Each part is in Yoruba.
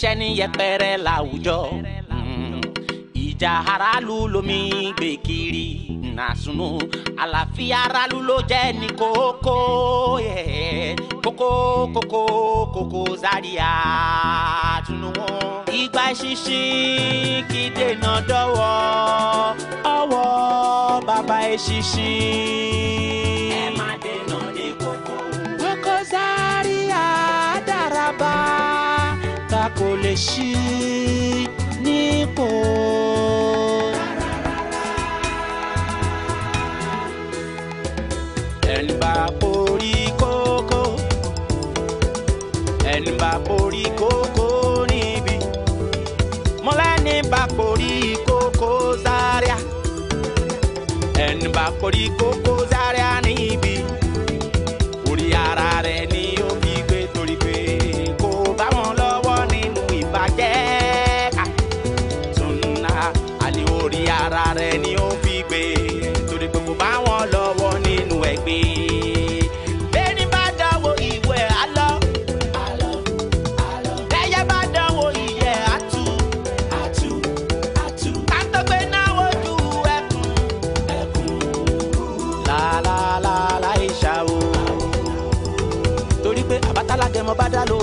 ṣiṣẹ́ ní yẹpẹrẹ láwùjọ hmm. ìjà aráàlú lomi gbè kiri nàásùnú àlàáfíà aráàlú ló jẹ́ ní kókó kókó kókó kókó Zaria Tinubu. ìgbà ìṣinṣin kì í dènà dọ́wọ́ bàbá ìṣinṣin. kò lè ṣí nípò. ẹni bá borí kókó ẹni bá borí kókó níbi mọ́lẹ́ni bá borí kókó Zaria ẹni bá borí kókó.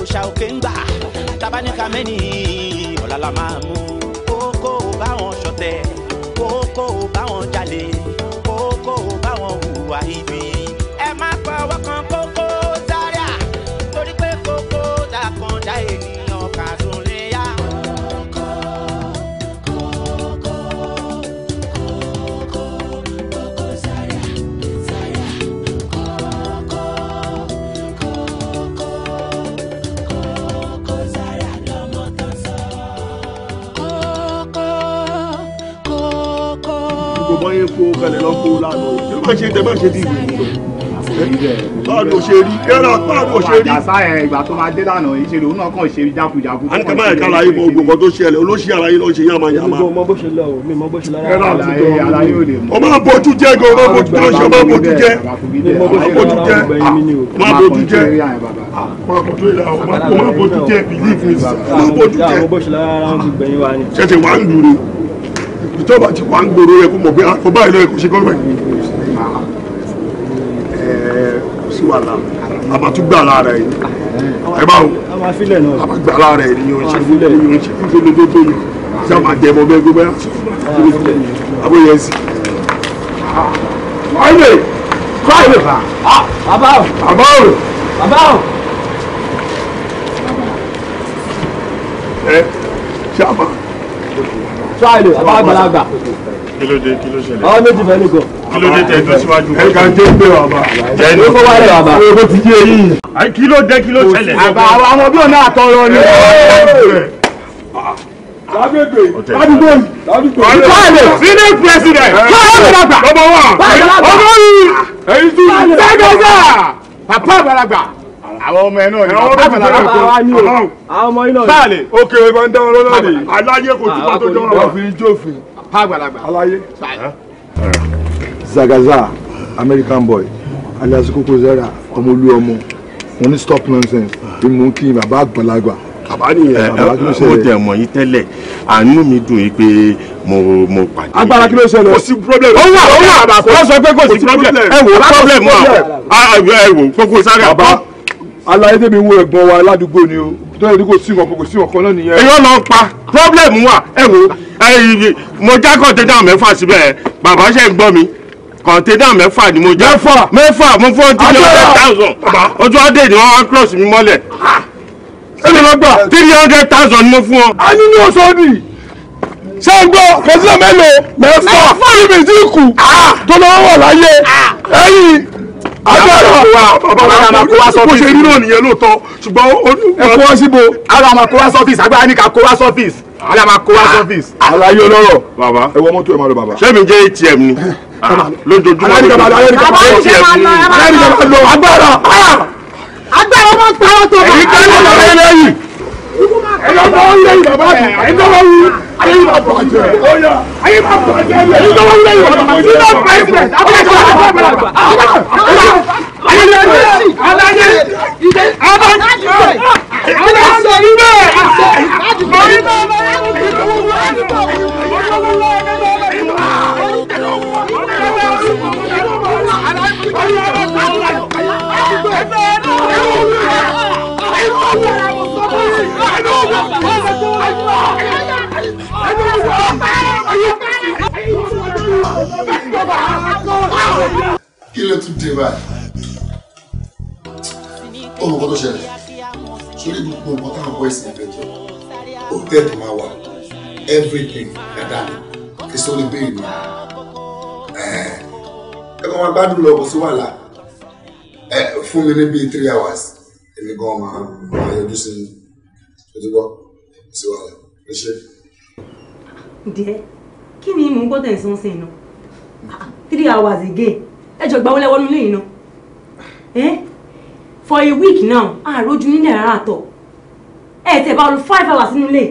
òòṣà òkè ń gbà tábánikà kó kalẹ̀ lọ kó lánàá ìjọba máa ṣe tẹ máa ṣe bí ìwé ìwé báwo ṣe rí kẹ́rà báwo ṣe rí. àṣà ẹ ìgbà tó máa dé lánàá yìí ṣe lòun náà kàn ṣe jákujàku. a ní kí n máa ká láyé mọ odò kan tó ṣẹlẹ̀ olóṣì aláyé lọ́ọ́ ṣe yàmà yàmà. mo mọ bó ṣe lọ o mi mọ bó ṣe lára. kẹ́rà ti dọ̀ o máa bójú jẹ́ gan o máa bójú jẹ́ o máa bójú jẹ́ o máa bójú jẹ́ o máa bójú jẹ́ o máa bójú jẹ́ believe me o máa bójú jẹ́. ṣẹ̀ṣẹ̀ wà ń lù ni ìjọba ti wà ń gbòòrò rẹ kó mọ̀ pé àkọ́ báyìí lọ́yẹ̀ kò ṣe gọ́ọ̀mẹ̀. kò sí wàhálà àbátúgbà lára ẹ̀ ẹ bá wo àbátúgbà lára ẹ̀ yóò ṣe yóò ṣe fún mi tó tó yìí sí àmà jẹmọ bẹ́ẹ̀ gbé bẹ́ẹ̀ àbóyẹ ẹ̀sìn. Báyìí! Báyìí! Bàbá o! Bàbá o! Bàbá o! tíráìlì àbá àgbàlagbà. kí ló dé kí ló ṣẹlẹ̀. àwọn méjì fẹ́ẹ́ nìkan. kí ló dé tẹ̀ tó síwájú. ẹ kàn jẹ́ pé bàbá. jẹ́ ní kó wálé bàbá. owó ti yé yín. kí ló dé kí ló ṣẹlẹ̀. àbá àwọn bí ọ̀nà àtọ̀rọ̀ ni. lágbègbè ládùúgbò yìí ládùúgbò yìí. tíráìlì sílẹ̀ pírẹsidẹ̀ntì. tíráìlì àgbàlagbà. ọmọ wa ọmọ yìí. èyí tún. sẹ́gbẹ̀sẹ̀. pàpà àgbàlagbà àwọn ọmọ ẹ náà ni àwọn ọmọ ẹ náà ni àwọn ọmọ ẹ náà ni. báàlì òkè ìbá ń dáwọn lọ́nà ni aláyé kò tí wọ́n tó jọ wọn. òfin jófin aláyé. zagaza American boy alias koko zara ọmọlú ọmọ wọn ní stop nonsense ìmú kí bàbá àgbàlagbà bàbá nìyẹn bàbá kí ló ṣẹlẹ̀ ó tẹ mọ̀ yín tẹ́lẹ̀ àánú mi dùn yín pé mo mo pàdé. agbára kí ló ṣẹlẹ̀ kò sí problem. ó wà ó wà wọ́n sọ pé kò sí problem ẹ wò problem wà ẹ wò kókó sáré àbá aláyé tèmi wo ẹ̀gbọ́n wa ládùúgbò ni o tó yẹ kó sí nǹkan kò sí nǹkan náà nìyẹn. èèyàn lọ pa problem wà ẹ wo mo já kọ̀ǹtẹ́nà mẹ́fà síbẹ̀ bàbá ṣe ń gbọ́ mi kọ̀ǹtẹ́nà mẹ́fà ni mo já mẹ́fà mẹ́fà mo fọ́ three hundred thousand ojú adé ni wọ́n wá cross mi mọ́lẹ̀. ẹni lọ gbà. three hundred thousand ni mo fún ọ. a ní ní oṣù ni ṣé ń gbọ́ kọ̀ǹtẹ́nà mélòó mẹ́fà kí mi ti kù ah. tó lọ́wọ́ wà láyé ah. ẹ̀yìn agbára amakowa sọfíìsì bó ṣe rí náà nìyẹn lóòótọ́ ṣùgbọ́n. ẹ kó wá síbo. ara amakowa sọfíìsì agbára ní ká kó wá sọfíìsì ara amakowa sọfíìsì. aláyé olóró bàbá ẹ wọ mọ́tò ẹ máa lọ bàbá. ṣé mi jẹ́ atm ni ah, lójoojúmọ́ lójoojúmọ́ atm ni agbára agbára máa ń pa ọ́ tó bá. èyí kẹ́lẹ́ lọ́wọ́ yẹn lẹ́yìn ẹ̀yọ́ bá ń lé ìlọ bá mi ẹ̀yọ́ bá wí ayé máa bọ̀ jẹ́ ayé máa bọ̀ jẹ́ ẹ̀yọ́ bá ń lé ìlọ bá mi nínú president abẹ́rẹ́ àbá ayé lè lè sí aláyé ìdè abá ìdè abá sọ ibẹ̀ lórí Yeah. kí ló tún dé báyìí ó mọ̀ kó tó ṣẹlẹ̀ sórí gbogbo nǹkan táwọn bọ́ ìsìn ẹ̀fẹ̀ jọ ó tẹ́ẹ̀tì máa wà everything dada kí sórí bẹ́ẹ̀ ni ẹ kọ́ máa gbádùn lọ kó sí wàhálà ẹ fún mi ní bíi three hours èmi gan máa yọjú sí i ojúbọ sí wàhálà ẹ ṣe. Dear, kí ni mò ń gbọ́ tẹ̀sán sí ah, three hours again ẹ jọ gba owó lẹ́wọ́ nílé iná for a week now àròjù nílẹ̀ rárá tọ̀ ẹ tẹ̀ bá lu five hours nínú ilé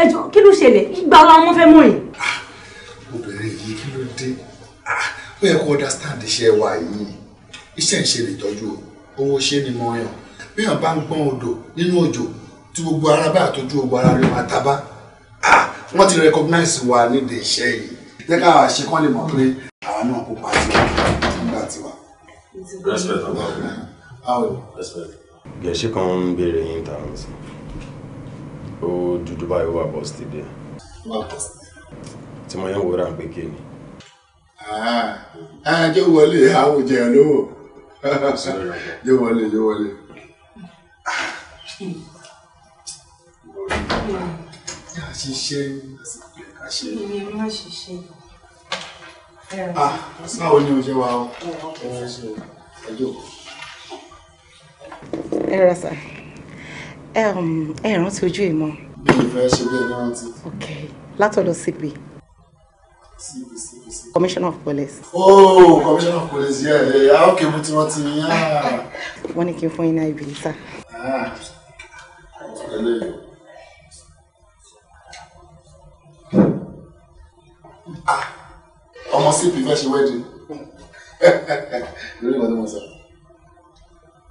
ẹ jọ kí ló ṣẹlẹ̀ ìgbà ọlá wọn fẹ́ mọ̀ yìí. Ah, obìnrin yìí kí ló dé ah, ó yẹ kó understand iṣẹ́ wa yìí iṣẹ́ ń ṣe lè tọ́jú o owó ṣe ni mo yàn bí èèyàn bá ń gbọ́n odò nínú òjò tí gbogbo ara bá àtọ́jú gbogbo ara rẹ̀ máa ta Ah, wọ́n ti recognize wa nídìí iṣẹ́ yìí jẹ́ ká ṣe kán lè mọ̀ pé àwa náà kó pàṣẹ nígbà tiwa. respect ọba ọba how respect. gẹ̀ẹ́sì kan ń béèrè yín ta ọ̀hún sí ó dúdú báyìí wà bọ́ sí díẹ̀. tí mo yẹn wúra pé kéènì. jẹ́ ah, ah, wọlé àwùjẹ lówó jẹ́ wọlé jẹ́ wọlé. Yeah ṣiṣẹ́ ní àsìkò ẹ̀ka ṣe. Iye mi máa ṣiṣẹ́ lọ. Ah, báwo ni o ṣe wà o? Ẹ ṣe ẹjọ́ kọ. Ẹ rà sà, ẹ rántí ojú ẹ̀ Bí o fẹ́ ṣe bí ẹ rántí. Ok, látọ̀dọ̀ CP. CP CP CP. Commissioner of Police. Oh, Commissioner of Police, yeah, yeah, yeah, okay, mo ti rántí yín. Wọ́n ní kí n fún yín náà ibi níta. Ah, ọ̀rẹ́ lẹ́yìn. Ah, ọmọ sí ìpínlẹ̀ ṣe wẹ́ẹ̀dì lórí ìwọ́n tó mọ̀ sọ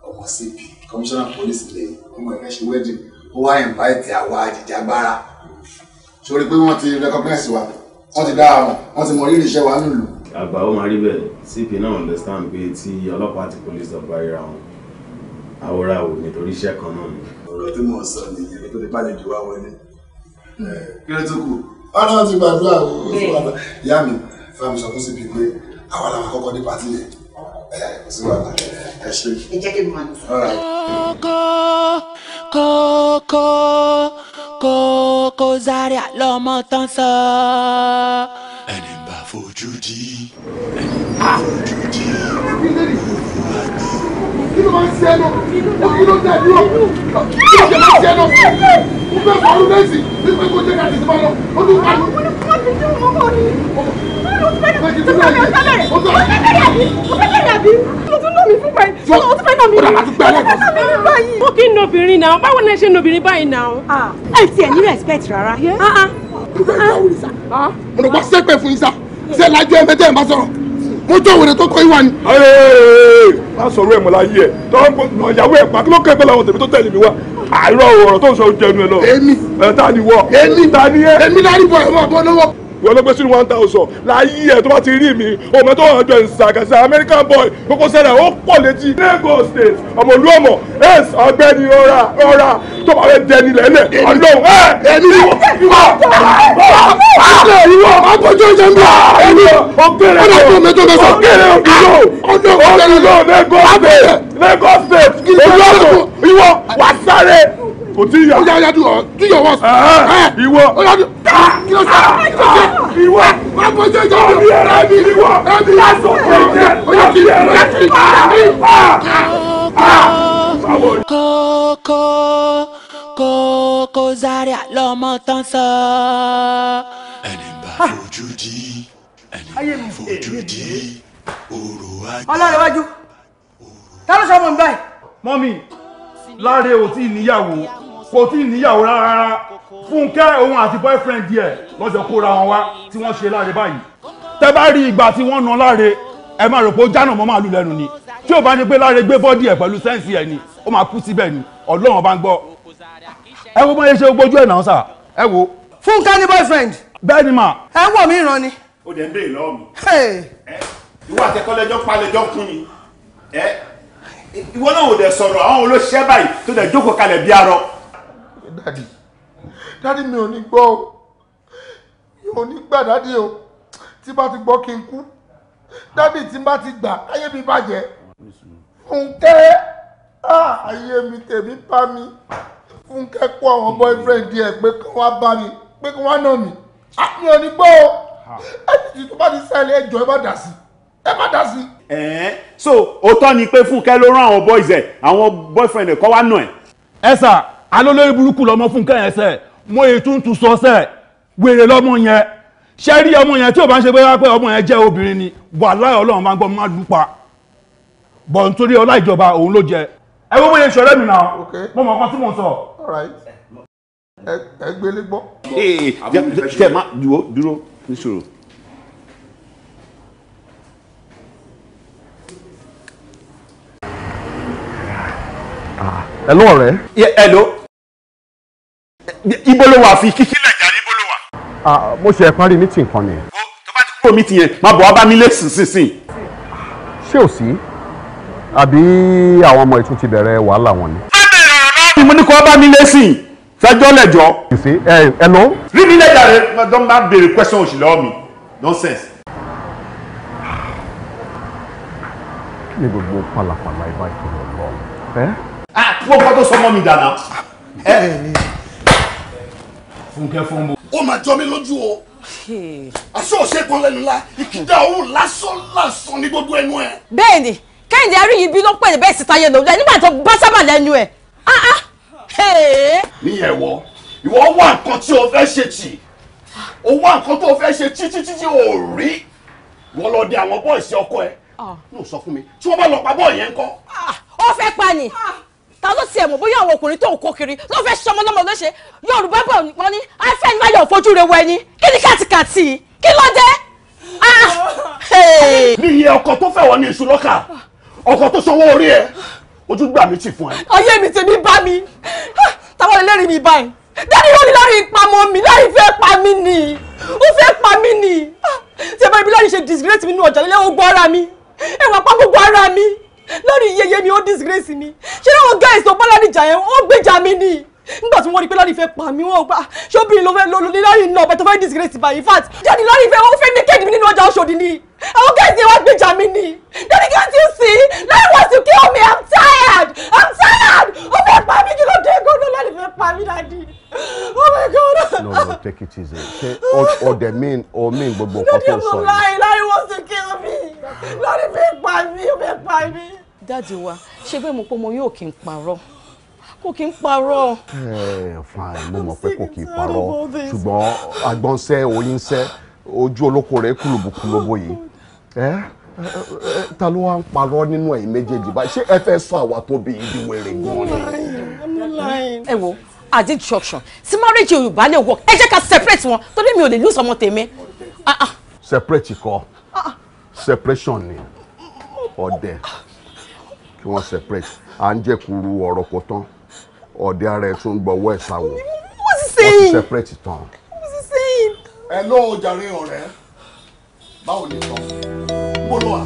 ọmọ sí ìpì kọmíṣánná pólísì lè ọmọ ìfẹ́ ṣe wẹ́ẹ̀dì ó wá ìnváìtì àwa àjìjàgbara sórí pé wọ́n ti rẹ́kọ́pẹ́ǹsì wa wọ́n ti dá àwọn wọ́n ti mọ rírì iṣẹ́ wa nílùú. àgbà ó máa rí bẹ́ẹ̀ cp náà understand pé tí ọlọ́pàá àti police ọba ríra wọn àwòrán àwò nítorí iṣẹ́ kan náà ni. ọ̀rọ̀ tí mò ń sọ nìyẹn nítorí bá ọlọ́run ti gbàdúrà o ìyá mi fáwọn sọ fún síbi pé àwọn làwọn àkọ́kọ́ ní pàtí yẹn ẹ kò sí ẹ ṣe. ẹ jẹ́ kí n máa lọ. kókó kókó kókó Zaria lọmọ tán sọ. ẹni bá fojú di ẹni bá fojú di kí ló máa ń ṣe ẹnu kí ló dé dúró kí ló dé máa ń ṣe ẹnu mo fẹ́ fọ ọdún méjì ní pé kó jẹ́ ká tètè máa lọ ó dún pa lọ. mo ní kó ti dún mọ́kọ́ ni mo ní kó ti dún sálẹ̀ mo fẹ́ kẹ́rẹ́ àbí mo fẹ́ kẹ́rẹ́ àbí mo tún nà mí fún báyìí mo tún fẹ́ nà mí rí mo tún fẹ́ nà mí rí báyìí. mo kì í nà obìnrin náà báwo ni ẹ ṣe nà obìnrin báyìí náà. ẹ tiẹ̀ ní respect rárá. Ah, ah. mo fẹ́ ìyàwó ah. ìsà mo lọ gbọ́ sẹ́pẹ̀ fún ìsà ṣé lájọ́ ẹ̀mẹ́tẹ́ ẹ̀ máa sọ̀rọ̀ mo jọ wèrè tó kọ ìwà ni. má sọ̀rọ̀ ẹ̀ mọ̀ láyé ẹ̀ tọ́ ìyàwó ẹ̀ pa kí ló kẹ́ bẹ́ẹ̀ làwọn tèmi tó tẹ̀lé mi wá àìrọ̀ ọ̀rọ̀ tó ń sọ jẹnu ẹ lọ. èmi. ẹ̀ ta ni wọ. èmi ta ni ẹ. èmi lárí bọ̀ ẹ̀ wọ́n bọ́ lọ́wọ́ ìwọ ló gbé sínú one thousand láyé ẹ̀ tó bá ti rí mi ọmọ tó wà jọ ìsàkàsà American boy kókó sẹ́dá ó pọ̀ létí Lagos state ọmọ olú ọmọ ẹ̀s ọgbẹ́ni ọ̀rà ọ̀rà tó bá fẹ́ jẹni lẹ́lẹ̀ ọlọ́run ẹ̀ ẹni wọ́n ìwọ ọ̀rẹ́ ìwọ akójọ ìjẹun ẹni ọ̀gbẹ́rẹ́ ọ̀gbẹ́rẹ́ ọ̀gbẹ́rẹ́ ọ̀gbẹ́rẹ́ Lagos state olú ọmọ ìwọ wàsáré kò tí ì yà. ó yà yà dùn do your worst. Ah, ah, eh, ìwọ. ó yà ah, kí ló ṣe kí ló ṣe. ṣe jọ mi ẹbí ìwọ ẹbí lásán kò jẹ ó yà kí ló ṣe kí ló ṣe. kókó kókó Zaria lọmọ tán sọ. ẹni bá fojú di ẹni bá fojú di òrò ajé. ọlọ́run wájú tá ló sọ ọmọ mi báyìí. mọ́mí láre ò tí ì níyàwó kò tí ì níyàwó rárá fúnkẹ́ òun àti boyfriend díẹ̀ lọ́jọ́ kóra wọn wá tí wọ́n ṣe láre báyìí tẹ́ bá rí ìgbà tí wọ́n na láre ẹ máa rò pé ó jánà mọ́ màálù lẹ́nu ni tí ò bá ní pé láre gbé bọ́dì ẹ̀ pẹ̀lú sẹ́ǹsì ẹ̀ ni ó máa kú síbẹ̀ ni ọlọ́run bá ń gbọ́. ẹ wo bóyá ṣe gbójú ẹ̀ náà sà ẹ wo. fúnkẹ́ ní boyfriend. bẹ́ẹ̀ ni mà. ẹ wọ̀ mí ìran ni. ó dẹ̀ ń bèèrè lọ́wọ́ mi. ìwọ àtẹkọ́lẹ́jọ́ palẹ̀jọ́ kún mi ìwọ náà ò dẹ̀ sọ̀rọ̀ àwọn olóṣèlú báyìí tó dẹ̀ jókòó kalẹ̀ bí arọ dádì dádì mi ò ní gbọ́ o mi ò ní gbà dádì o tí bá ti gbọ́ kí n kú dádì tí bá ti gbà ayé mi bàjẹ́ fúnkẹ́ ah, ayé mi tèmi bá mi fúnkẹ́ kó àwọn boyfriend ẹ̀ pé kí wọ́n bá mi pé kí wọ́n nà mí ah, mi ò ní gbọ́ o ẹ̀jì tó bá ti ṣẹlẹ̀ ẹjọ́ ẹ má dà sí ẹ má dà sí. ẹ̀ẹ́n so òótọ́ ni pé fúnkẹ́ ló rán àwọn boys ẹ̀ àwọn boyfriend ẹ̀ kọ́ wá nà ẹ̀. ẹ sà alólórí burúkú lọmọ fún kẹ́yìn ẹsẹ̀ mo ètò tún sọ sẹ́ wèrè lọmọ yẹn ṣe rí ọmọ yẹn tí ò bá ń ṣe bóyá pé ọmọ yẹn jẹ́ obìnrin ni wàláhì ọlọ́run máa ń gbọ́ máa lù pa bọ̀ nítorí ọlá ìjọba òun ló jẹ ẹ wo bóyá ìṣọ̀rẹ́ mi náà mo mọ̀ kan tí mo sọ. ẹ gbélé gbọ́. tẹ ma dúró dúró níṣòro. ẹ lọ rẹ. ẹ lọ ibo ló wà fi kíkí lẹ̀ jàre ibo ló wà. Ah, mo ṣe ẹ̀kan rí mítìn kan ni. o tó bá ti kúrò mítìn yẹn máa bọ̀ wá bá mi lé sísinsìn. ṣé ò sí àbí àwọn ọmọ ìtún ti bẹ̀rẹ̀ wàhálà wọn ni. má bẹ̀rẹ̀ ọ̀rọ̀ náà ni mo ní kó bá mi lé sí i fẹjọ́ lẹ́jọ́. ìsè ẹ ẹ lọ. rí mi lẹ́jà rẹ don máa béèrè question òṣì lọ́wọ́ mi nonsense. kí gbogbo pàlàpàlà ibà ìtòlọ́ lọ. ẹ. ah wọ́n kọ́ tó sọ mọ́ mi dànù. Ah, bẹ́ẹ̀ ni fúnkẹ́ fúnbó. ó máa jọ mí lójú o àṣọ òṣè kan lẹ́nu la ìkìdá òun lásán lásán ní gbogbo ẹnu ẹ. bẹ́ẹ̀ni kẹ́hìndé aríyìn bí ló pè é bẹ́ẹ̀ síta yẹn lòdì nígbà tó bá sábà lẹ́nu ẹ̀ ah, ah, níyẹn wọ ìwọ wá nǹkan tí o fẹ́ ṣe tì o wá nǹkan tó o fẹ́ ṣe títí títí o rí wọ́n lọ dé àwọn bọ́ọ̀sì ọkọ ẹ̀ ló ah. sọ fún mi tí wọ́n bá lọ pa bọ́ọ̀ yẹn ńkọ́. ó fẹ́ pa ni ta ló tiẹ̀ mọ̀ bóyá àwọn ọkùnrin tó ń kó kiri ló fẹ́ ṣọmọ lọ́mọ lóṣè yorùbá bọ̀ wọ́n ní afẹ́ báyọ̀ fojú rẹ̀ wọ ẹni kí ni kàtìkàtì kí ló dé. níyì ah! ọkọ tó fẹ́ wọ ní iṣu lọ́kà ọkọ tó sanwó orí ẹ ojú gbà mí ti fún ẹ. ayé mi tèmi bá mi ah! táwọn ẹlẹ́rìí mi báyìí dáàdi yóò ní lárí ìpamọ́ mi lárí fẹ́ pa mí ni ó fẹ́ pa mí ni ah! tí ẹ bá rí bí ṣe disgrace mi nínú ọjà lẹ́lẹ́ ó gbọ́ ara mi ẹ̀wà pa gbogbo ara mi lórí yeye mi ó disgrace mi ṣé láwọn guys tó bọ́lá níjà yẹn ó gbèjà mi ni nígbà tí wọ́n rí pé Lánrè fẹ́ pa mí wọ́n gbà ṣóbìnrin ló fẹ́ lórí náà bẹ́ẹ̀ tó fẹ́ disgrace báyìí in fact jáde Lánrè fẹ́ ó fẹ́ naked mi nínú ọjà Ọ̀ṣọ́dì ni. Àwọn guys wá gbèjà mi ni. Daddy can't you see? Now he wants to kill me. I'm tired. I'm tired. Oh my pa you don't ló dé gan-an náà lè fẹ́ pa Oh my God. No, no, take it easy. Ṣé the mi ò mí but nǹkan tó sọ yìí? Lórí ọmọ láì láì wọ́n ti kill me. Not fẹ́ pa mí, ó fẹ́ pa mí. Dáàdi wa, ṣé pé my pọ́ mo yóò kí n parọ́? kò kí n parọ́. ẹ eh, fine mo mọ̀ pé kò kí n parọ́ ṣùgbọ́n agbọnsẹ oyin sẹ ojú olóko rẹ kúlùbùkúlùbù yìí ẹ ta ló wá ń parọ́ nínú ẹ̀yin méjèèjì báyìí ṣé ẹ fẹ́ sọ àwa tó bí ibi wèrè gan-an ni. ẹ wo at instruction sí marriage yorùbá lè work ẹ jẹ́ ká separate wọn torí mi ò lè lose ọmọ tèmi. Ah, ah. separate kọ́ ah, separation ni ọdẹ kí wọ́n separate à ń jẹ́ kuru ọ̀rọ̀ kò tán ọdẹ ara ẹ̀ tún gbọ́wọ́ ẹ̀ sáwọ̀ wọ́n ti separate tán. ẹ lọ́ọ́ jàre ọ̀rẹ́ báwo ni sọ mo lọ wà.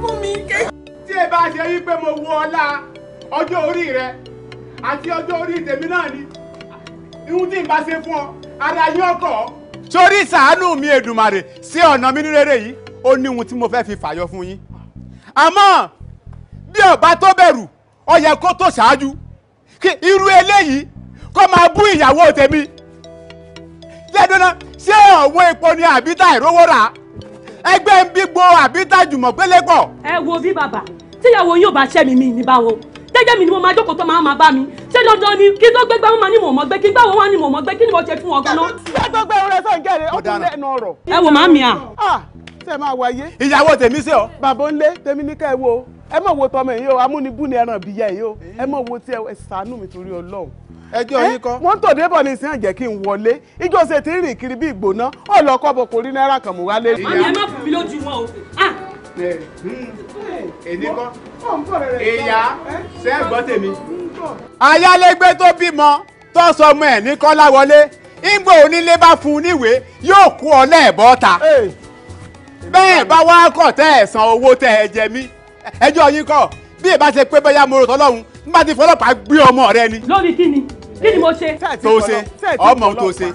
mummy ké. tí ẹ bá ṣe yí pé mo wo ọlá ọjọ́ orí rẹ àti ọjọ́ orí tèmi náà ni ihun tí n bá ṣe fún ọ ara yín ọkọ. torí ṣàánú mi Èdùmàrè sí ọ̀nà mi ní rere yìí ó ní ohun tí mo fẹ́ fi fàyọ fún yín àmọ́ bí ọba tó bẹ̀rù ó yẹ kó tó ṣáájú kí irú eléyìí kó máa bú ìyàwó tèmi ṣé ọ̀wọ́ epo ni àbítà ìrówó rà ẹgbẹ́ ń bí gbo àbítà jùmọ̀ pélé pọ̀. ẹ wo bí bàbá tíyàwó yóò bá ṣẹ́ mi mi ní báwo jẹ́jẹ́ mi ni mo máa jókòó tó máa máa bá mi ṣé dandan ni kí tó gbégbá wọn máa ní mò mọ́ gbé kí gbáwọ́ wọn ní mò mọ́ gbé kí ni mo ṣe fún wọn ganan. ṣé gbogbo ẹ̀rọ ẹ̀fọ́ ń gẹ̀rẹ̀ ọdún lẹ́nu ọ̀rọ̀. ẹ wò má mi à. ṣe máa wáyé. ìyàwó tèmi ṣe ọ. bàbá ń tèmi ní ká ẹ wo ẹ mọ̀ wo tọmọ yìí o amúnibú ẹran ìbíyà yìí o ẹ mọ̀ wo tí ẹ ṣàánú mi torí Ọlọ́run ẹjọ́ yín eh, kọ́. mọ́tò débọ̀ ní ìsìn àjẹ́ kí n wọlé ijó ṣe ti rìn kiri bí ìgbóná ó lọ kọ́bọ̀ kò rí náírà kan mú wálé. àmì ẹ má fún mi lójú wọn o. Ah! èmi kọ́ ìyá sẹ́gbọ́ tèmi. ayálégbé tó bímọ tó sọ ọmọ ẹ̀ ní kọ́láwọlé ìgbò onílé bá fún un níwèé yóò kú ọ lẹ́ẹ̀bọ́ ta bẹ́ẹ̀ bá wá kọ̀ tẹ́ ẹ̀ san owó tẹ́ ẹ jẹ mí ẹjọ́ yín kọ́ bí ìbá ṣe pé bẹ́yà mo rò tọ́lọ́run nígbà tí fọlọ́pàá gbé ọmọ rẹ ni. lórí kí ni kí ni mo ṣe. tó ṣe ọmọ tó ṣe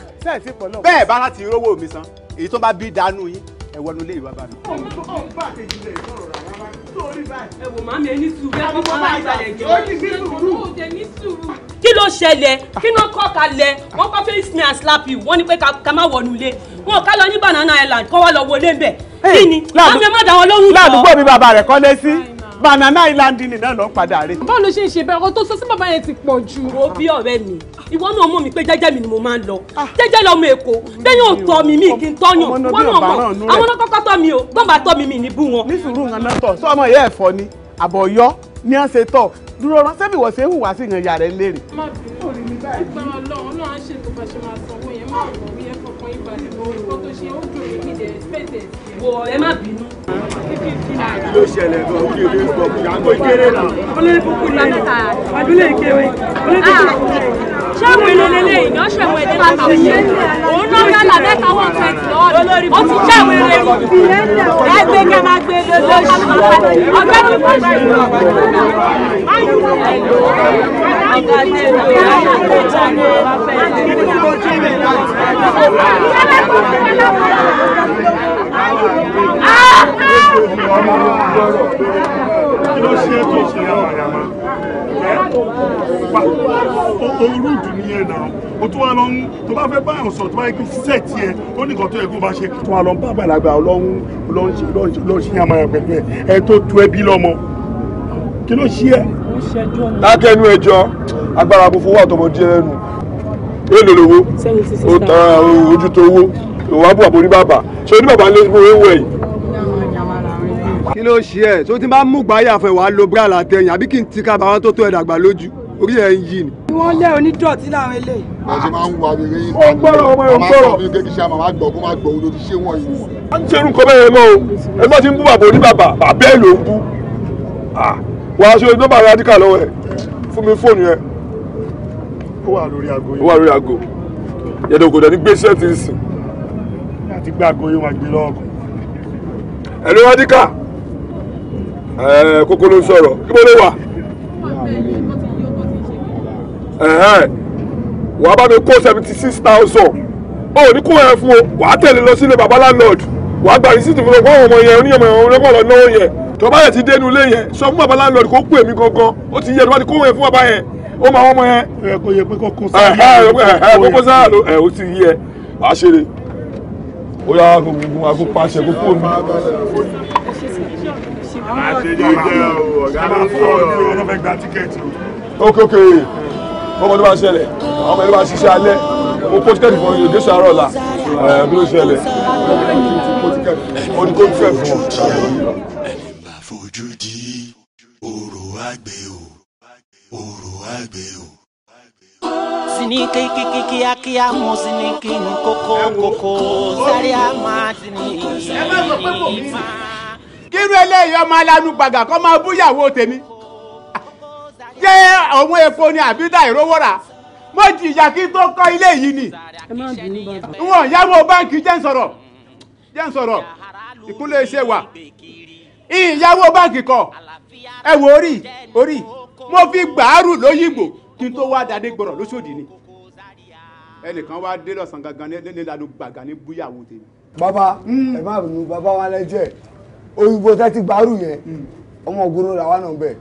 bẹ́ẹ̀ bá láti rówó mi san èyí tó bá bí dànù yín ẹ wọnú ilé ìwà bá mi. kí ló ṣẹlẹ̀ kí ló kọ́ kalẹ̀ wọ́n kọ́ face me and slap you wọ́n ní pé ká má wọnú ilé wọn ká lọ ní banana island kọ́ wá lọ wọlé ń bẹ̀ kí ni láti má dá wọn lóhùn jọ. láàdúgbò mi bàbá rẹ̀ kọ́lé sí banana island ni náà lọ padà rè. báwo ló ṣe ń ṣe bẹ́ẹ̀ ọkọ tó sọ sí bàbá yẹn ti pọ̀ jù. wo bí ọ̀rẹ́ mi ìwọ náà mọ̀ mi pé jẹ́jẹ́ mi ni mo máa ń lọ ah. jẹ́jẹ́ lọmọ èkó lẹ́yìn òtọ́ mi mi kì í tọ́yàn wọ́n náà mọ̀ àwọn náà kọ́kọ́ tọ́ mi o gbọ́nba tọ́ mi mi ní bú wọn. ní sùúrù nǹkan náà tọ̀ sọ́mọ ìyá ẹ̀fọ́ ni àbọ̀yọ́ ní à ń dúró rán sẹ́bí wọ̀ ṣe ń sí ìyàn ìyá rẹ̀ ìgbà ọlọ́run náà á ṣètò bá máa sanwó yẹn má wọ̀ wí ẹ̀ fọkàn ìbàdàn lórí kó tó ṣe ó dùn mí nídẹ̀ẹ́ wo ẹ má bínú. kí ló ṣẹlẹ̀ gan kí èdè ń bọ̀ yàgò ìkéré náà. olórí kúkú ni àbílẹ̀ ah. ìkéwé olórí kúkú ni. ṣẹ́wọ̀n ìlẹ̀lẹ̀ lè yàn ṣẹ̀wọ̀n èdè náà kà ṣe òun náà yà là mẹ́ta wọ́n fẹ́ tì lọ́wọ́ ni ó ti ṣẹ̀wọ̀n èrè wò. ẹgbẹ́ ká máa gbé lórí ọgbẹ́ ní bọ́ọ̀ṣì. ọ̀gá dé lórí ayé àti ìjọba kí ló ṣe é tó ṣe àmàyàmà orú ìdùnnú yẹn náà o tún wá lọ ń tó bá fẹ́ bá àwọn sọ̀rọ̀ tó bá yẹ kí sísẹ̀ tiẹ̀ ó ní nǹkan tó yẹ kó bá ṣe. tó wá lọ ń bá àgbàlagbà ọlọ́run lọ́ọ́ ṣe àmàyàn pẹ̀lú ẹ̀ ẹ tó tu ẹbí lọ́mọ kí ló ṣe ẹ. dákẹ́nu ẹjọ́ agbára kò fowó àtọmọdé ẹnu èlò lówó ojú tó owó òwò àbúrò àbórí bàbá ṣé oní bàbá lè fún ewé yìí. kí ló ṣe ẹ tó ti máa ń mú gbáyà fún ẹ wàá lo bíra àtẹyìn àbí kí n ti ka bàbá tó tó ẹ dàgbà lójú orí ẹ ń yí ni. wọ́n lé onídọ̀tí láwọn eléyìí. wọ́n máa ń wá rere yín. ó gbọ́dọ̀ ọmọ yóò gbọ́dọ̀. màmá sọ mi kékeré màmá gbọ́ kó má gbọ́ òun ló ti ṣé wọ̀nyí. wọ́n ń ṣerú nǹkan bẹ́ẹ̀ mọ́ o ẹ ti ń bú bàbá oní bàbá ẹ̀ ló ń bú. wàá ṣe nọ́mbà radical lọ́wọ́ ẹ̀ fún mi fóònù ẹ̀. ó wà lórí aago. ó wà lórí aago. yẹ̀dọ̀ kò ti gbàgbọ́ yóò máa gbé lọ́ọ̀gùn. ẹ̀lú adika kókó ló ń sọ̀rọ̀ ibo ló wà. wà á bá mi kó seventy six thousand ó ní kó yẹn fún o wà á tẹ̀lé lọ sílé baba landlord wà á gba rìsíìtì fún ọgbọ́n ọmọ yẹn oníyẹmọ ẹ̀wọ̀n ọlọ́gbọ́n lọ náwó yẹn tó bá yẹn ti dénú ilé yẹn sọ fún baba landlord kó pè mí gangan ó ti yẹ tó bá ti kó yẹn fún baba yẹn ó máa wọ́n mọ yẹn. ẹ kò yẹ pé kò kó sáà. ẹ ẹ kò kó sáà ló ẹ ó ti yẹ wàá ṣeré ó yà wá gbogbo pàṣẹ kó kó mi. ok ok bọ́mọdé bá ṣẹlẹ̀ àwọn bá ṣiṣẹ́ alẹ́ mo kó tíkẹ́ẹ̀tì fún yòókè sàárọ̀ la bí ló ṣẹlẹ̀ mo ní kó fún ọ. ẹni bá o ọ̀rọ̀ àgbẹ̀ o sinike kiki mo sinike koko koko sari ama sinike ma. kírú eléyìí ọmọ alánú gbàgà kọ́ máa búyàwó tèmi jẹ́ ọ̀wọ́n epo ni àbídà ìrówó rà mo jìyà kí tó kọ́ ilé yìí ni. wọn yàwó báńkì jẹ́ ń sọ̀rọ̀ jẹ́ ń sọ̀rọ̀ ìkúnlẹ̀ iṣẹ́ wa ìyàwó báńkì kọ ẹ wò orí orí mo fi gbàárù lóyìnbó kí n tó wá dáadé gbọ́rọ̀ lóṣòdì ni ẹnìkan wá dé lọ́sàn gangan ní lanu gbàgà ní búyàwó tèmi. bàbá hmm. ẹ má bínú bàbá wa lẹjẹ oyinbo tẹ ti gbàrú yẹn hmm. ọmọ ògúnrò làwọn náà bẹ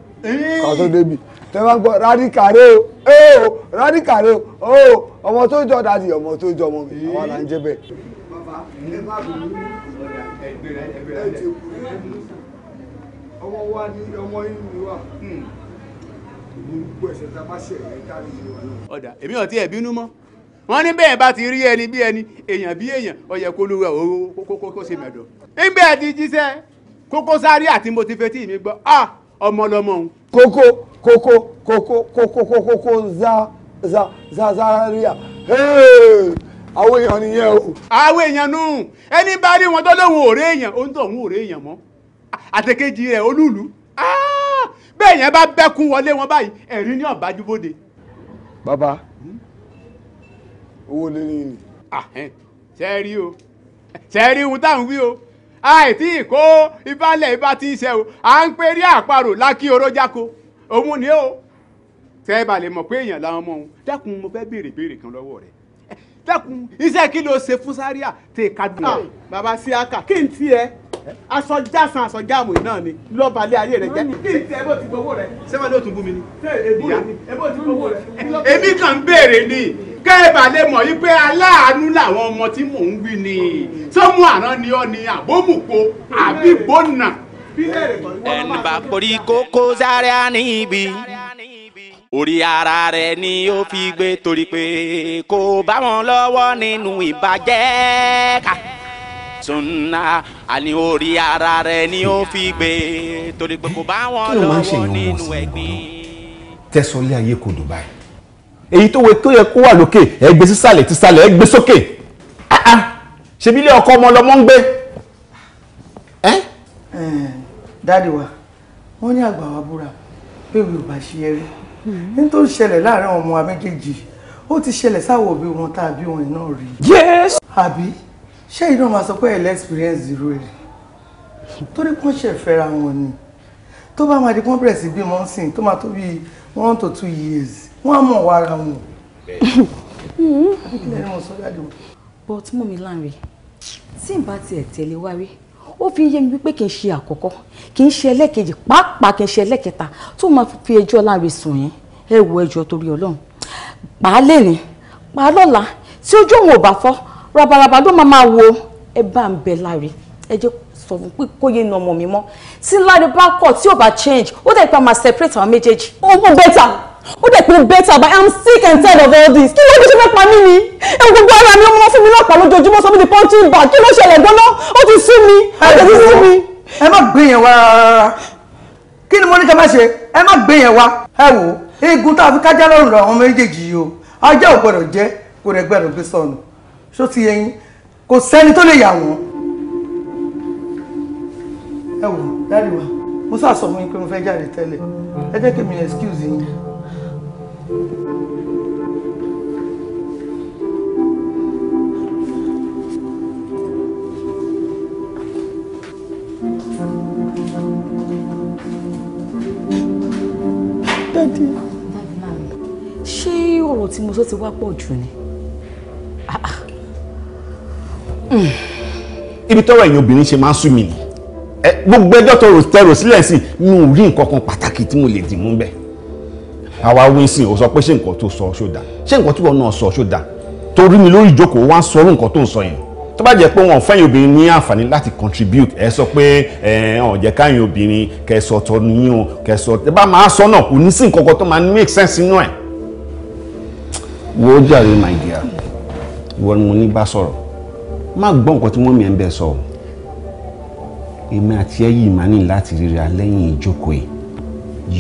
kàtó débi tẹ bá gbọ́ rádìkàrẹ o rádìkàrẹ o ọmọ tó jọ dàdí ọmọ tó jọ ọmọ mi àwọn là ń jẹ bẹ́ẹ̀. bàbá ẹ má bínú ẹgbẹrẹ ẹgbẹrẹ ọmọ wa ni ọmọ yìí ni wa. Hmm gbogbo ẹ̀ṣẹ̀ tá a bá ṣẹ̀ rẹ̀ dárí ìlú wa náà. ọ̀dà èmi ò tiẹ̀ bínú mọ́ wọ́n ní bẹ́ẹ̀ bá ti rí ẹni bí ẹni èèyàn bí èèyàn ó yẹ kó lúwa kókó mẹ́dọ̀. nígbà tí jíṣẹ́ Kókó Zaria àti mo ti fetí mi gbọ́ ah ọmọ lọmọ òun. Kókó Kókó Kókó Kókó Kókó za za za Zaria àwọn èèyàn nìyẹn o. àwọn èèyàn nù ẹni bá rí wọn tó lóun ò rí èèyàn ó ń tọ̀ òun ò rí èèyàn mọ́ àtẹ̀kejì rẹ̀ olúùlú Ah! bẹ́ẹ̀ yẹn bá bẹ́kún wọlé wọn báyìí ẹ̀rí ní ọ̀bájúbóde. bàbá hmm? owó lé ní ìlú. ṣe é rí o ṣe é rí ohun táwọn wí o àìtí ìkó ìbálẹ̀ ìbá ti ń ṣe o à ń pè rí àparò lákì orójáko òun ni o tẹ́ ẹ bá lè mọ̀ pé èèyàn làwọn ọmọ òun dákun mo fẹ́ béèrè béèrè kan lọ́wọ́ rẹ̀ dákun iṣẹ́ kí ló ṣe fún sáríà tẹ̀ dùn. Ah, bàbá síákà kí n tiẹ̀ asọjá san asọjá àmọ̀ náà ni lọ́balẹ̀ ayé rẹ̀ jẹ́. ni. ìyá ẹbọ ti gbowó rẹ. èmi kàn ń béèrè ni kẹ́ẹ̀bà lè mọ̀ yí pé aláàánú làwọn ọmọ tí mò ń wí ni sọ́mù àrán ni ọ́ ni àbómùpo àbí gbónà. ẹni bá porí kókó sáré á ibi orí ara rẹ̀ ni ó fi gbé torí pé kò bá wọn lọ́wọ́ nínú ìbàjẹ́ ká sunna àní orí ara rẹ ni ó fi gbé torí pé kò bá wọn lọ́wọ́ nínú ẹ̀gbin. tẹ́sánlé ayé kò dùn báyìí èyí tó wẹ tó yẹ kó wà lókè ẹ gbé sísàlẹ̀ sísàlẹ̀ ẹ gbé sókè ah, ah. ṣebí ilé ọkọ ọmọ lọmọ ń gbé. dáàdi wa wọ́n ní àgbà wa búra pé òwe ò bá ṣe é rí hmm. ní tó ń ṣẹlẹ̀ láàárín ọmọ wa méjèèjì ó ti ṣẹlẹ̀ sáwọ́ òbí wọn tá wọn náà rí. yes. àbí ṣé iná máa sọ pé ẹ̀ lẹ́ẹ̀sìpírẹ́ǹsì zero rẹ̀ torí pọ́n ṣẹ̀ fẹ́ra wọn ni tó bá máa di pọ́n bẹ̀rẹ̀ sí bímọ sí tó máa tó bíi one to two years wọ́n á mọ̀ wá ara wọn. but mummy Lanre tí n bá tiẹ̀ tẹ̀lé wá rí ó fi yé mi wípé kì í ṣe àkọ́kọ́ kì í ṣe ẹlẹ́ẹ̀kejì pàápàá kì í ṣe ẹlẹ́ẹ̀kẹta tó máa fi ẹjọ́ Lanre sùn yẹn ẹ wo ẹjọ́ torí Ọlọ́run pàá lẹ́rìn pàá tí ojú òun ò bá fọ́ rabaraba ló máa máa wo ẹ bá ń bẹ láre ẹ jẹ́ sọ fún pé kó yé na ọmọ mi mọ́ tí láre bá kọ̀ tí ò bá change ó dẹ̀ pa máa separate àwọn méjèèjì. ó mú bẹ́tà ó dẹ̀ pé bẹ́tà but am sick and tired of all this kí ló dé ṣe fẹ́ pa mí ni ẹ gbogbo ara mi ọmọ fún mi náà pa lójoojúmọ́ sọ mi di punching bag kí ló ṣẹlẹ̀ gbọ́ná ó ti sú mi ó ti sú mi. ẹ má gbé yẹn wá rárá kí ni mo ní ká má ṣe ẹ má gbé yẹn wá ẹ wò eegun tá a fi kájá lọ́rùn lọ àwọn méjèèjì yìí o ajá ò gbọdọ̀ jẹ́ kò rẹ̀ gbọdọ̀ gbé sọnù ṣó ti yẹn kò sẹ́ni tó lè yà wọ́n. ẹ wò dáàdì wa mo sàsọ fún yín pé mo fẹ́ jáde tẹ́lẹ̀ ẹ jẹ́ kí mi excuse yín. Daddy. Daddy, ṣé ọ̀rọ̀ tí mo sọ ti wá pọ̀ jù ni? ah. ah ibi tọ́rọ̀ ẹ̀yin obìnrin ṣe máa ń sú mi ni gbogbo ẹjọ́ tó tẹrò sílẹ̀ sí mi ò rí nǹkan kan pàtàkì tí mo lè dì mú bẹ́ẹ̀ àwa winston ò sọ pé ṣé nǹkan tó sọ ṣó dáa ṣé nǹkan tí wọn náà sọ ṣó dáa torí mi lórí ìjókòó wá ń nǹkan tó ń sọ yẹn tó bá jẹ́ pé wọn fẹ́yìn obìnrin ní àǹfààní láti contribute ẹ sọ pé ẹ ọ̀n jẹ́ káyìn obìnrin kẹsọ̀ tọ́ nìyí o kẹsọ̀ ẹ bá máa sọ náà kò ní sí nǹkan kan tó máa make sense nínú ẹ̀. wo jàre my dear ìwọ ni mo ní bá sọ̀rọ̀ má gbọ́ nǹkan tí wọ́n mi ẹ̀ ń bẹ sọ èmi àti ẹ yìí máa ní láti ríra lẹ́yìn ìjókòó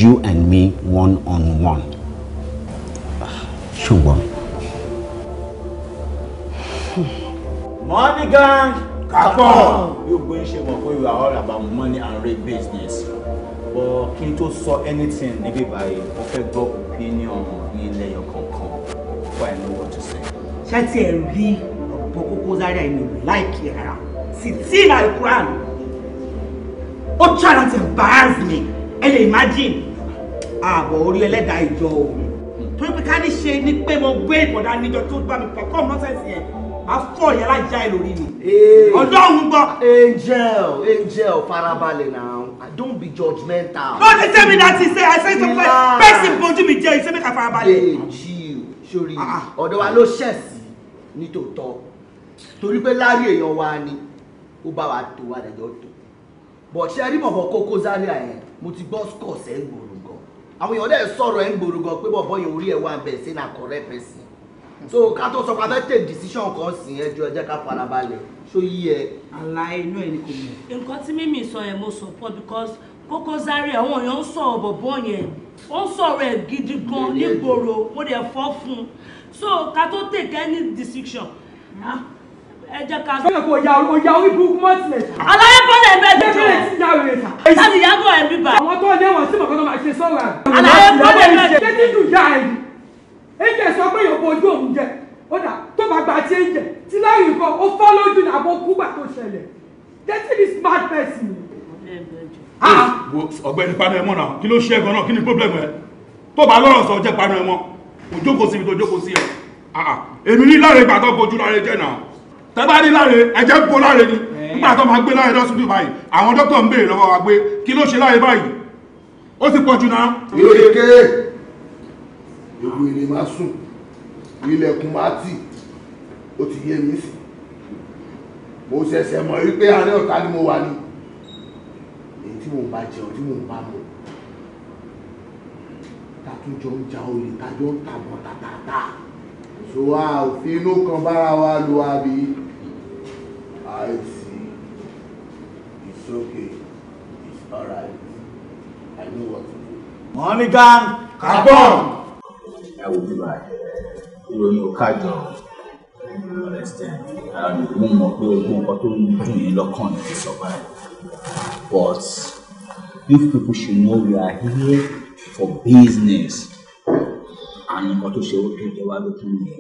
you and me one on one ṣùgbọ́n. money gang kakọ yóò gbé ṣe mọ̀ pé you are all about money and rate business but kí n tó sọ anything níbí báyìí mo fẹ́ gbọ́ opinion ní ilẹ̀ yọ̀ kọ̀ọ̀kan before I know what to say. ṣé ti ẹ̀ rí i bọ kókó Zaria èmi ò láìkí rárá sitin alukuran ó try to embarrass me ẹ lè imagine ààbọ̀ orí ẹlẹ́dàá ìjọ o torí pé ká ní ṣe ni pé mo gbé ìbọ̀dá níjọ tó bá mi pẹ̀kọ́ mọ́sẹ̀sì ẹ̀ máa fọ́ ìyá alájà ẹ lórí mi ọ̀dọ́ gbọ́. angel angel farabalẹ̀ náà don't be judgmental. no dey tell me that he say i say to pe person bojú mi jẹ́ You say make i farabalẹ̀. ṣé o rí ọ̀dọ̀ wa ló ṣẹ̀ sí nítòótọ́ torí pé láàrin èèyàn wa ni ó bá wa tó wa lẹ́jọ́ tó bọ̀ ṣe rí bọ̀bọ̀ Koko Zaria yẹn mo ti gbọ́ scores ẹ̀ ń gbòòrò gan àwọn èèyàn dẹ̀ sọ̀rọ̀ ẹ̀ ń gbòòrò gan pé bọ̀bọ̀ yẹn orí ẹ̀ wà bẹ̀ sí na correct person so ká tó sọ pé a fẹ́ take decision kan sìn ẹ ju ẹ jẹ́ ká farabalẹ̀ ṣó yí ẹ. àlà inú ẹ ni kò mọ̀. nǹkan tí mímì sọ yẹn mo support because Koko Zaria àwọn èèyàn ń sọ̀rọ̀ bọ̀bọ̀ yẹn ó ń sọ̀rọ̀ ẹ̀ gidi gan nígboro mo dẹ̀ fọ́ fún un so ká tó take any decision. Mm -hmm. Ah, ẹ jẹ́ ká. sọ́yìn kò ya oya orí burúkú mọ́ tilẹ̀ sá. aláyé bọ́lá ẹ̀ bẹ́ẹ̀ jọ bẹ́ẹ̀ ti ya rẹ̀ sá. láti yàgò ẹ̀ bíbà. àwọn tó lé wọn sí mọ̀kọ́ máa ṣe sọ́ra. aláyé bọ́lá ẹ̀ bẹ́ẹ̀ jẹ́. tẹ́tí dùn ya ẹ̀ yìí. ẹ̀jẹ̀ sọ pé yòókù ojú òun jẹ ó dà tó bá gba tí ẹ̀jẹ̀ tí láyìn kan ó fọ́ lójú ní abọ́ kúgbà tó ṣẹlẹ̀ tẹ́tí ni smart person. Ah! ọ̀gbẹ́ni pariwo ẹmọ náà kí ló ṣe ẹ̀gbọ́n náà kí ni problem ẹ tó bá lọ́rọ̀ sọ jẹ pariwo ẹmọ òjókòó síbi tó jókòó sí ẹ ah, ah. èmi ní lára ìgbà tó gbojú lára jẹ náà tẹ́bá ní láre ẹ̀jẹ̀ gbó láre ni nígbà tó máa gbé láre lọ́sùn báyìí àwọn dókítà ń béèrè lọ́wọ́ wa pé kí ló ṣe láre báyìí ó sì pọ̀jù náà. ìròyìn kéré èrò èrè máa sùn ilẹ̀kùn máa tì ó ti yé mi sí mo ṣẹ̀ṣẹ̀ mọ̀ wípé àárẹ̀ ọ̀tá ni mo wà ní èyí tí mò ń bá jẹun tí mò ń bá mu tàtújọ ń ja olè tàjọ ń tàbọ̀ tàtàtà so a ò fi inú kan bára wa lo àbí. I see. It's okay. It's alright. I know what to do. Money gang, carbon! I will be back. Ìròyìn ò kájọ understand. Mo mọ̀ pé ogun nǹkan tó to dùn in lọ́kàn ní ti survive. But you people should know we are here for business. And nǹkan tó ṣe ó you wá lókun yẹn.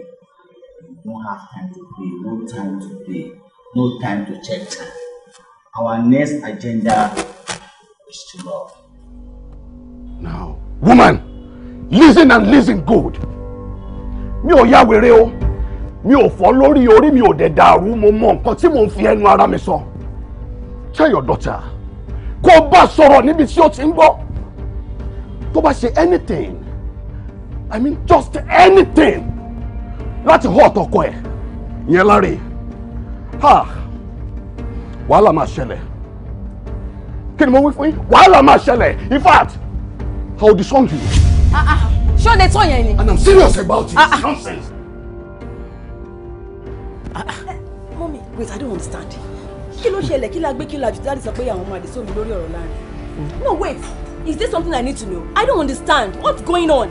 You don't have time to play, no time to play no time to check time. Our next agenda is to love. Now, woman, listen and listen good. Mi ò ya wèrè o. Mi ò fọ́ lórí orí mi ò dẹ̀ dàrú mo mọ nǹkan tí mò ń fi ẹnu ara mi sọ. Tell your daughter. Kó bá sọ̀rọ̀ níbi tí ó ti ń gbọ́. Tó bá ṣe anything. I mean just anything. Láti hot ọkọ ẹ̀. Yẹn láre ha wàhálà máa ṣẹlẹ̀ kí ni mo wí fún yín wàhálà máa ṣẹlẹ̀ in fact i will disown you. ṣé o lè tọ́ yẹn ni. and i'm serious about it Ah ah. nonsense. uh wait i don't understand kí ló ṣẹlẹ̀ kí la gbé kí la jù dáàdì sọ pé àwọn máa dé sómi lórí ọ̀rọ̀ láàrin no wait Is there something I need to know? I don't understand. What's going on?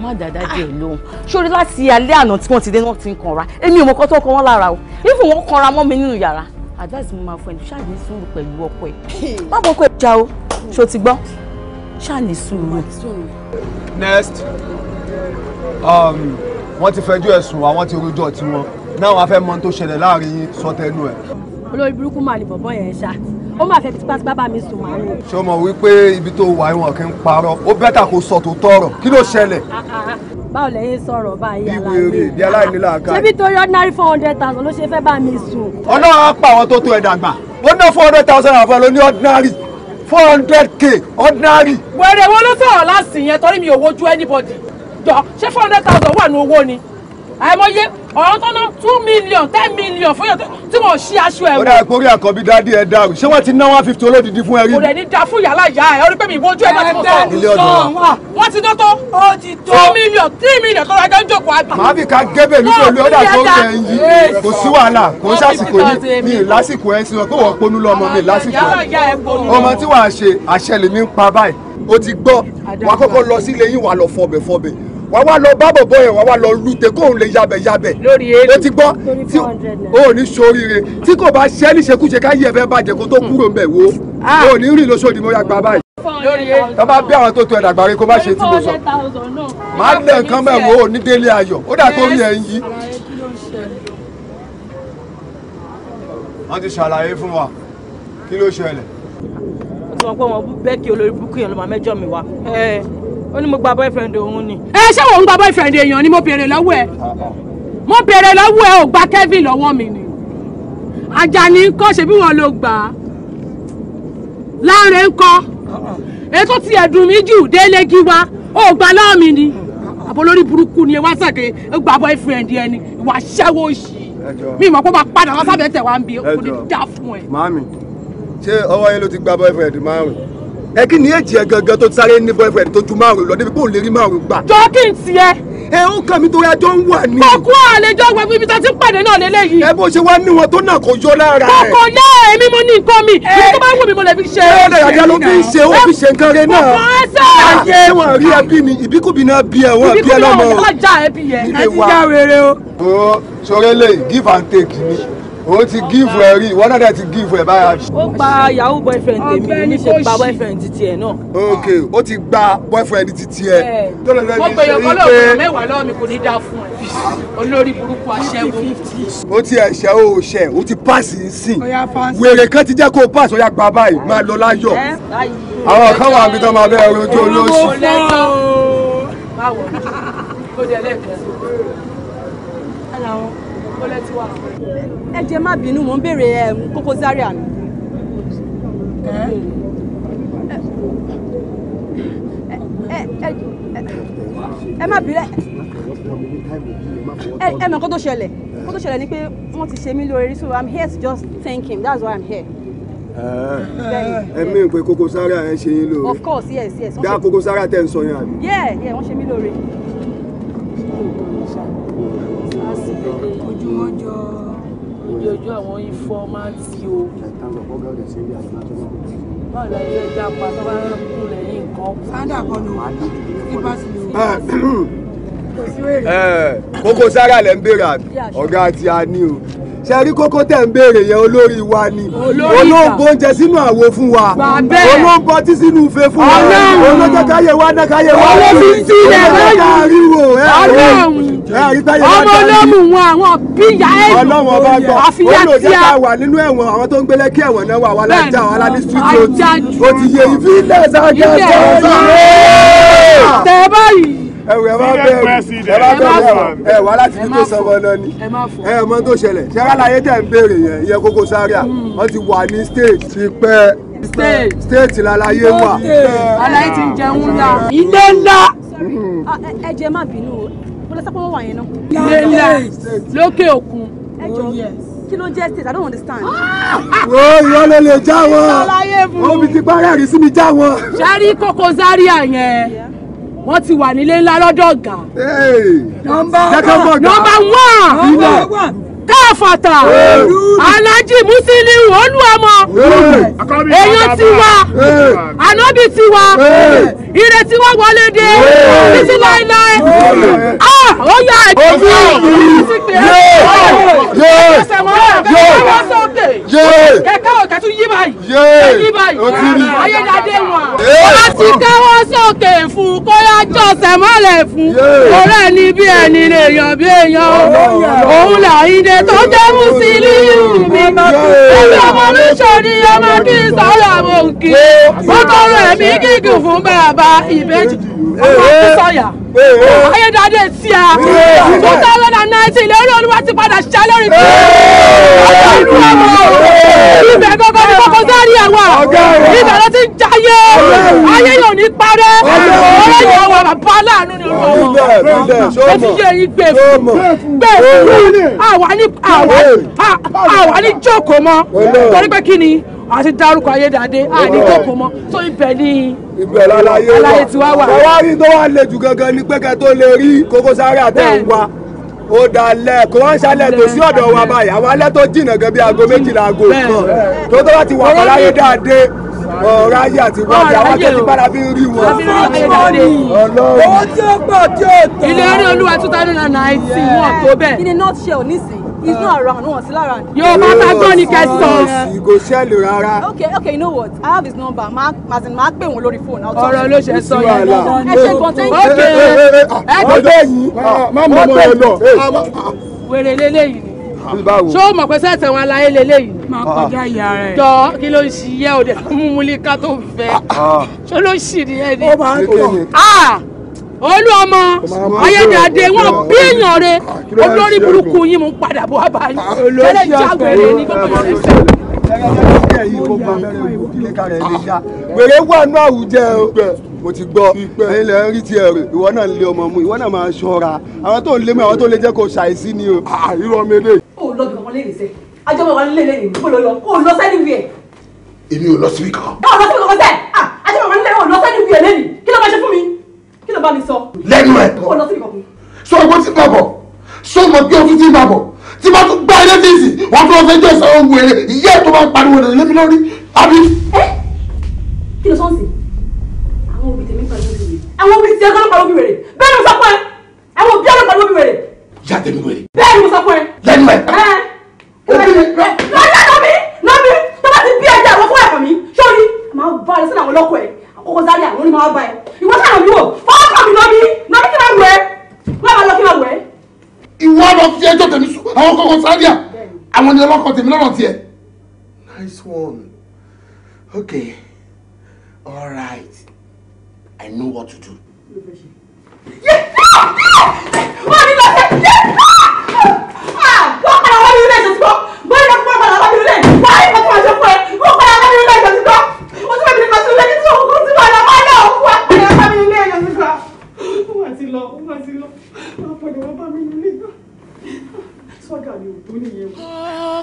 Má dàda jẹ́ lóhùn. Ṣorí láti alẹ́ àná tí wọ́n ti dé náà ti ń kanra. Èmi ò mọ̀ kọ́ tó kọ́ wọ́n lára o. Even wọ́n kanra mọ́ mi nínú yàrá. Advice mi máa fún ẹni ṣáà ní sùúrù pẹ̀lú ọkọ ẹ̀. Má bọ́ ọkọ ẹ̀ já o. Ṣo ti gbọ́? Ṣáà ní sùúrù. Next, um, wọ́n ti fẹjọ́ ẹ̀sùn àwọn ti rújọ́ tiwọn. Náà wọ́n á fẹ́ mọ ohun tó ṣẹlẹ̀ láàrin yín sọ́tẹ́nu ẹ̀ olórí burúkú mà ní bọ̀bọ̀ yẹn ṣá ó máa fẹ́ tipátipá bá mi sùn máa ń lò. ṣé o mọ̀ wípé ibi tó wà ìwọ̀n kí n parọ́ ó bẹ́tà kó sọ tó tọrọ kí ló ṣẹlẹ̀ báwo lẹ́yìn sọ̀rọ̀ báyìí aláìní bí wèrè bí aláìní làákàyè. ṣebí torí ordinary four hundred thousand ló ṣe fẹ́ bá mi sùn. ọlọ́run á pa àwọn tó tó ẹ̀ dàgbà ó ná four hundred thousand àfọ ló ní ordinary four hundred k ordinary. wẹ̀rẹ̀ wo ló sọ̀rọ̀ láti yẹn torí mi ò wojú anybody jọ ṣé four hundred thousand wà ní owó ni àìmọye ọ̀rọ̀ tó ná two million ten million fún yàn tí mo ṣí aṣọ ẹ̀wọ̀. ọ̀rẹ́ àkórí àkọ́bí dádì ẹ̀ dá o ṣé wọ́n ti ná one fifty olódìdí fún ẹrí. kò lè ní da fún yàrá ìyá ẹ̀ orí pé mi ìbojú ẹ̀ bá ti mọ̀ sọ. wọ́n ti ná tó two million three million tó rajá ń jòkó àbí. màá fi ká gébè mi pẹ̀lú ọ̀dà tó ń jẹ yìí kò sí wàhálà kò ń ṣàsìkò yìí mi lásìkò ẹ̀ sí wọn kó wọ́n ponú lọ́mọ mi lásìkò ọmọ tí wàá ṣe àṣẹ lèmi ń pa báyìí o ti gbọ́ wàá kọ́kọ́ lọ sílé yín wàá lọ fọbẹ̀ fọbẹ̀ wà wá lọ bá bọ̀bọ̀ yẹn wà wá lọ lùtẹ̀ kóun lè yabẹ̀ yabẹ̀ o ti gbọ́ tí o ní sóríire tí kò bá ṣẹ́ níṣekúṣe ká yẹ fẹ́ bàjẹ́ kó tó hmm. kúrò ń bẹ̀ wo ah. o ní rìn lóṣòdì mo yà gbà báyìí tó bá bí àwọn tó tó ẹ̀dàgbà rẹ kó bá ṣe tí mo sọ máa lẹ̀ nǹkan bẹ̀ wo ní délé ayọ̀ ó dà tó rí ẹ̀ ń yí. wọ́n ti ṣàlàyé fún wa kí ló ṣẹlẹ̀. ó ti mọ̀ pé wọn bẹ́ẹ̀ kí olórí búkú yẹn ló máa mẹ́jọ mi wá. Eh ó ní mo gba boyfriend òun ni. ẹ ṣé wọn ń gba boyfriend èèyàn ni mo béèrè lọ́wọ́ ẹ ah, ah. mo béèrè lọ́wọ́ ẹ ò gba Kevin lọ́wọ́ mi ni Àjàní ńkọ́ ṣe bí wọ́n ló gbà á Láńrè ńkọ́ ah, ètò ti ẹ̀dùn mi jù délé gíwá ò gbà lọ́wọ́ mi ni àbólórí burúkú ni ẹ wá sàké ẹ gba boyfriend ẹ ni ìwà ṣẹ́wó ṣì mi mọ̀ pé wàá padà wá sábẹ́ tẹ̀ wá ń bi kò ní dá fún ẹ. màámi ṣé ọwọ́ yín ló ti gba boyfriend márùn-ún ẹ kí ni èjì ẹ gangan tó sáré ní boyfriend tó ju márùn lọ débi kó lè rí márùn gbà. jọ kí n tiẹ. ẹ ó kàn mí torí ẹjọ́ ń wà ní. kókó àlejò wẹ ibi tó ti pàdé náà lélẹyìí. ẹ bó ṣe wá ní wọn tó náà kò yọ lára ẹ. kókó náà èmi mo ní nǹkan mi èmi tó bá wù mí mo lè fi ṣe. ẹ lẹ́yà dá ló fi ṣe ó fi ṣe nǹkan rẹ náà. kókó ẹsẹ̀. ayé wọn rí ẹbí ni ìbíkúbi náà bí ẹ wọn bí ẹ lọ́mọ. ìbíkúbi náà o ti give ẹ rí ìwọ náà dẹ ti gífù ẹ báyà. ó gba yahoo boyfriend tèmi mi ṣe gba boyfriend titi ẹ náà. ok ó ti gba boyfriend titi ẹ. wọ́n gbé yọkọ́ lọ́wọ́ mẹ́wàá lọ́wọ́ mi kò ní dá fún ẹ olórí burúkú aṣẹ́wó. ó ti ẹ̀ṣẹ̀ ó ṣẹ̀ ó ti páàsì ń sìn wèrè kan ti jẹ́ kó o páàsì ó yá gba báyìí máa lọ láyọ̀ àwọn kan wà níbi tó máa bẹ́ẹ̀ rojú olóṣù. báwo ló dé lẹ́ẹ̀kan sí Ẹ jẹ́ má bínú, mò ń béèrè Kókó Zaria ni. Ẹ má bínú ẹ mọ̀ kó tó ṣẹlẹ̀ kó tó ṣẹlẹ̀ ni pé wọ́n ti ṣe mí lórí so i'm here to just thank him that's why i'm here. ẹ mí pé Koko Zaria ẹ ṣe yín lóore. of course yes yes. dá Koko Zaria tẹ̀ ń sọ yẹn àbí. yeah yeah wọ́n ṣe mí lóore. oúnjẹ oúnjẹ ojú àwọn ifọ̀ máa ń ti o. báwo la ṣe já pa tó bá kú lẹ́yìn nǹkan. sáńdà kọ́ ló wà ní bá ti lè wò. kókó sára lẹ́ ń béèrè ọ̀gá àti àní o ṣe rí kókó tẹ̀ ń béèrè yẹn olórí wa ni olóńgbò oúnjẹ sínú àwo fún wa olóńgbò ọtí sínú ife fún wa olóńgbò káyé wa náà káyé wa olóńgbò ìjìnlẹ̀ lẹ́yìn olóńgbò kárí wo ẹ̀ ẹ̀ ọmọ olómù wọn àwọn bíyà ẹ̀yìn àfiyà tí a. wà nínú ẹ̀wọ̀n àwọn tó ń gbélé kí ẹ̀wọ̀n náà wà wà lájà wà láni studio o ti yẹ ìfilẹ̀ sàgẹ̀ sọ̀rọ̀. tẹ̀ báyìí ẹwù ẹ máa bẹ̀rù ẹ máa bẹ̀rù ẹ wà láti fi tó sọmọ náà ni ẹ mọ tó ṣẹlẹ̀ ṣẹlẹ̀ láyé tẹ ń béèrè yẹn ìyẹn Koko Zaria wọ́n ti wà ní state ti pẹ́ state lálàyé wà. aláyé ti ń jẹun ńlá. ilé ńlá. Hmm. ẹ jẹ́ má bínú o bó lọ sọ pé wọ́n wà yẹn náà. lẹ́la oh, lókè òkun. ẹ jọ oh, kí ló jẹ́ state i don't understand. wo ìyá ló lè já wọn omi ti parẹ́ àrí sí mi já wọn. sẹ́rí kókó Zaria yẹn wọ́n ti wà nílé ńlá lọ́dọ̀ ọ̀gá. nọ́mbà one káfàtà alájì Musiliu olúọmọ èèyàn tiwa ànábì tiwa ire tí wọ́n wọlé dé títí láéláé ah, ó yá ẹ̀jẹ̀ kẹ̀kẹ́ òkè tún yí báyìí yí báyìí ayédáde wọn. wọ́n ti káwọ́ sókè fún kó yá jọ̀sẹ̀ mọ́lẹ̀ fún ọ̀rẹ́ ni bí ẹni èèyàn bí èèyàn òun làyíde tó jẹ́ mùsílíù mi ẹgbẹ́ ọmọ mi ṣòdí ọmọ kí sọ́ọ̀lù àwọn òǹkì ó tọrọ ẹ̀mí gígùn fún bàbá gba ìbejì eh, ọmọ àkúsọ̀yà eh, eh, ayédáadé tí a two thousand and nineteen lórí olúwa ti padà ṣiṣẹ́ lórí tí ọjọ́ ìlú ọmọ ibẹ̀ gangan ni kókó sáré ẹ̀ wà ibẹ̀ ló ti ń jayé ayé yóò ní parẹ́ ọ̀rẹ́ yìí ọwọ́ bàbá aláàánú ni olú ọmọ ẹ ti yé yín gbé fún gbé fún àwa ní jókòó mọ́ torí pé kí ni àti dárúkọ ayédáadé àní kòkó mọ́ tó ibẹ̀ ni ìbẹ̀rẹ̀ aláyé ti wá wà. ìwádìí tó wà lè jù gangan ni pé kẹ́ tó lè rí Koko Zaria tẹ̀ ń wá ó dalẹ̀ kó wọ́n ṣalẹ̀ tó sí ọ̀dọ̀ wa báyìí àwọn alẹ́ tó jìnnà gan bí aago méjìlá aago kan tó tó bá ti wà fọlá yé ọ̀rọ̀ ayé àti wọ́ọ̀dì àwọn tó ti padà fi ń rí wọn. owó tí ó ìlérí olúwa two thousand and nineteen wọn tó bẹ́ẹ̀ he's not around no one still around. yóò máa ta gbọ́ ni go ìgò ṣẹ́ẹ̀lì rara. okay okay you know what i have his number ma as in ma pè wọ́n lórí fóònù. ọ̀rọ̀ ló ṣe sọ yẹn lọ́dọ̀ ẹ ṣe kọ́ńtẹ́ǹtì. ok ọjọ́ yìí ah, ah, má mọ̀ mọ́ ẹ lọ. Ah, wèrè lélẹ́yìn ni ṣé o mọ̀ pé sẹ́sẹ̀ wọn aláyé lélẹ́yìí. máa kọjá ìyá rẹ̀. jọ kí ló ń ṣiyẹ́ òde múmúlíká tó fẹ́ ṣé ló ń ṣì ní ẹni. ó máa ń tọ̀ olú ọmọ ayédáadé wọn bí èèyàn rẹ olórí burúkú yín mú padà bọ́ abáyé tẹ́lẹ̀ jáwèrè ní gbogbo ẹ̀sẹ̀. wèrè wà nù àwùjẹ o mo ti gbọ́ ilẹ̀ rí ti ẹ̀rù ìwọ náà lé ọmọ mu ìwọ náà máa ṣọ́ra àwọn tó ń lé mi àwọn tó lè jẹ́ kó ṣàìsí ni o. irú ọmọ ilé. kó o lọ bí ọmọ lẹ́yìn sẹ́ ajọ́ bàbá nílé lẹ́yìn kó o lọ lọ kó o lọ sẹ́ni wíẹ̀. èmi ò lọ síbi kankan. báwo lọ síbi kankan sẹ́ẹ̀ ajọ́ bàbá nílé ò lọ sẹ́ni wíẹ̀ lẹ́yìn kí ló máa ṣe fún mi bá mi sọ. lẹ́nu ẹ̀ sọ owó tí máa bọ̀ sọ ọmọ bí o tún ti máa bọ̀ tí máa tún gbá ilé tíìsì wọ́n tún fẹ́ jẹ́ sọ́wọ́ wù ẹ̀ ìyá ẹ̀ tó máa pariwo rẹ̀ lé mi lórí àbí. ẹ kí ló sọ́ọ̀sì àwọn òbí tèmi pariwo bí wèrè àwọn òbí tèmi pariwo bí wèrè bẹ́ẹ̀ ni mo sọ fún ẹ àwọn òbí ọ̀nà pariwo bí wèrè. ìyá tèmi wèrè. bẹ́ẹ̀ ni mo sọ fún ẹ. lẹ́nu ẹ̀. òbí mi. lọ́ọ̀dà lọ́mí lọ́mí tó bá ti bí ẹja àwọn fún ẹ̀fọ́ mi sórí màá bá ẹ sínú àwọn ọlọ́kọ̀ ẹ̀ kókó sáré àwọn onímọ̀ ọba ẹ̀ ìwọ sáà lù ọ́ fọwọ́ kọ́ mi lọ́bí lọ́bí kí máa wẹ̀ ẹ́ lọ́wọ́ lọ́ kí máa wẹ̀ ẹ́. ìwọ lọ fi ẹjọ́ tèmi sùn àwọn kókó sáré àwọn ènìyàn lọ́kọ̀ tèmi lọ́rọ̀ tiẹ̀. nice one okay all right i know what to do. wọ́n mi lọ sí ẹ̀ wọ́n padà wọ́n mi lé ṣe ti bọ́ wọ́n mi lọ sí wọ́n padà wọ́n mi lé wọ́n á yẹ kó tó máa ṣe fún ẹ. lọ ó máa ti lọ máa padà wá bá mi nílé sọ́gà ni òtó nìyẹn.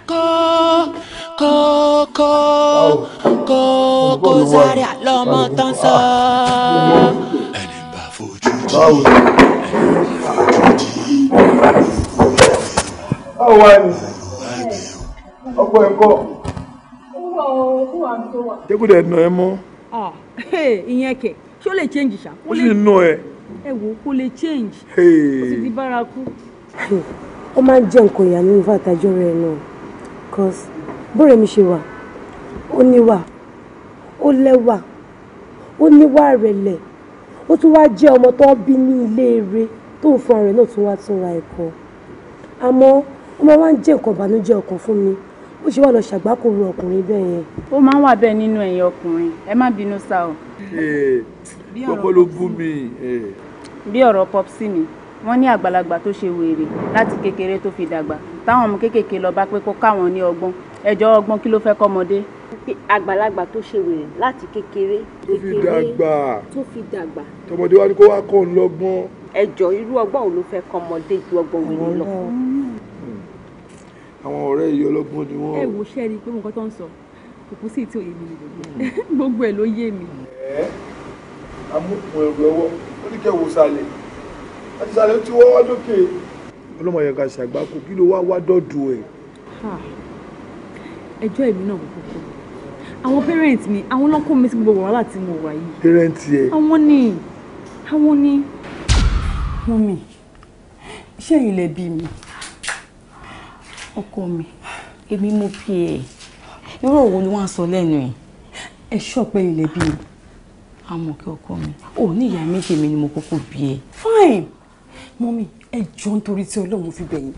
kọ́kọ́ kọ́kọ́ kọ́kọ́ sáré àlọ́mọ tán sọ. ẹni bá fojú jì ẹni bá fojú jì. báwo wá ni ọkọ ẹ̀kọ́. jẹ́kùdẹ̀ nà ẹ mọ́. Ah, ìyẹn kẹ̀ ṣó lè change ṣá. ó sì nà ẹ ẹ wò kó lè change ó sì di bárakú. ó máa ń jẹ́ nǹkan ìyanu ìfà àtàjọ rẹ̀ náà cause bóre mi ṣe wà ó níwà ó lẹ́wà ó níwà rẹ̀lẹ̀ ó tún wá jẹ́ ọmọ tó bí ní ilé eré tó ń fún náà tún wá tún ra ẹ̀kọ́ àmọ́ ó máa ń jẹ́ nǹkan ìbànújẹ́ ọkàn fún mi ó ṣe wà lọ ṣàgbákòrò ọkùnrin bẹ́ẹ̀ yẹn. ó máa ń wà bẹ́ẹ̀ nínú ẹ̀yin ọkùnrin ẹ má bínú sá o. ọkọ ló bú mi bí ọ̀rọ̀ popsi mi wọ́n ní àgbàlagbà tó ṣe wèrè láti kékeré tó fi dàgbà táwọn ọmọ kéékèèké lọ bá pé kó káwọn ní ọgbọ́n ẹjọ́ ọgbọ́n kí ló fẹ́ kọ́mọdé. àgbàlagbà tó ṣe wèrè láti kékeré tó fi dàgbà tó fi dàgbà. tọmọdé wa ni kó wá kọ́ ń lọ́gbọ́n. ẹjọ́ irú ọgbọ́n wo ló fẹ́ kọ́mọdé ju ọgbọ́n wèrè lọ. àwọn hmm. ọ̀rẹ́ yìí ọlọ́gbọ́n ni wọ́n. ẹ wo sẹ́ẹ̀rì pé mo kọ́ ń sọ kòkó sì tí ò mi hmm. gbogbo ẹ̀ ló yé mi. ẹ amúkùn ẹrù ọwọ́ oníkẹ́ wò sàlẹ̀ àti sàlẹ̀ tí wọ́n wá lókè. ọlọ́mọ yẹn ká ṣàgbákò kí ló wá wá dọ́dù ẹ̀. ẹjọ́ èmi náà kúkú àwọn parents mi àwọn náà kó mi sí gbogbo wàhálà tí mo wà yìí. parents yẹ. àwọn ni àwọn ni. mọ́mí ṣé ẹ̀yin lè bí mi ọkọ mi èmi mo pè é irú òwò ni wọ́n á sọ lẹ́nu ẹ̀ ẹ̀ ṣọ́ pé ẹ̀yin lè bí mi amọ̀kẹ́ ọkọ mi ò ní ìyá méjì mi ni mo kókó bí ẹ. fine mọ́mí ẹ jọ nítorí tí ọlọ́run fi bẹ̀yìn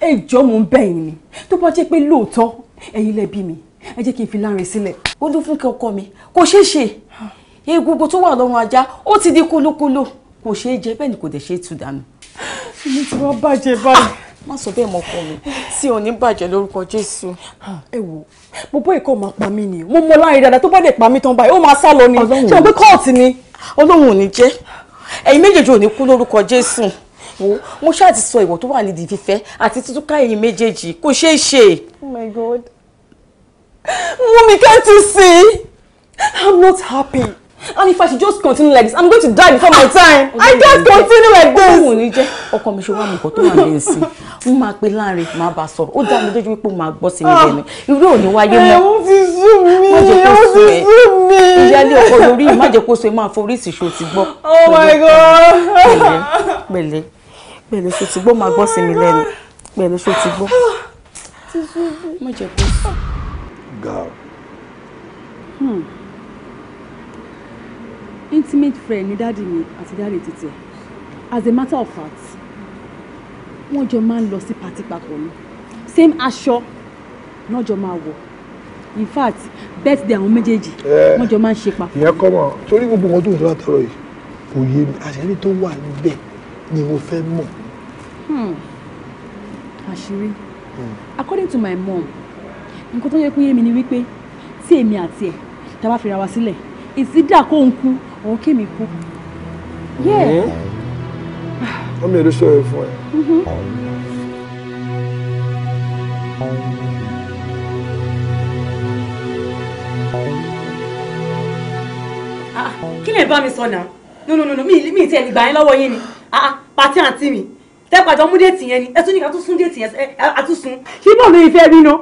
ẹ jọ mò ń bẹ̀yìn ni tó bá jẹ́ pé lóòótọ́ ẹ̀yin lẹ bí mi ẹ jẹ́ kí n fi láàrin sílẹ̀. ó dún fúnkẹ́ ọkọ mi kò ṣeé ṣe egungun tó wà lọ́rùn ajá ó ti di kólókóló kò ṣeé jẹ bẹ́ẹ̀ ni kò dẹ̀ ṣeé tú dànù. èmi ti wá bàjẹ́ báyìí. má sọ bẹ́ẹ̀ mọ́ mi tí ò ní bàjẹ́ lórúkọ Jésù. ẹ wò bóbó ìkọ́ máa pa mí ni mo mọ láàrin dáadáa tó bá dẹ̀ pa mí tán báyìí ó máa sá lọ ni ṣé o pé kóòtù ni ọlọ́run ò ní jẹ́ ẹ̀yin méjèèjì ò ní kú lórúkọ jésù wo mo ṣáà ti sọ ìwọ tó wà nídìí fífẹ́ àti tútúká ẹ̀yin méjèèjì kò ṣeé ṣe. oh my god mú mi kẹ́tù sí i i'm not happy and if I should just continue like this I'm going to die before my time oh, I can't oh, oh, continue like this. ọmọ ní jẹ́ ọkọ mi ṣe wá mọ̀kọ́ tó wà ní ìsìn mo máa pe láàrin máa bá sọ̀rọ̀ ó dá mi lójú pé mo máa gbọ́ sí mi lẹ́nu irú òní wáyé mọ́. ẹ ah, ó ti sú mi ó ti sú mi. ìyáálé ọkọ lórí ìmájẹkóso ẹ máa forí ìsìṣó ti gbọ́. oh my god. pẹ̀lẹ́ pẹ̀lẹ́ ṣe ti gbọ́ máa gbọ́ sí mi lẹ́nu ṣe ti gbọ́. má gaa. Hmm intimate friend ni dáàdi mi àti dáàdi títí as a matter of fact wọ́n jọ máa ń lọ sí pàtí papọ̀ ni same aṣọ náà jọ máa wọ̀ in fact birthday àwọn méjèèjì eh, wọ́n jọ máa ń ṣe papọ̀. ìyẹn kọ́ mọ̀ torí gbogbo wọn tó ń lọ́wọ́ àtọ̀rọ̀ yìí kò yé mi àṣírí tó wà níbẹ̀ ni mo fẹ́ mọ̀. Hmm. àṣírí hmm. according to my mom nǹkan tó yẹ kó yé mi ni wípé tí èmi àti ẹ̀ tá a bá fira wa sílẹ̀ ìsídà kó ń kú òun kì mí kú. ọmọ èrè sọ ẹ fún ẹ. kí lè bá mi sọ náà no no no mi ì tí ẹ gbà yín lọ́wọ́ yín ni ah, ah, pàtí àǹtí mi tẹ́pàjọ́ mú déètì yẹn ni ẹ tún ní ká tún sún déètì yẹn a tún sún. ṣíbọ̀ mi ìfẹ́ rí nu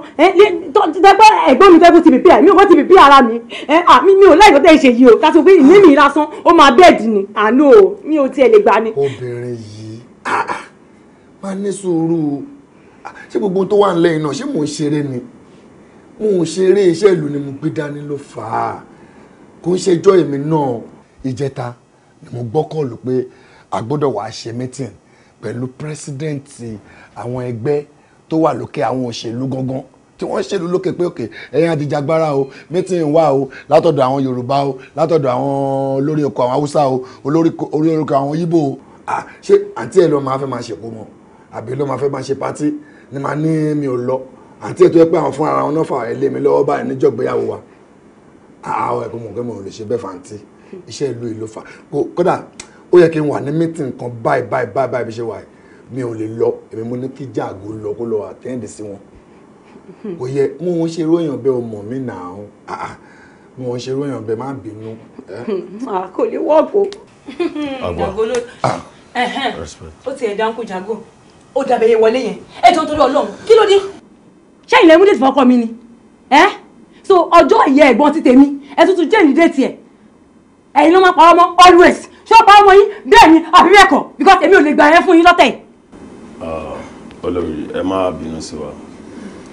tẹ́gbẹ́ ẹ̀gbọ́n mi tẹ́kùn ti bìbí mi ò kọ́ ti bìbí ara mi mi ò láì lọ́tẹ̀ ṣe yìí o kátó pé ìní mi lásán ó máa bẹ́ẹ̀dì ni àánú o mi ò tiẹ̀ lè gbà ni. obìnrin yìí máa ní sùúrù ṣé gbogbo tó wà nílẹ̀ yìí náà ṣé mò ń ṣeré ni mò ń ṣeré iṣẹ́ ìlú ni mo gbé dání ló fà á kò ń ṣẹjọ́ èmi náà ìjẹta ni mo gbọ́ kọ́ọ̀lù pé a gbọ́dọ̀ wàá ṣe mẹ́tìn pẹ̀lú pírẹsidẹ́ǹtì àwọn ẹgbẹ́ tó wà lókè àwọn òṣèlú gangan tí wọ́n ṣèlú lókè pé òkè ẹ̀yin àdìjàgbara o mítìn wà o látọ̀dọ̀ àwọn yorùbá o látọ̀dọ̀ àwọn olórí oko àwọn haúsá o olórí oko àwọn yíbò o ṣé àǹtí ẹ̀ ló máa fẹ́ máa ṣèkó mọ́ àbí ló máa fẹ́ máa ṣe pátí ni màá ní mi ò lọ àǹtí ẹ̀ tó yẹ pé àwọn fúnra wọn náà fà ẹ̀ lé mi lọ́wọ́ báyìí níjọ́gbéyàwó wa àwọn ẹ̀kọ́ mọ̀ pé mo lè ṣe bẹ́ẹ̀ fàǹtí iṣẹ́ ìlú ìlú fà kódà ó yẹ kí n wà ní mítìn kan báyìí báyìí báyìí báyìí bí ṣe wà mi ò lè lọ èmi mo ní kí jáàgó lọ kó lọ àtẹ́ǹdì sí wọn kò yẹ mo ń ṣe ròyìn ọbẹ̀ ọmọ mi náà mo ń ṣe ròyìn ọbẹ̀ má bínú. kò lè wọ́ọ̀kù. jago ló ah. ó ti ẹ̀ dánkù jago ó dàbẹ̀ yẹ wọlé yẹn ẹ jọ torí ọlọ́run kí ló dé. ṣé ilẹ̀ múlẹ̀ ti fọkọ mi ni so ọjọ́ ìyá ẹ̀gbọ́n ti tèmi ẹ tuntun jẹ́ ìdílé tiẹ̀ ẹ̀yin ló máa pa ọmọ always ṣé ó pa ọmọ bẹ́ẹ̀ ni àbí bẹ́ẹ̀ because èmi ò lè gbà yẹn fún yín lọ́tẹ̀. Ah, olórí ẹ má bínú sí wa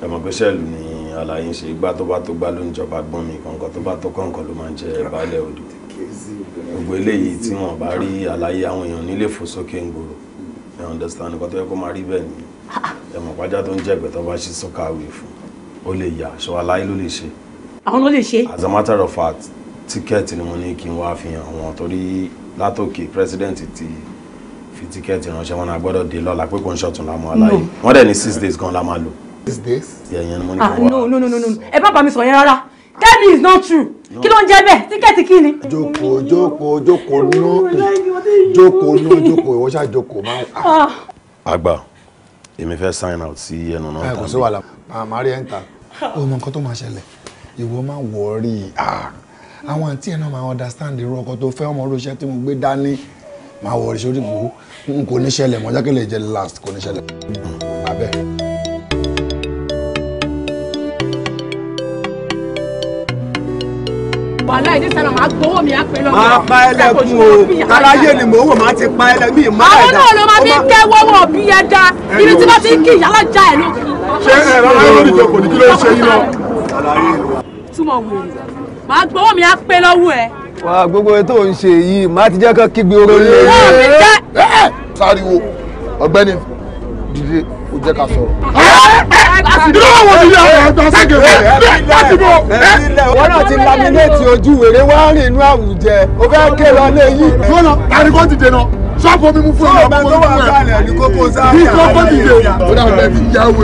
ẹ mọ̀ ni alayín ṣe igbá tó bá tó gbá ló ń jọba gbọ́n mi kọ̀ǹkan tó bá tó kọ̀ǹkan ló máa ń jẹ baálé odò gbogbo eléyìí tí wọn bá rí àlàyé àwọn èèyàn nílé fò sókè ń gbòòrò ẹ understand nǹkan tó yẹ kó máa rí bẹ́ẹ̀ ni ẹ pàjá tó ń jẹ̀gbẹ́ tó bá ṣe sọ́kà fún ó lè yà aṣọ aláyé ló lè ṣe. àwọn ló lè ṣe. as a matter of fact tíkẹ́ẹ̀tì ni mo ní kí n wá fi hàn wọn torí látòkè president ti fi tíkẹ́ẹ̀tì ránṣẹ́ wọn náà gbọ́dọ̀ dé lọ́la pé kò ń ṣọ̀tún lámú aláyé wọ́n dẹ̀ ní six days gan la máa lò. six days. yẹ̀yẹ́ ni mo ní ah, kí wá. no no no no ẹ bá bá mi sọ yẹn rárá tell me it's not true kí ló ń jẹ bẹ́ẹ̀ tíkẹ́ẹ̀tì kí ni. Joko, Joko, jókòó nú Joko, nú jókòó ìwọ ṣáà jókòó máa. Ah. Ah. àgbà èmi fẹ́ sign out sí ẹnu náà tàbí. Eh, ẹ kò sí wàhálà màmá rí ẹ̀ ń ta ó mọ nǹkan tó máa ṣẹlẹ̀ ìwọ máa wọ̀ ọ́ àwọn àǹtí ẹ̀ náà máa understand irú ọkọ tó fẹ́ ọmọ orí iṣẹ́ tí mo gbé dání máa wọ̀ rí sórí n kò ní ṣẹlẹ̀ mọ́ jákèlè jẹ́ last kò ní ṣẹlẹ̀ abẹ́. wàhálà ìdí sára máa gbowó mi àpè lọ. máa pa ẹlẹ́kùn o aráyé ni mò ń wò máa ti pa ẹlẹ́mí ìmọ̀ ẹ̀dá. àwọn náà ló máa fi kẹ́wọ́ wọn bí ẹ̀dá ibi tí wọ́n ti ń kí ìyálà já ẹ̀ lókè. ṣé ẹ̀rọ ayélujára kò ní kí ló ń ṣe yín lọ. túmọ̀ wèrè màá gbowó mi á pé lọ́wọ́ ẹ. wà gbogbo ẹ tó ń ṣe yìí màá ti jẹ́ kán kígbe oró lé. wọ́n mi jẹ́. sáriwo ọ̀gbẹ́ni dìde kò jẹ́ ká sọ̀rọ̀. ìdúró wo ni ilé ọ̀rọ̀ ọ̀tọ̀ ságẹ̀ rẹ̀ láti bọ̀. wọ́n náà ti laminéètì ojú wèrè wá rìn inú àwùjẹ o fẹ́ ké lọ lé yìí. lọ́nà àríkọ́ ti dènà sọ́ọ̀bù omi mú fún ọ̀rọ̀ mú fún ẹ̀ bí kókó sáà. bí kókó ti dènà. ó dàbẹ̀ ti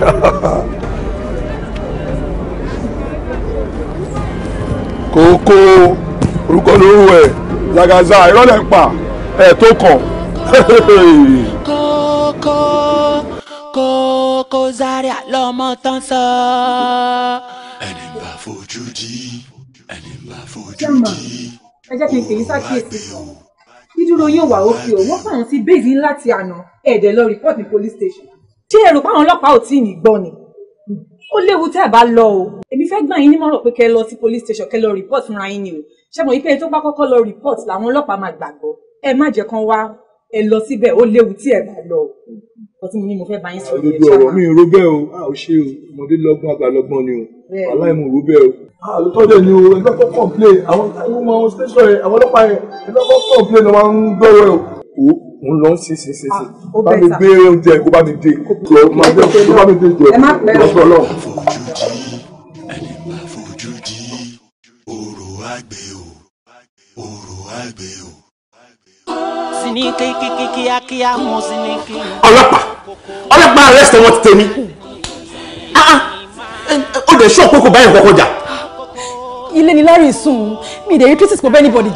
kókó orúkọ lóru ẹ̀ zagaza ìrọ̀lẹ́ ń pa ẹ̀ tó kàn. kókó kókó Zaria lọmọ tán sọ. ẹni bá fojú di ẹni bá fojú di ẹ jẹ́ kí n fèyí sákìyèsí kan dídúró yóò wà ó fi òun wọ́n fàwọn sí bẹ́ẹ̀sì láti àná ẹ̀ẹ́dẹ̀ lọ rìpọ́ọ̀tì police station ṣé ẹ rò páwọn ọlọ́pàá ò tí ì ní gbọ́ ni ó léwu tẹ́ ẹ̀ bá lọ o èmi fẹ́ gbà yín nímọ̀ràn pé kẹ́ lọ sí police station kẹ́ lọ report fúnra yín ni o ṣé mo yí pé tó bá kọ́kọ́ lọ report làwọn ọlọ́pàá máa gbàgbọ́ ẹ má jẹ́ kán wá ẹ lọ síbẹ̀ ó léwu tí ẹ bá lọ o tí mo ní mo fẹ́ bá yín sọ yẹn ṣáà. gbogbo ọ̀rọ̀ mi ò rò bẹ́ẹ̀ o a ò ṣe o ọmọdé lọ́gbọ́n àgbà lọ́gbọ́n ni o aláìmọ̀ rò bẹ́ẹ̀ o. àlùtọ́ ah, dẹ̀ ni o ẹgbẹ́ kọ́ complain àwọn ọmọ station yẹn àwọn ọlọ́pàá yẹn ẹgbẹ́ kọ́ complain ló máa ń gbọ́rọ̀ ẹ̀ o mo ń lọ sí sí sí sí ah, bá mi gbé oúnjẹ kó bá mi dé jọ máa jẹ kó bá mi dé jọ lọ́sọ̀ lọ. ẹni bá fojú di òrò àgbẹ̀ o òrò àgbẹ̀ o. arrest wọn ti tẹ̀mí ah, ah. ó lè ṣọ́ọ̀kù kò báyìí kọ́kọ́ jà. ilé ni larry sùn mi ìdè yìí títí kò bẹ́ẹ̀ ní bọ̀dì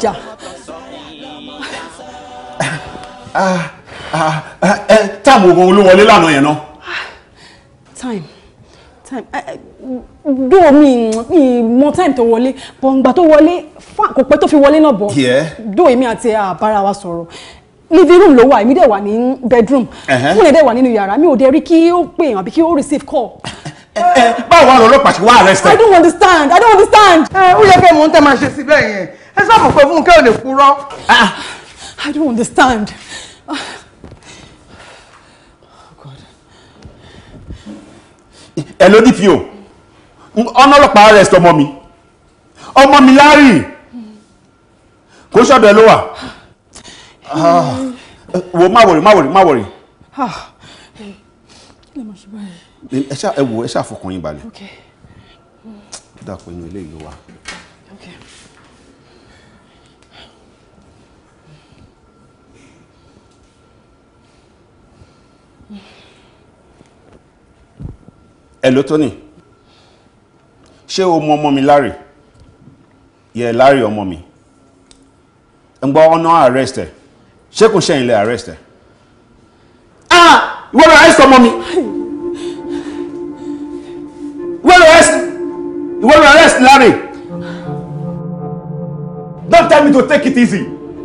Ah, ah, táàmù ogun olówọlé lánàá yẹn náà. time time dúró eh, eh, mi mọ time tó wọlé bọ̀ ǹgbà tó wọlé kò pẹ́ tó fi wọlé náà bọ̀ dúró èmi àti àbára wa sọ̀rọ̀ living room ló wà èmi dẹ̀ wà ní bedroom mo uh-huh. lè dẹ̀ wà nínú yàrá mi ò dẹ̀ rí kí ó pè hàn àbí kí ó receive call. Eh, báwo wà lọ́lọ́pàá ṣe wá arrest ẹ. i don't understand i don't understand. ẹ ó yẹ kí ẹ mọ̀ ń tẹ́ máa ṣe sí bẹ́ẹ̀ yẹn ẹ sábà pé fúnkẹ́ ò lè purọ́. Ah, I don't understand. Ah. Oh, God. Hello, DPO. Ọ̀nà ọlọ́pàá arrest ọmọ mi. Ọmọ mi Larry. Go ṣọ́dọ̀ the ló Ah, Wo má wọ̀rì, má wọ̀rì, má wọ̀rì. Ah. Ẹ ṣáà ẹ wò ẹ ṣáà fọkàn yín balẹ̀. Kí dàpọ̀ inú ilé ìlú wa. hello Tony ṣé o mọ ọmọ mi Larry yẹ Larry ọmọ mi ń gbọ́ ọ̀nà arrest ẹ̀ ṣé kò ṣẹ̀yìn lẹ arrest ẹ̀ ah ìwọ lọ arrest ọmọ mi ìwọ lọ arrest ìwọ lọ arrest Larry don't tell me to take it easy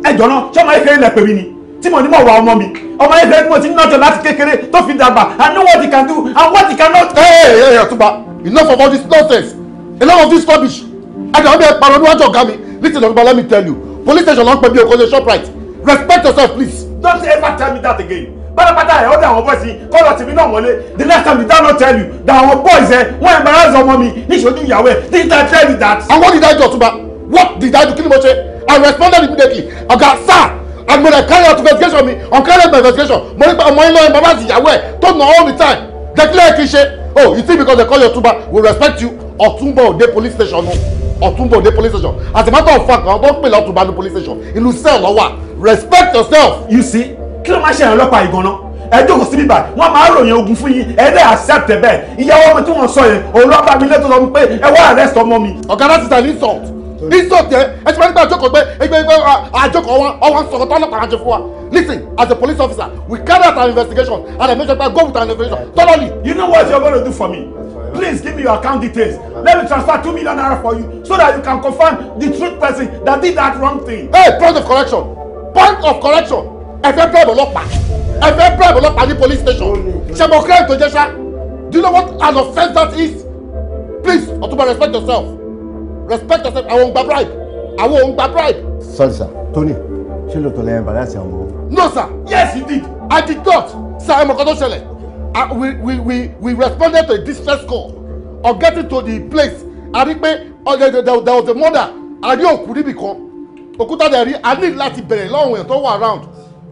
ẹ jọ̀ọ́ náà ṣé ọmọ ayé kéré lẹ pè mí ni tí mo ní mọ̀ wá ọmọ mi ọmọ yẹn gbẹ́rẹ́ tí mo ti nọ́jọ láti kékeré tó fi dàgbà I know what he can do and what he cannot. ẹ ẹ ẹ ẹ Ọ̀túnba enough of all this nonsense enough of this rubbish ajá mi ẹ parọ́ níwájú ọ̀gá mi listen Ọ̀túnba let me tell you police station ló ń pè mí okòó ṣe right. respect yourself please. don't ever tell me that again pátápátá ẹ̀ ọ́dọ̀ àwọn bọ́ọ̀sì kọ́lọ̀ tìmí náà wọlé the next time you don not tell you that our boys ẹ eh, wọ́n embarrass ọmọ mi níṣojú ìyàwó ẹ̀ did I tell you that. and what did I do Ọ̀túnba what did I do kí ni mo ṣe I responded immediately ọ̀gá sáà I am gonna carry out investigation mi on carry out my investigation mo nípa ọmọ yín lọ́yìn bàbá àti ìyàwó ẹ̀ tó nà all the time declare kì í ṣe oh you think because they call you Otunba we respect you Otunba Ode police station o Otunba Ode police station as a matter of fact àwọn tó ń pè lọ Otunba ní police station ìlú sẹ́ẹ̀ lọ́wọ́ respect yourself. you see kí ló máa ṣe ìrànlọ́pàá ìgànnà ẹ jókòó síbí báyìí wọn máa ròyìn ogun fún yín ẹ dẹ accept ẹ bẹ́ẹ̀ ìyàwó mi tí wọn sọ yẹn òun lọ bá mi létò lọ pé ẹ wá arrest ọmọ mi. ọ̀gá láti tà ní sọ̀tù ní sọ̀tẹ̀ ẹ ti máa ń gbà àjọkọ̀ gbé ẹgbẹ́ ẹgbẹ́ àjọkọ̀ ọwọ́ ọwọ́ sọ̀rọ̀ tọ́lọ́pàá àjẹ fún wa listen as a police officer we carry out our investigation and i make sure that go with our investigation thoroughly. you know what you're gonna do for me please give me your account details let me transfer two million naira for you so that you can confirm the truth person that did that wrong thing. hey point of correction point of correction ẹ fẹ́ bribe ọlọ́pàá ẹ fẹ́ bribe ọlọ́pàá ní police station ṣe mo crime tó jẹ do you know what an offence that is please Otunba respect yourself respect yourself àwọn òun gba bribe àwọn òun gba bribe. sorry sir Tony ṣé lóòótọ́ lẹ́yìn bàdá àti àwọn ọmọ. no sir yes he did. i did not sir ẹ mọ̀ kan tó ah, we we we we responded to a distress call of getting to the place a rí oh, there there was a murder a rí òkú níbì kan òkúta dẹ̀ rí a ní láti bẹ̀rẹ̀ lọ́wọ́ èèyàn tó wà around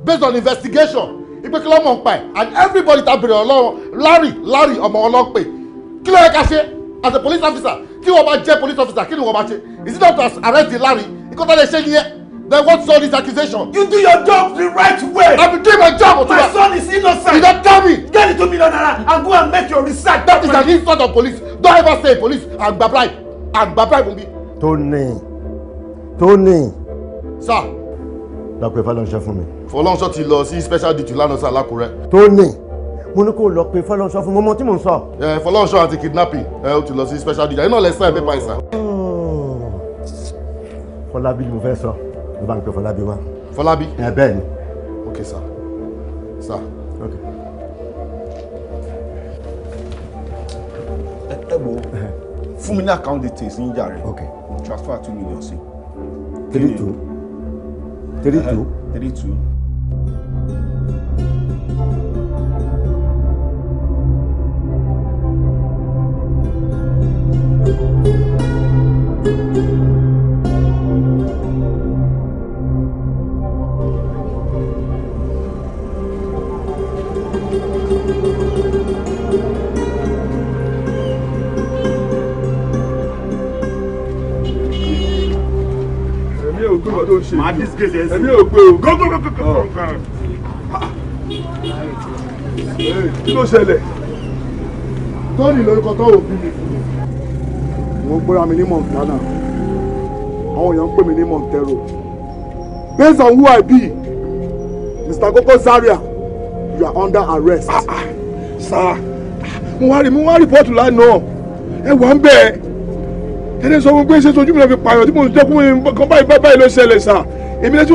based on investigation ìpè kí lọ́mọ̀ ń pa ẹ̀ and everybody ta bẹ̀rẹ̀ ọlọ́run Larry Larry ọmọ ọlọ́pẹ̀ kí ló yẹ ká ṣe as a police officer tí wọ́n bá jẹ́ police officer kí ni wọ́n bá ṣe is it not to arrest the Larry ìkọ́tà lè ṣe nìyẹn then what's all this accusation. you do your job the right way. i been doing my job my son is innocent. you don tell me. get the two million naira and go and make your research. that is an insult of police don't ever say police agba bribe agba bribe omi. Tony Tony. sir. dàpẹ́ fàlọ́nṣẹ́ fún mi. fọlọ́nṣọ́ ti lọ sí special duty lánàá sí alákùrẹ́. Tony mo ní kó lọ pé fọlọ́nṣọ́ fún mọ́mọ́ tí mò ń sọ. ẹ fọlọ́nṣọ́ àti kidnapping ẹ ó ti lọ sí special dj iná lẹ sáà pépà ìsà. fọlábí ni mo fẹ́ sọ ló bá ń pe fọlábí wá. fọlábí. ẹ bẹ́ẹ̀ ni. ok sir sir. ok. ẹ wo fún mi ní account details ní jàre. ok transfer two million sí. three eh, two three two. three two. ṣe máa disgrace ẹ sí ẹmí ò o go go go go go ah. kí ló ṣẹlẹ̀ tọ́ọ̀nì lórúkọ tọ́wọ́ bí mi fún. mo ń gbéra mi ní Montana àwọn èèyàn ń pè mí ní Montero based on who I be Mr. Koko Zaria you are under arrest. Ah, ah sir mo wá rí mo wá rìpọ́tù lánàá ẹ wà ń bẹ̀ ẹ sọ fún pé ṣé sojú mi náà fi pààyàn tí mo jẹ́ fún mi kan báyìí báyìí ló ṣẹlẹ̀ sà èmi lè tí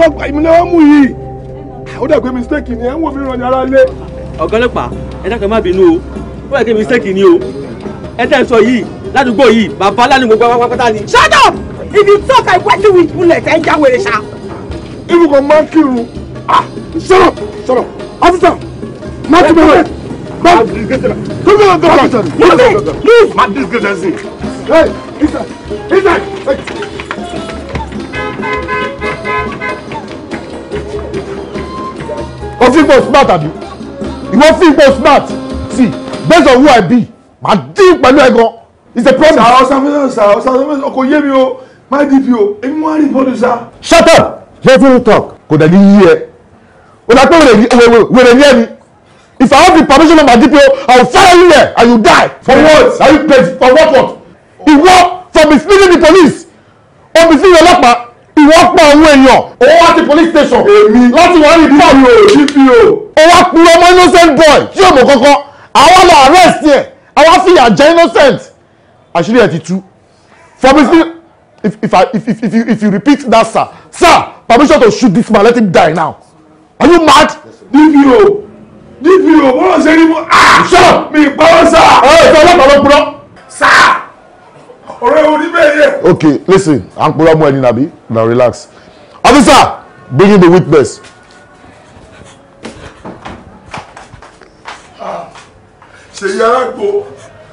mú yìí ó dàgbé mistake ni ẹ ń wò mí ràn yàrá lé. ọ̀gá ọlọ́pàá ẹ dákẹ́ má bínú o ó yẹ mistake ni o ẹ tẹ́ sọ yìí ládùúgbò yìí bàbá lánàá gbogbo àwọn pátá ni. shut up if you talk i wet you with bullet ẹ jáwé rẹ ṣá. irú kan máa ń kírun ah shut up shut up officer má ti bẹ̀rẹ̀ má tó bẹ̀rẹ̀ tó bẹ̀rẹ̀ move move má disgrace sí. hey inside inside. Hey. o fi gbọ́ smart àbí ìwọ fi gbọ́ smart see based on who i be màá dín pẹ̀lú ẹ̀ gan it's a problem. sàá ọ̀sán fún sàá ọ̀sán fún ọkọ̀ dp o èmi wọ́n á rìpọ́tù shut up heaven talk Go down here. yí ẹ o dà pé wèrè ní here. if I have the permission of my DPO I will fire you there and you die for what are you paid for what what ìwọ for misleading the police o misleading He ọlọ́pàá by pa àwọn èèyàn o at the police station èmi láti wá rí bọ́ọ̀lù o DPO o wá kú ọmọ innocent boy tí o mọ̀ I want to arrest you. I want to see your innocence àṣírí ẹ̀ ti tú Permission, if if, I, if if you if you repeat that sir sir permission to shoot this man let him die now are you mad. dpo dpo bọ́lá ṣe ni mo ṣọ́ mi ìpamọ́ sá. ẹ ẹ sọ ọlọ́pàá ló purọ́. sá ọ̀rẹ́ wo ni bẹ́ẹ̀ yẹ. okay listen à ń purọ́ mọ́ ẹni nàbí now relax officer bring in the witness. Ah, ṣèyí arágbó.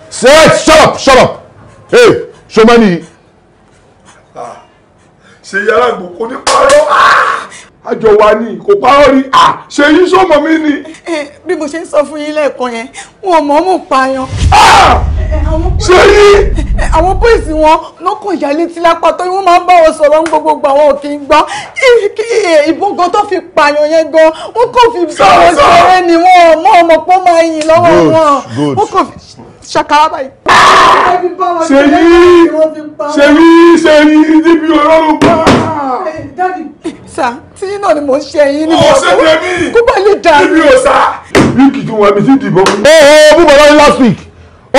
say shut up shut up ee ṣọmọ nìyí. ṣe yàrá gbòkó ní parọ́ ah, àjọ wa ni kò parọ́ rí ah, ṣe yí sọmọ mi ni. Eh, eh, bí mo ṣe ń sọ fún yín lẹ́ẹ̀kan yẹn wọn mọ̀ mọ̀ pààyàn. Ah, eh, ṣe yí. àwọn bóyìsì wọn lọ́kàn ìyá létí lápá tó wọ́n máa ń bá wọn sọ̀rọ̀ ń gbogbo àwọn òkè ń gbọ́ ìbọn gan tó fi pààyàn yẹn gan wọn kàn fi sọ̀rọ̀ sọ̀rọ̀ ni wọn mọ̀ ọmọ pọ́ máa yìn lọ́wọ́ wọn ṣàkàrà báyìí. ṣèyí ṣèyí ṣèyí níbi ọlọ́run pa. sà tí náà ni mò ń ṣe yín níbi ọ̀sẹ̀ kó bá lè dà. níbi ọ̀sà wíìkì tó wà mí sí ìdìbò. ẹ ẹ bùbọ̀ lọ́yìn last week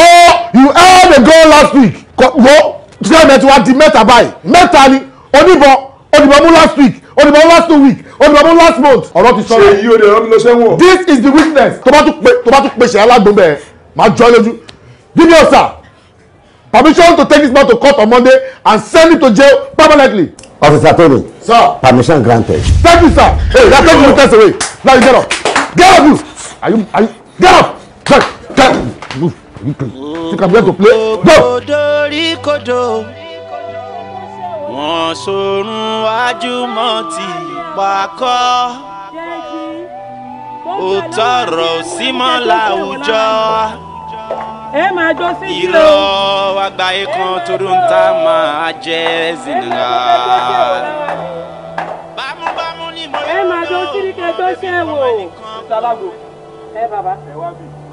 oh you held the goal last week wo tíyẹ̀mẹ̀ tí wàá di mẹ́ta báyìí mẹ́ta ni oníbọn oníbọn mú last week oníbọn mú last two week olùbọ̀mú last month ọ̀rọ̀ ti sọ̀rọ̀. ṣe yí o de ọ̀rọ̀ mi lọ sẹ́wọ̀n. this is the witness. tó bá tún pe tó máa jọ lójú Give junior sir permission to take this man to court on Monday and send him to jail permanently. Officer Tony. Sir. Permission granted. Thank you, sir. Hey, that's taking your test away. Now you get up. Get up, you. Are you? Are you? Get up. Get. Get. Move. You can. You can begin to play. Go. Kodo wọn sorun wájúmọ́ ti pakọ́ òtọ̀rọ̀ símọ́ láwùjọ ẹ máa jó sí i o. irọ́ àgbáyé kan torú ń ta máa jẹ́ zìnnà. bámúbámú ni mo yọ. ẹ máa jó sí i kẹgbẹ́ ṣẹ́ wò. ẹ bàbá. ẹ wá bí mi ò gbogbo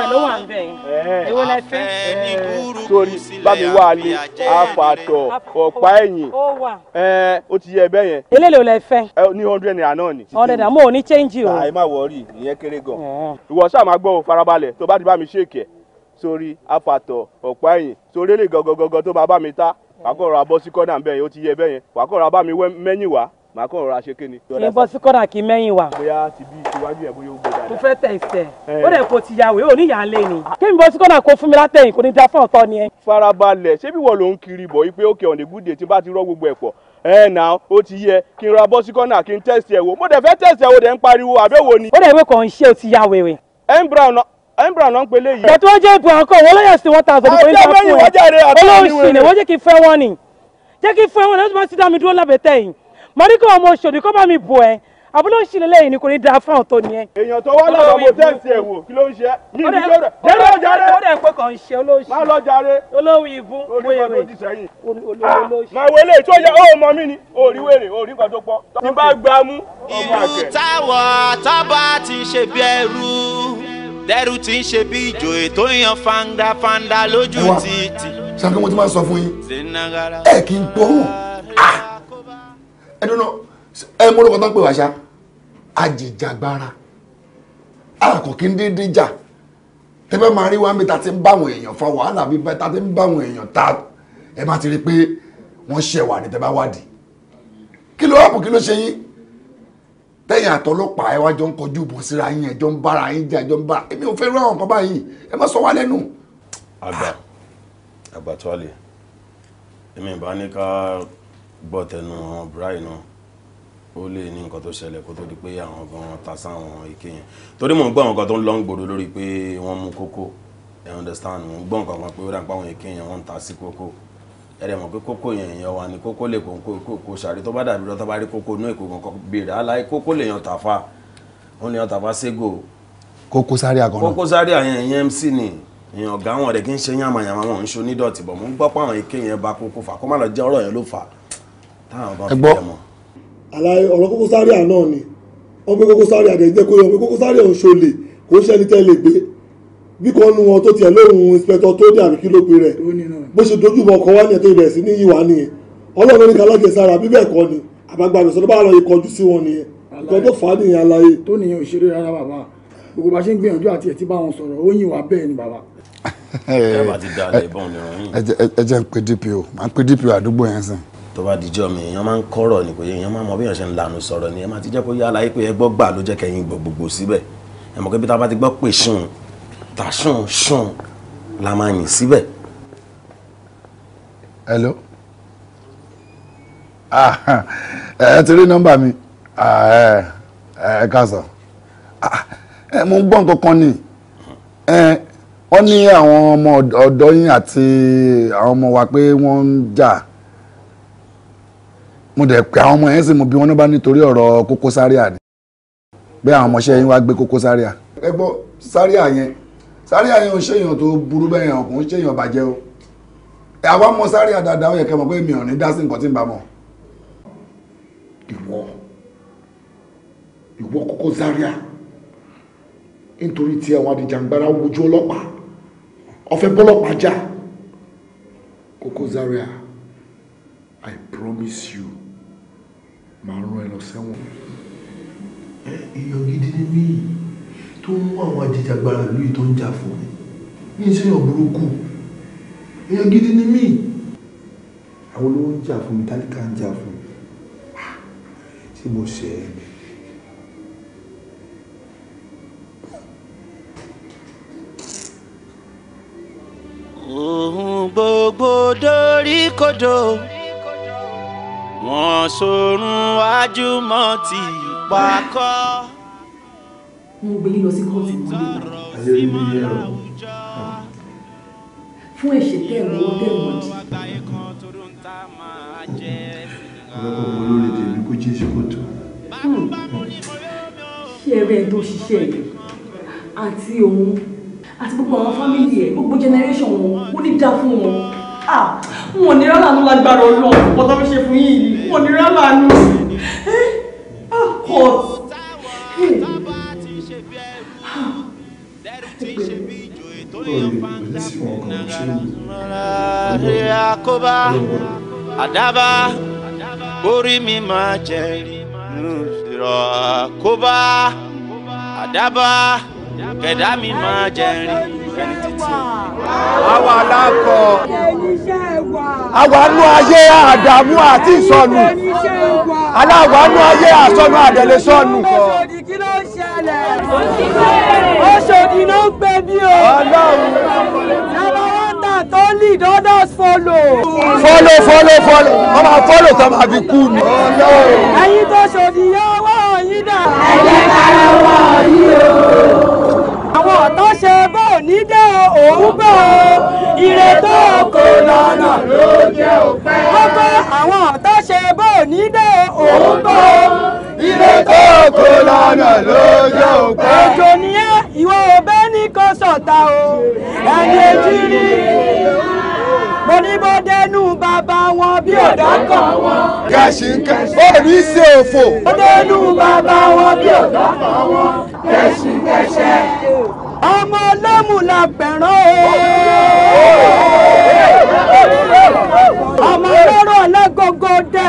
ẹ̀ ló wà ń bẹ̀ yín èwo lẹ́fẹ́. sórí bá mi wá ní àfàtọ̀ ti yẹ bẹ́ẹ̀ yẹn. eléèlò lẹ fẹ́. ní hundred naira náà ni. ọ̀rẹ́ dà mo ò ní change o. àì má wọrí ìyẹn kéré gan. ìwọ ṣáà máa gbọ́ farabalẹ̀ tó bá ti bá mi ṣèkẹ́ sórí àfàtọ̀ ọ̀pá ẹ̀yìn sórí èlé gangan gangan tó máa bá mi ta wàá kọ̀ ra bọ́ sí kọ́nà bẹ́ẹ̀ yẹn ó ti yẹ bẹ́ẹ̀ yẹn wàá kọ̀ ra bá mi mẹ́yìn wá màá kọ̀ rọra ṣe kéne. kí n bọ́ sí kọ́nà kí mẹ́yìn wà. bóyá ti bí iwájú ẹ̀ bóyá ó gbé dáadáa. mo fẹ́ tẹ̀ ìsẹ̀ ó dẹ̀ kò ti ya wèé oníyàálé ni. kí n bọ́ sí kọ́nà kó fún mi látẹ̀yìn kò ní da fún ọ̀tọ́ ni ẹ. farabalẹ̀ ṣé bí wọ́n ló ń kiri bọ̀ yí pé ó kẹ́ tí bá ti rọ́ gbogbo ẹ̀ pọ̀ ẹ nà ó ti yẹ kí n ra bọ́ sí kọ́nà kí n tẹ̀sí ẹ̀ wò mo dẹ̀ fẹ́ tẹ̀sí ẹ̀ wò dẹ̀ ń pariwo àbẹ́wò ni. ó dẹ̀ wé kàn ń ṣe ti ya wèrè. embra náà pe léyìí. bẹ̀tú wọ́n jẹ́ ipò àǹkọ́ wọ́n lọ́yẹ̀ sí one thousand kò ní ta fún ẹ ni wọ́n jẹ́ kí fẹ́ wọ́n ni jẹ́ kí fẹ́ wọ́n ni ó ti máa ti dá mi dúró lábẹ́ tẹ̀yìn mo ní kí ọmọ Òṣòdì kọ́ bá mi bò ẹ́ àbúrò òṣìlè lẹ́yìn ni kò ní da fáwọn tó nìyẹn. èèyàn tó wá lọ́wọ́ mo tẹ́sí ẹ̀ kí ló ń ṣe ní ìlú jẹ́rẹ̀ jẹ́rẹ̀ jàre. ó dẹ̀ pé kàn ń ṣe olóòṣì. má lọ jàre. olówó ibú wéèrè olóòṣì. màá wọlé tó yẹ ó mọ mí ni òrí wèrè òrí kan tó pọ̀. tí bá gbá mú. ìlú táwọ̀ tábà ti ṣe bí ẹrú dẹ́rù ti ń ṣe bí ìjòyè tó yan fandafanda lójú títì. ṣàkóso mo ti máa sọ fún yín ẹ ẹdùnà ẹ mọ́rọ́ kan tó ń pè wá ṣá ajìjàgbara àkọ́kí ń dédé jà tẹ́fẹ́ máa rí wá mi ta ti ń báwọn èèyàn fa wàhálà bíi bẹ́ẹ̀ ta ti ń báwọn èèyàn ta ẹ má ti rí i pé wọ́n ṣẹ̀wà ní tẹ́ bá wádìí kí ló wàpù kí ló ṣe yín tẹ́yìn àtọlọ́pàá ẹ wá jọ ń kọjú ìbọn síra yín ẹ ń bára yín jà ẹ ń bára èmi ò fẹ́ rú àwọn kan báyìí ẹ má sọ wá lẹ́nu. àgbà àgbà tó a lè èmi ìbá ní ká gbọ́ tẹnu àwọn bùráì náà ó lè ní nǹkan tó ṣẹlẹ̀ kó tó di pé àwọn gan ta sáwọn èké yẹn torí mò ń gbọ́ àwọn kan tó ń lọ ń gbòdo lórí pé wọ́n mú kókó ẹ understand mò ń gbọ́ nǹkan kan pé ó dà pé àwọn èké yẹn wọ́n ń ta sí kókó ẹ dẹ̀ mọ̀ pé kókó yẹn èèyàn wa ni kókó lè kókó kókó sàrí tó bá dàbí lọ́tọ́ bá rí kókó inú èkó kan béèrè aláì kókó lè yan tàfa òun lè yan tàfa ségò. kókó sáré àgọ́nà kókó sáré àyẹn ìyẹn mc ni èèyàn ọ̀gá wọn rẹ̀ kí ń ṣe yàmàyàmà wọn ń ṣe onídọ̀tì bọ̀ mò ń gbọ́ pé àwọn èké yẹn bá kókó fà kó má lọ jẹ́ ọ̀rọ̀ yẹn ló fà á ẹgbọ́. àlàyé ọ̀rọ̀ Koko Zaria náà ni wọ́n pé Koko Zaria àdẹ̀jẹ́ kó yọ pé Koko Zaria òun ṣolè kò ń ṣẹ́ni tẹ́lẹ̀ gbé bí kan nu wọn tó tiẹ̀ lóhùn inspector tó ní àbíkí ló pe rẹ̀ bó ṣe dojú bọ̀ ọkọ̀ wá ní ẹ̀tọ́ ìbẹ̀rẹ̀ sí ní yíwá nìyẹn ọlọ́run ní kálọ́jẹ sára bí bẹ́ẹ̀ kọ́ ni àbágbàmì sọ́dọ́ bá lọ yẹ kọjú sí wọn nìyẹn nǹkan tó fà á nìyẹn aláyé. tó nìyẹn òṣèré rárá bàbá gbogbo bá ṣe ń gbìyànjú àti ẹ̀tí bá wọn sọ̀rọ̀ ó yìn wá bẹ́ẹ̀ ni bàbá. ẹ jẹ́ ń pe DPO máa ń pe DPO àdúgbò yẹn sìn tó bá dijọ́ mi èèyàn máa ń kọ́rọ̀ ni kò yẹ èèyàn máa mọ bí èèyàn ṣe ń lanu sọ̀rọ̀ ni ẹ máa ti jẹ́ kó yá aláyé pé ẹ gbọ́ gbà ló jẹ́ kẹyìn gbogbogbò síbẹ̀ ẹ mọ̀ pé bí tá a bá ti gbọ́ pè ṣùn tà ṣùn ṣùn la máa yìn síbẹ̀. hello ah, ẹ ti rí nọ́mbà mi ah, ẹ káàsán ah, mo ń gbọ́ nǹkan kan ni wọ́n ní àwọn ọmọ ọ̀dọ́ yín àti àwọn ọmọ wa pé wọ́n ń jà mo dẹ̀ pé àwọn ọmọ yẹn sì mo bí wọn náà bá nítorí ọ̀rọ̀ Koko Zaria ni bẹ́ẹ̀ àwọn ọmọọṣẹ́ yín wá gbé Koko Zaria. ẹ gbọ́ Zaria yẹn Zaria yẹn ò ṣèyàn tó burú bẹ́ẹ̀ yẹn ọkùnrin ṣèyàn bàjẹ́ o àwa mọ Zaria dáadáa ó yẹ kẹ́ mọ̀ pé mi ò ní dá sí nǹkan tí ń bá mọ̀. ìwọ ìwọ Koko Zaria nítorí tí àwọn adìjàngbara wojú ọlọ́pàá ọ̀fẹ́ bọ́lọ́pàá jà Koko Zaria I promise you máa rán ẹ lọ sẹ́wọ̀n. èèyàn gidi ni mí tó ń mú àwọn ajìjàgbara ìlú yìí tó ń jà fún mi ní ìṣẹ́yàn burúkú èèyàn gidi ni mí àwọn olówó ń jà fún mi tálíkà ń jà fún mi ah, tí mo ṣe é. gbogbo dorí kodò wọ́n sorun ajúmọ̀ ti pakọ́. mo gbé yín lọ sí kóòtù mọ́lẹ́ ayé mi yẹ ọ. fún ẹ̀ṣẹ̀ tẹ́ ẹ̀rọ tẹ̀wọ̀n di. ọlọ́pàá ọmọ lórí tèmi kó jí ṣòkòtò. Hmm. ṣé ẹ bẹ́ẹ̀ tó ṣiṣẹ́ yìí àti òun àti gbogbo àwọn fámìlì ẹ̀ gbogbo generation wọn ó ní dá fún wọn wọn ah, ò ní rárá ló lágbára ọlọ́run ọ̀pọ̀ tó fi ṣe fún yìí wọn ò ní rárá nù court àkóbá àdábá orí mi máa jẹ ìrọ̀ àkóbá àdábá kẹ̀dá mi máa jẹ rí fẹ́ni títí. àwa ayé àdàmú àti ìsọnù. aláwàánú ayé àsọnù àdẹ̀lẹ̀ sọnù. oṣòdì ló ń pè mí o. only others follow. follow follow follow ọmọ follow tó máa fi kú ni. ẹ̀yin tó ṣòdì yẹ ọwọ́ yín dà. ẹ jẹ́ ká lọ́wọ́ yín o. àwọn ọ̀tọ́ ṣe nídà òun bọ̀ ire tó kò lọ́nà ló jẹ́ òpẹ́. ọkọ àwọn ọ̀tá ṣe bó nídà òun bọ̀ ire tó kò lọ́nà ló jẹ́ òpẹ́. ètò nìyẹn ìwọ ọbẹ̀ ní kò sọ̀tà o ẹni ojú rí mo ní bó dẹnu bàbá wọn bí ọ̀dọ́ kan wọn. kẹ̀sì ń kẹ̀sì. ó ní í ṣe òfò. bó dẹnu bàbá wọn bí ọ̀dọ́ kan wọn. kẹ̀sì ń kẹ̀sẹ̀ ọmọ ọlọ́mù la pẹ̀rán o. ọmọ ọlọ́rọ̀ alágogo dẹ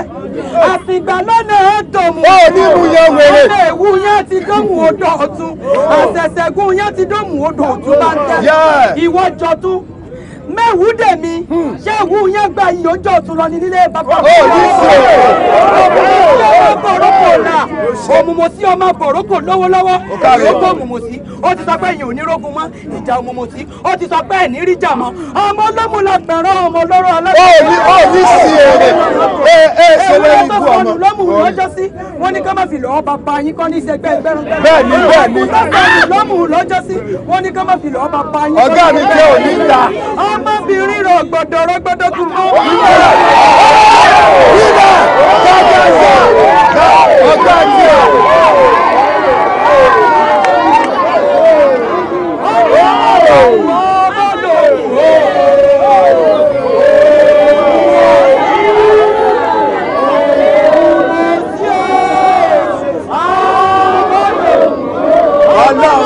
àfìgbà lọ́nà ẹ̀ẹ́dọ̀mù. ó ní mu yẹn wèrè. ó lè yẹn ti dọ́mù odò ọ̀tún àṣẹ̀ṣẹ̀gún yẹn ti dọ́mù odò ọ̀tún bá ń tẹ̀. ìwọ jọ̀tún mẹ́wù dèmi hmm. ṣé ìwú yẹn gba ìyọjọ́ tó lọ nílé bàbá mi. ó ní sè é ọmọ bòrókò là òmùmọ̀sí ọmọ bòrókò lọ́wọ́lọ́wọ́ ìrókò òmùmọ̀sí ó ti sọ pé ìyìn onírógun mọ́ ìjà òmùmọ̀sí ó ti sọ pé ìníríjà mọ́ ọmọ ọlọ́mùlà gbẹ̀rán ọmọ ọlọ́rọ̀ alágbèrè. ó ní sè é ọmọbìnrin rọ̀ gbọ̀dọ̀ rọ̀ gbọ̀dọ̀ tún mọ́. Bíbẹ̀ bàbá ṣe ká ọ̀gá ti ọ̀. Allah.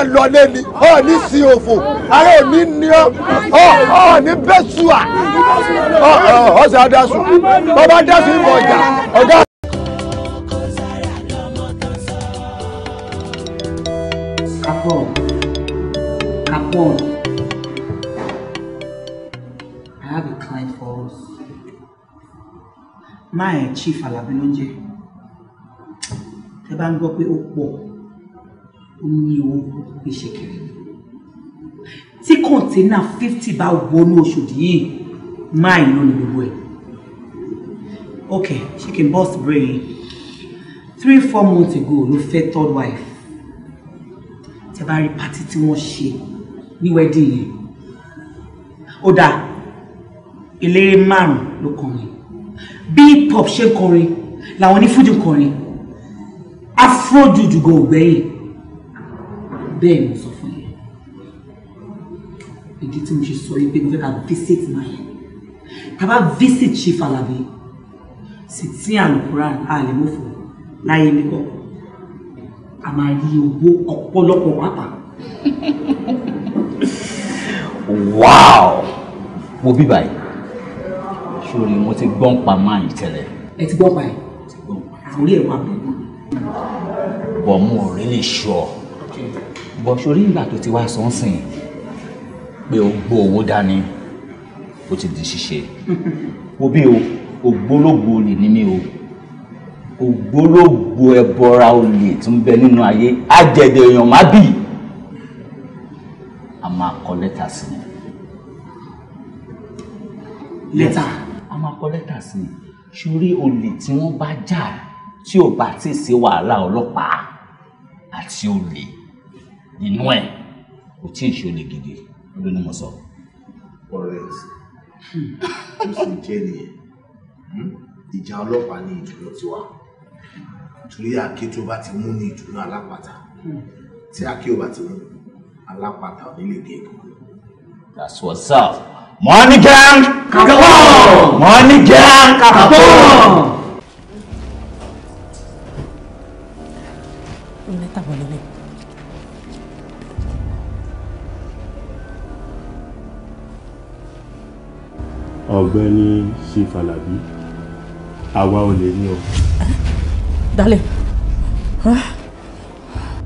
kàn lọlé ọ ní sí òfò ara ò ní ọ ọ ní bẹ́sùà ọ ọ ṣe bàbá adásùn ìmọ̀ ọjà ọ̀gá. I have a client for us. My Chief Alabi ló ń jẹ́. Ẹ bá ń ó ní owó burúkú pé ṣe kiri tí kọ̀ǹténà fifty bá wọnú Ọ̀ṣọ́dì yìí máa ń lónìí gbogbo ẹ̀ ok she can n bọ́ọ̀sì brain three four months ago ló fẹ́ third wife tẹ bá rí pátí tí wọ́n ṣe ní wẹ́dìn yẹn ó dáa eléré márùn ló kọrin bí hip hop ṣe kọrin làwọn onífújì kọrin afrojuju gan ògbẹ́yìn bẹ́ẹ̀ mo sọ fún yẹn ìdí tí mo ṣe sọ yìí pé mo fẹ́ ka visit máa yẹn tá a bá visit Chief Alabi sì alukuran a láyé níkọ a máa yí owó ọ̀pọ̀lọpọ̀ pátá. wow mo bí báyìí sórí mo ti gbọ́n pa máa yìí tẹ́lẹ̀. ẹ ti gbọ́n pa ẹ̀ àwọn orí ẹ̀ wà bẹ̀rẹ̀. bọ̀ mo ò rí bọ̀ sórí ìgbà tó ti wá sọ́nsìn pé o gbó owó dání ó ti di ṣíṣe wo bí o ògbólógbòó lè ní mi o ògbólógbòó ẹbọra olè tó ń bẹ nínú ayé àjẹdẹ èèyàn má bì a máa kọ lẹ́tà sí i lẹ́tà a máa kọ lẹ́tà sí i sórí olè tí wọ́n bá jà tí ò bá ti ṣe wàhálà ọlọ́pàá àti olè nínú ẹ̀ kò tí ì ṣe olè gidi ló ní mo sọ. correct ó sì jẹ́ nìyẹn ìjà ọlọ́pàá ní ìdúró tiwa torí àké tó bá ti mú ní ìdúró alápàtà tí àké ò bá ti mú alápàtà ò ní lè gé èkó. that's what's up. Money gang, come Money gang, come ọ̀gbẹ́ni Chief Alabi àwa ò lè ní o. dalẹ̀.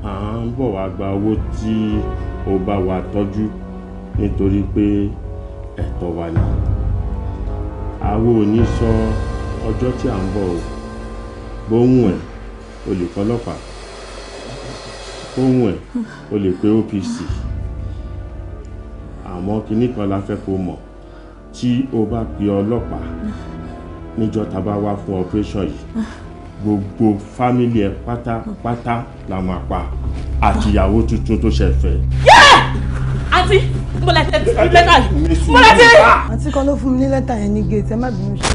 à ń bọ̀ wá gba owó tí o bá wa tọ́jú nítorí pé ẹ̀tọ́ wa ni àwo ò ní sọ ọjọ́ tí à ń bọ̀ o bó ń olùkọ́ ọlọ́pàá bó ń wọ̀n o lè pe OPC àmọ́ kinní kan la fẹ́ kó mọ̀ tí o bá pe ọlọ́pàá níjọ́ tá a bá wá fún operation yìí gbogbo fámìlì ẹ pátápátá la máa pa àtìyàwó tuntun tó ṣe fẹ́. àǹtí mo lè tẹ lẹ́tà yìí mo lè tẹ. àǹtí kan ló fún mi ní lẹ́tà yẹn ní gate ẹ má bínú ṣe.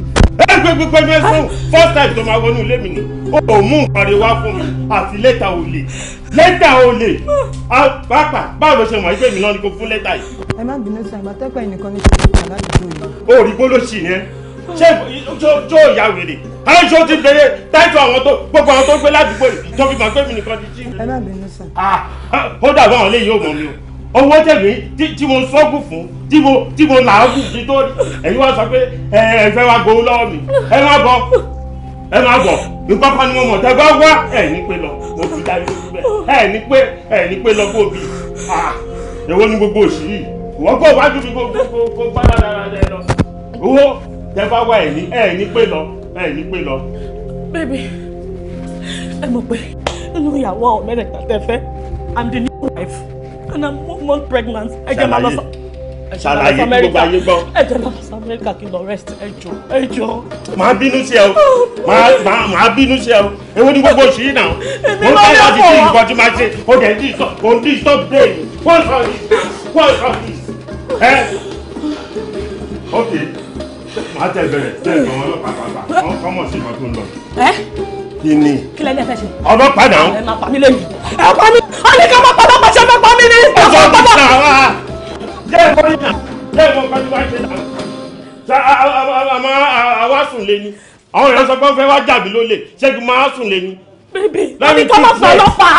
ẹ gbé gbogbo ẹgbẹ́ fún first time tó máa wọnú ilé mi ni ó mú nǹkan rẹ wá fún mi àti lẹ́tà olè lẹ́tà olè pàápàá báwo ló ṣe mọ̀ ẹgbẹ́ mi náà ni kò fún lẹ́tà yìí. ẹ má bínú sí àgbàtẹ́pẹ́ nìkan ní ṣe òòrí gbólóṣì yẹn ṣé jó ìyá wèrè aláìṣó ti bèrè táìtù àwọn tó gbogbo àwọn tó gbé ládùúgbò yìí tó fi máa gbé mi nìkan ti jí. ẹ má bínú sàn. ó dàbí àwọn eléyìí ò mọ mi o owó tèmi tí mo sọ́gùn fún tí mo tí mo làágùn sí tó rí ẹ̀yin wá sọ pé ẹ fẹ́ wá gbowó lọ́wọ́ mi ẹ má bọ̀ ẹ má bọ̀ nǹkan kan ni mo mọ̀ tẹ́ bá wá ẹ̀ ní pé lọ mo fi dá yín bẹ́ẹ̀ ẹ̀ pé ẹ̀ pé lọ bóbi èwo ni gbogbo òṣì yìí wọ́n gbọ́ wájú mi gbogbo gbára dára dẹ lọ owó tẹ bá wá ẹ̀ní ẹ̀ní pé lọ ẹ̀ní pé lọ. bébì ẹ mọ̀ pé inú ìyàwó àwọn mẹ́rẹ̀ẹ̀ta fẹ́ i'm the new wife and i'm one month pregnant ẹ jẹ́ máa lọ sọ ṣàlàyé gbogbo ayé gbọ́. ẹ jẹ́ lọ sí amẹ́ríkà kí n lọ rest ẹ jọ ẹ jọ. màá bínú sí ẹ o oh, màá bínú sí ẹ o ewu ni gbogbo ṣì í nà ó bá yà á ti kí nǹkan tí máa ṣe ó dẹ̀ ń dí sọ ó ń dí sọ bẹ́ẹ̀ ni wọ́n sọ yìí wọ́n ẹ ok màá tẹ bẹ̀rẹ̀ tẹ ìgbọ̀n wọn lọ́pàá pàápàá wọn kọ́ mọ̀ sí ìgbọ̀n tó ń lọ. ẹ kí ni. kí lẹ́yìn ẹ̀fẹ̀ ṣe. ọ̀dọ́ padà ń. ẹ máa pa mí lẹ́yìn. ẹ pa mí. a ní ká máa padà máa ṣe fẹ́ pa mí ní. ọjọ́ ti sàn wá. jẹ́ ìwọ ní nà jẹ́ ìwọ pẹ̀lú wá ṣe nà. ṣe àmọ́ àwa sùn lé ni. àwọn èèyàn sọ pé wọ́n fẹ́ wá jà mí lólè ṣé kí n máa sùn lé ni. bèbè a ní ká máa pa ọlọ́pàá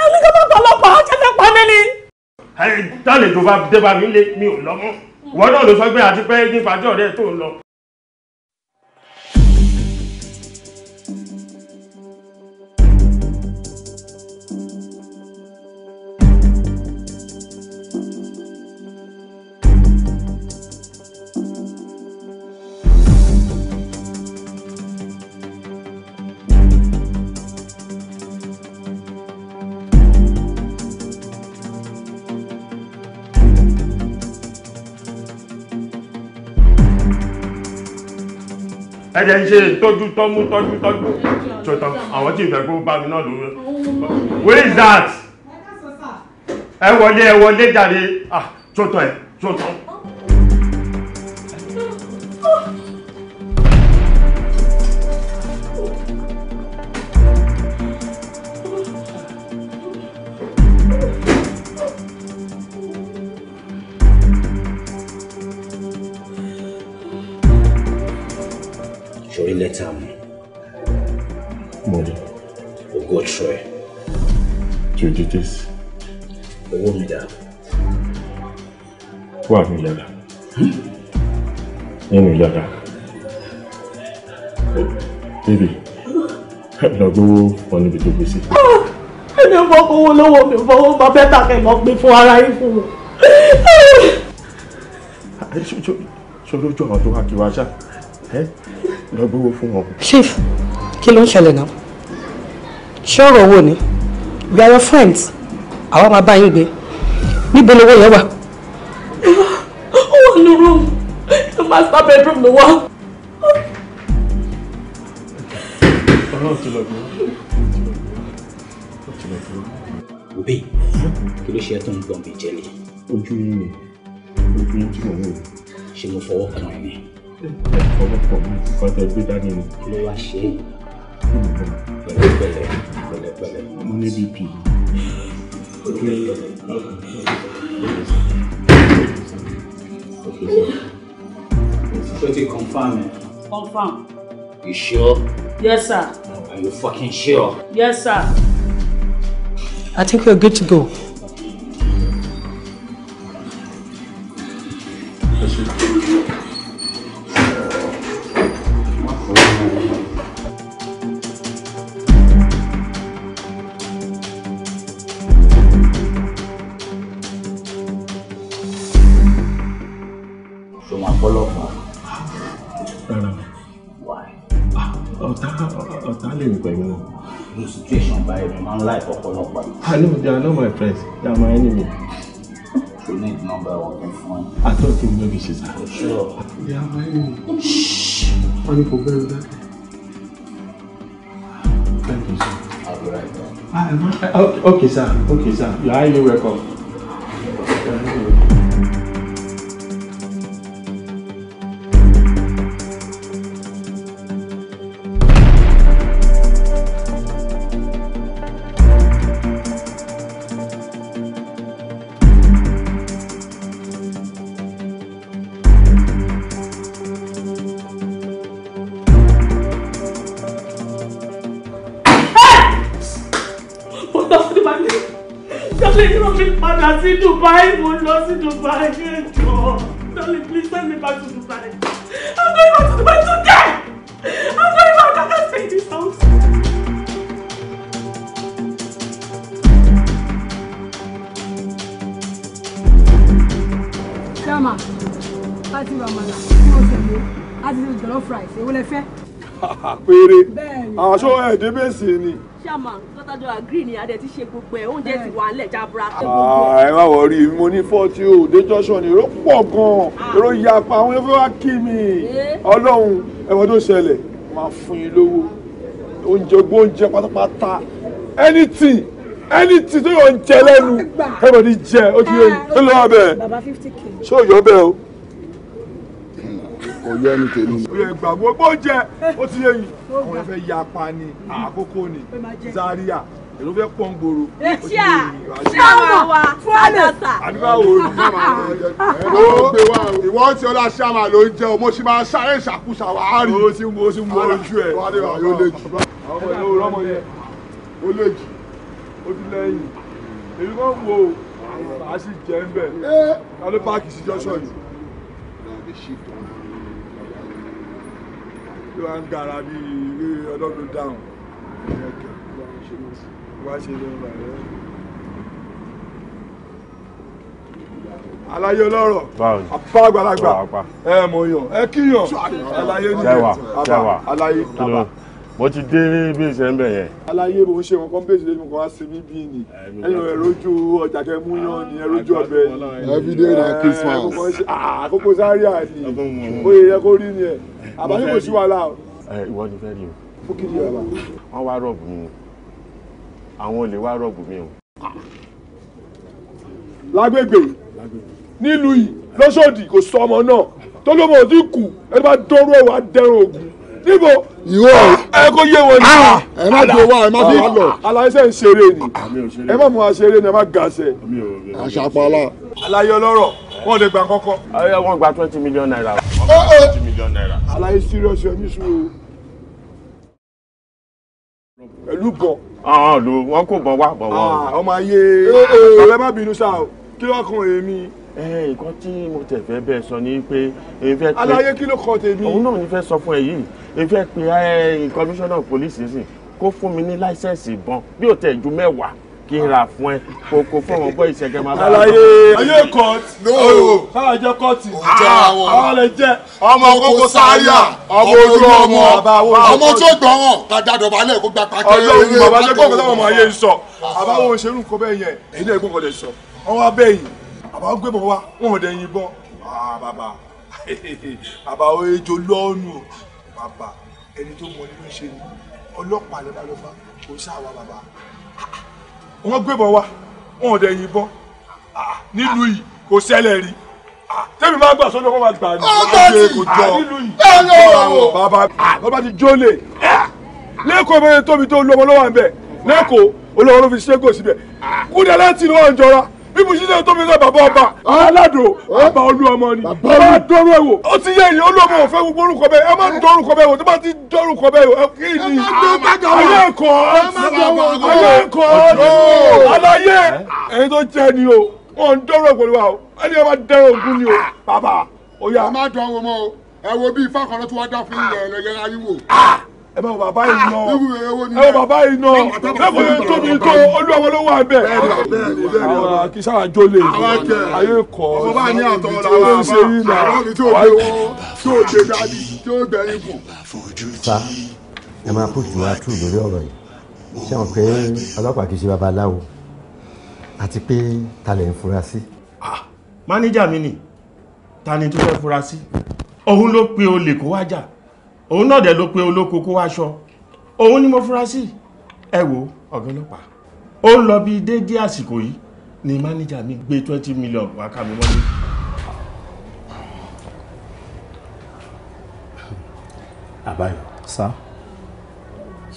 a ní ká máa pa ọlọ́pàá ṣe fẹ́ pa mí ní tálejò bá dé bá mi lé mi ò lọ́mọ́ ìwọ náà ló sọ pé àti pé nípa tí tó ń lọ ẹ̀jẹ̀ ń ṣe tọ́jú tọ́mú tọ́jú tọ́jú ṣọ̀tọ̀ àwọn tí ìfẹ́ kó bá mi náà lóore where is that ẹ wọlé ẹ wọlé jáde ah, ẹ ṣọ̀tọ̀. lẹ́tà mi. mo ní. ògo ọ̀ṣọ́ ẹ̀. juditis. owó mi dà. wà mí lára. wọ́n mi lára. bébì lọ gbowó wọn níbi tó gbé sí. ẹni ọmọ owó lọ́wọ́ mi fọwọ́ bá bẹ́tà kẹ́ lọ gbé fún ara yín fún mi ṣòro jọ àwọn tó wá kí wá ṣá ẹ lọ gbówó fún wọn. chief kí ló ń ṣẹlẹ̀ náà ṣọ́ọ̀rọ̀ owó ni we are your friends àwa máa bá yín gbé níbo lowó yẹn wà. ó wà ní room the master bedroom ló wà. ọlọ́run ti lọ gbé ó ti lọ gbé. òbí kí ló ṣe ẹ́ tó ń gbọ̀n bíi jẹ́lẹ̀. ojú yín ojú yín tí mò ń wò. ṣé mo fọwọ́ kan ẹ̀ ni ọmọ pọ̀ mi ti fa tẹ gbé dání ni. ló wá ṣe é. pẹ̀lẹ́pẹ̀lẹ́ pẹ̀lẹ́pẹ̀lẹ́. mo ní bp. you sure. yes sir. are you fucking sure. yes sir. I think we're good to go. Thank you. máa ń ọ̀pọ̀lọpọ̀. I know they are not my friends, they are my enemy. You need number one thing for me. I don't think maybe she's out. For sure. They are my enemy. Shh. Why you go bury that? Thank you, sir. I'll be right back. Ah, oh, okay, sir. Okay, sir. You are highly welcome. Thank you. débèsè ni. ṣàmà kọ́tàjọ agree ni adé ti ṣe gbogbo ẹ̀ oúnjẹ ti wà nílẹ̀ jábúra tó gbogbo ẹ̀. Ah, ẹ má wọrí mo ní fọ́ọ̀tì o dé jọ́sọ̀ ni èrò pọ̀ gan-an ah. èrò yapa àwọn ẹgbẹ́ wa kí mi eh? ọlọ́run ẹ̀wọ̀n tó ṣẹlẹ̀ máa fún yín lówó oúnjẹ gbọ́ oúnjẹ pátápátá anything anything tó yọ oúnjẹ lẹ́nu everybody jẹ ó ti yẹ ah, ó lọ́ọ́ bẹ̀ ṣé ò yọ bẹ́ẹ̀ o kò yẹ ní tèmi. o yẹ gbàgbọ́ bó jẹ ó ti yẹ yìí àwọn ẹ̀fẹ̀ ya pa ni àkókò ni Zaria èrò fẹ́ pọ́n gbòòrò. ṣíà ṣíà wà wá fúlẹ̀sà. àdúgbò wo ni ẹ̀rọ gbé wa o. ìwọ ti ọlá ṣàmà ló ń jẹ o mo ṣì máa sáré ṣàkóso àwọn àárín. o ti mo ti mọ ojú ẹ. wọ́n á lè wà yóò lè jù. ọmọ ìlú ọmọ ti lẹ́yìn èyí wọ́n wo àá sì jẹ́ ń bẹ̀ ká ló bá kìí jọ́sọ̀ yìí ló wá ń gara bí ilé ọlọ́dún dáhùn wá ṣe ló ń bà rẹ. aláyé ẹ mọ̀ yàn ẹ kíyàn aláyé nílẹ̀ aláyé bàbá mo ti dé bí ìṣe ń bẹ̀ yẹn. aláyé mo ń ṣe nǹkan bí èsì nǹkan wá sí mi bí ni ẹyin ẹ̀rọjú ọjà kẹ mú yan ni ẹ̀rọjú ọbẹ̀ ni. everyday na Christmas. àkókò sáré àní oyè yẹ kó rí ni ẹ àbáyé kò sí wàhálà o. ìwọ ni fẹ́ rí o. ó kì í di ọba. wọ́n wá rọ̀bù mi àwọn olè wá rọ̀bù mi o. lágbègbè nílùú yìí lọ́sọ̀dì kò sọ ọmọ náà tó ló mọ̀ ọ́ dín kù ẹni bá dọ́rọ̀ wà dẹ́rùn ògùn níbo ìwọ ẹ kó yé wọn ní. Ah, ẹ má jọ wá ẹ má jọ wá lọ. aláìsẹ̀ ń ṣeré ni ẹ má mú wa ṣeré ni ẹ má ga ṣe. àṣàpàlà. aláyé ọlọ́rọ̀ wọn ò lè gbà kọ́kọ́. ayé wọn gba twenty million naira. twenty million naira. aláyé serious yọ ní sùúrù. pẹ̀lú bọ̀. ọ̀hún ah, ah, ló wọn kò bọ̀ wá bọ̀ wọ́n. ọmọ ayé ọ̀rẹ́ má bínú sáà kí ló wá kún èmi nǹkan tí mo tẹ̀ fẹ́ bẹ́ẹ̀ sọ ni pé èmi fẹ́ pe aláyé kí ló kọ tèmi òun náà ní fẹ́ sọ fún ẹ yìí èmi fẹ́ pe commissioner of police nísìn kó fún mi ní láìsẹ̀nsì ìbọn bí ò tẹ̀ ju mẹ́wàá kí n ra fún ẹ kò kò fún ọmọ bọ́ ìṣẹ̀gẹ̀ máa bá a lọ. aláyé ayé court no káwọn jẹ kọ́ọ̀tì àwọn lè jẹ. ọmọ kókó sáyà ọmọ ojú ọmọ ọmọ tó gbọ́n wọn kàdádọ̀bálẹ̀ kó gba pàkẹ́ ọlọ́run bàbá ṣe gbọ́n kó sáwọn ọmọ ayé ń sọ àbáwọn òṣèlú kó bẹ́ẹ̀ yẹn ilé ẹ̀gbọ́n kò lè sọ ọwọ́ abẹ́yìn bàbá ń gbé bọ̀ wá wọn ò dẹ̀ yìnbọn ah, bàbá bàbá ó ejò lọ́ọ̀nù bàbá ẹni tó mọ nínú ṣe ni ọlọ́pàá lọ́ba lọ́ba kò sáwa bàbá wọn gbé bọ̀ wá wọn ò dẹ̀ yìnbọn ah, nílùú yìí kò ṣẹlẹ̀ rí ah, tẹ́mi máa gbà sọ́dọ̀ wọn máa gbà ní ọjọ́ kò jọ ọ̀rọ̀ bàbá bàbá ti jólè lẹ́kọ̀ọ́ ìbẹ̀rẹ̀ tóbi tó lọ́wọ́ lọ́wọ́ à ń bẹ̀ lẹ́kọ̀ọ́ olówó ló fi ṣẹ́gò síbẹ̀ kúndẹ̀ láti ní wọ́n jọra bí mo ṣe ṣe tó mi sọ bàbá ọba aládò bàbá olúọmọ ni bá dọrú ẹ ó ti yẹ ìyẹn olúọmọ ò fẹ́ gbogbo orúkọ bẹ́ẹ̀ ẹ má dọrúkọ bẹ́ẹ̀ wò tó bá ti dọrúkọ bẹ́ẹ̀ wò kí ni ayé ẹ̀kọ́ ayé ẹ̀kọ́ aláyé ẹni tó jẹ ni o wọn dọrọ pẹ̀lú wa o ẹni ẹ má dẹrọ ògùn ni o bàbá ó yá. ẹ má dán wo mọ́ ẹ wo bí ifá kan ló dá fún ilẹ̀ ẹ ẹ bá wo bàbá yìí ah! nọ ẹ wo bàbá yìí nọ lẹ́kọ̀ọ́ yẹn tóbi tó olúwàwọ̀ ló wà bẹ́ẹ̀. àwọn akísára jólè ayé kọ́ ó ń ṣe yín náà sa ẹ máa pòtù wá tù lórí ọ̀rọ̀ yìí ṣé wọn pé ọlọ́pàá kì í ṣe babaláwo àti pé ta lẹ̀ ń fura sí. Ah, máníjà mi ni ta ni tó fẹ́ fura sí òun ló pe olè kó wájà òun náà dẹ̀ ló pe olóko kó aṣọ òun ni mo fura sí ẹ wo ọ̀gá ọlọ́pàá ó ń lọ bí déédéé àsìkò yìí ni mánéjà mi gbé twenty million wá ká mi wọlé. àbáyọ sá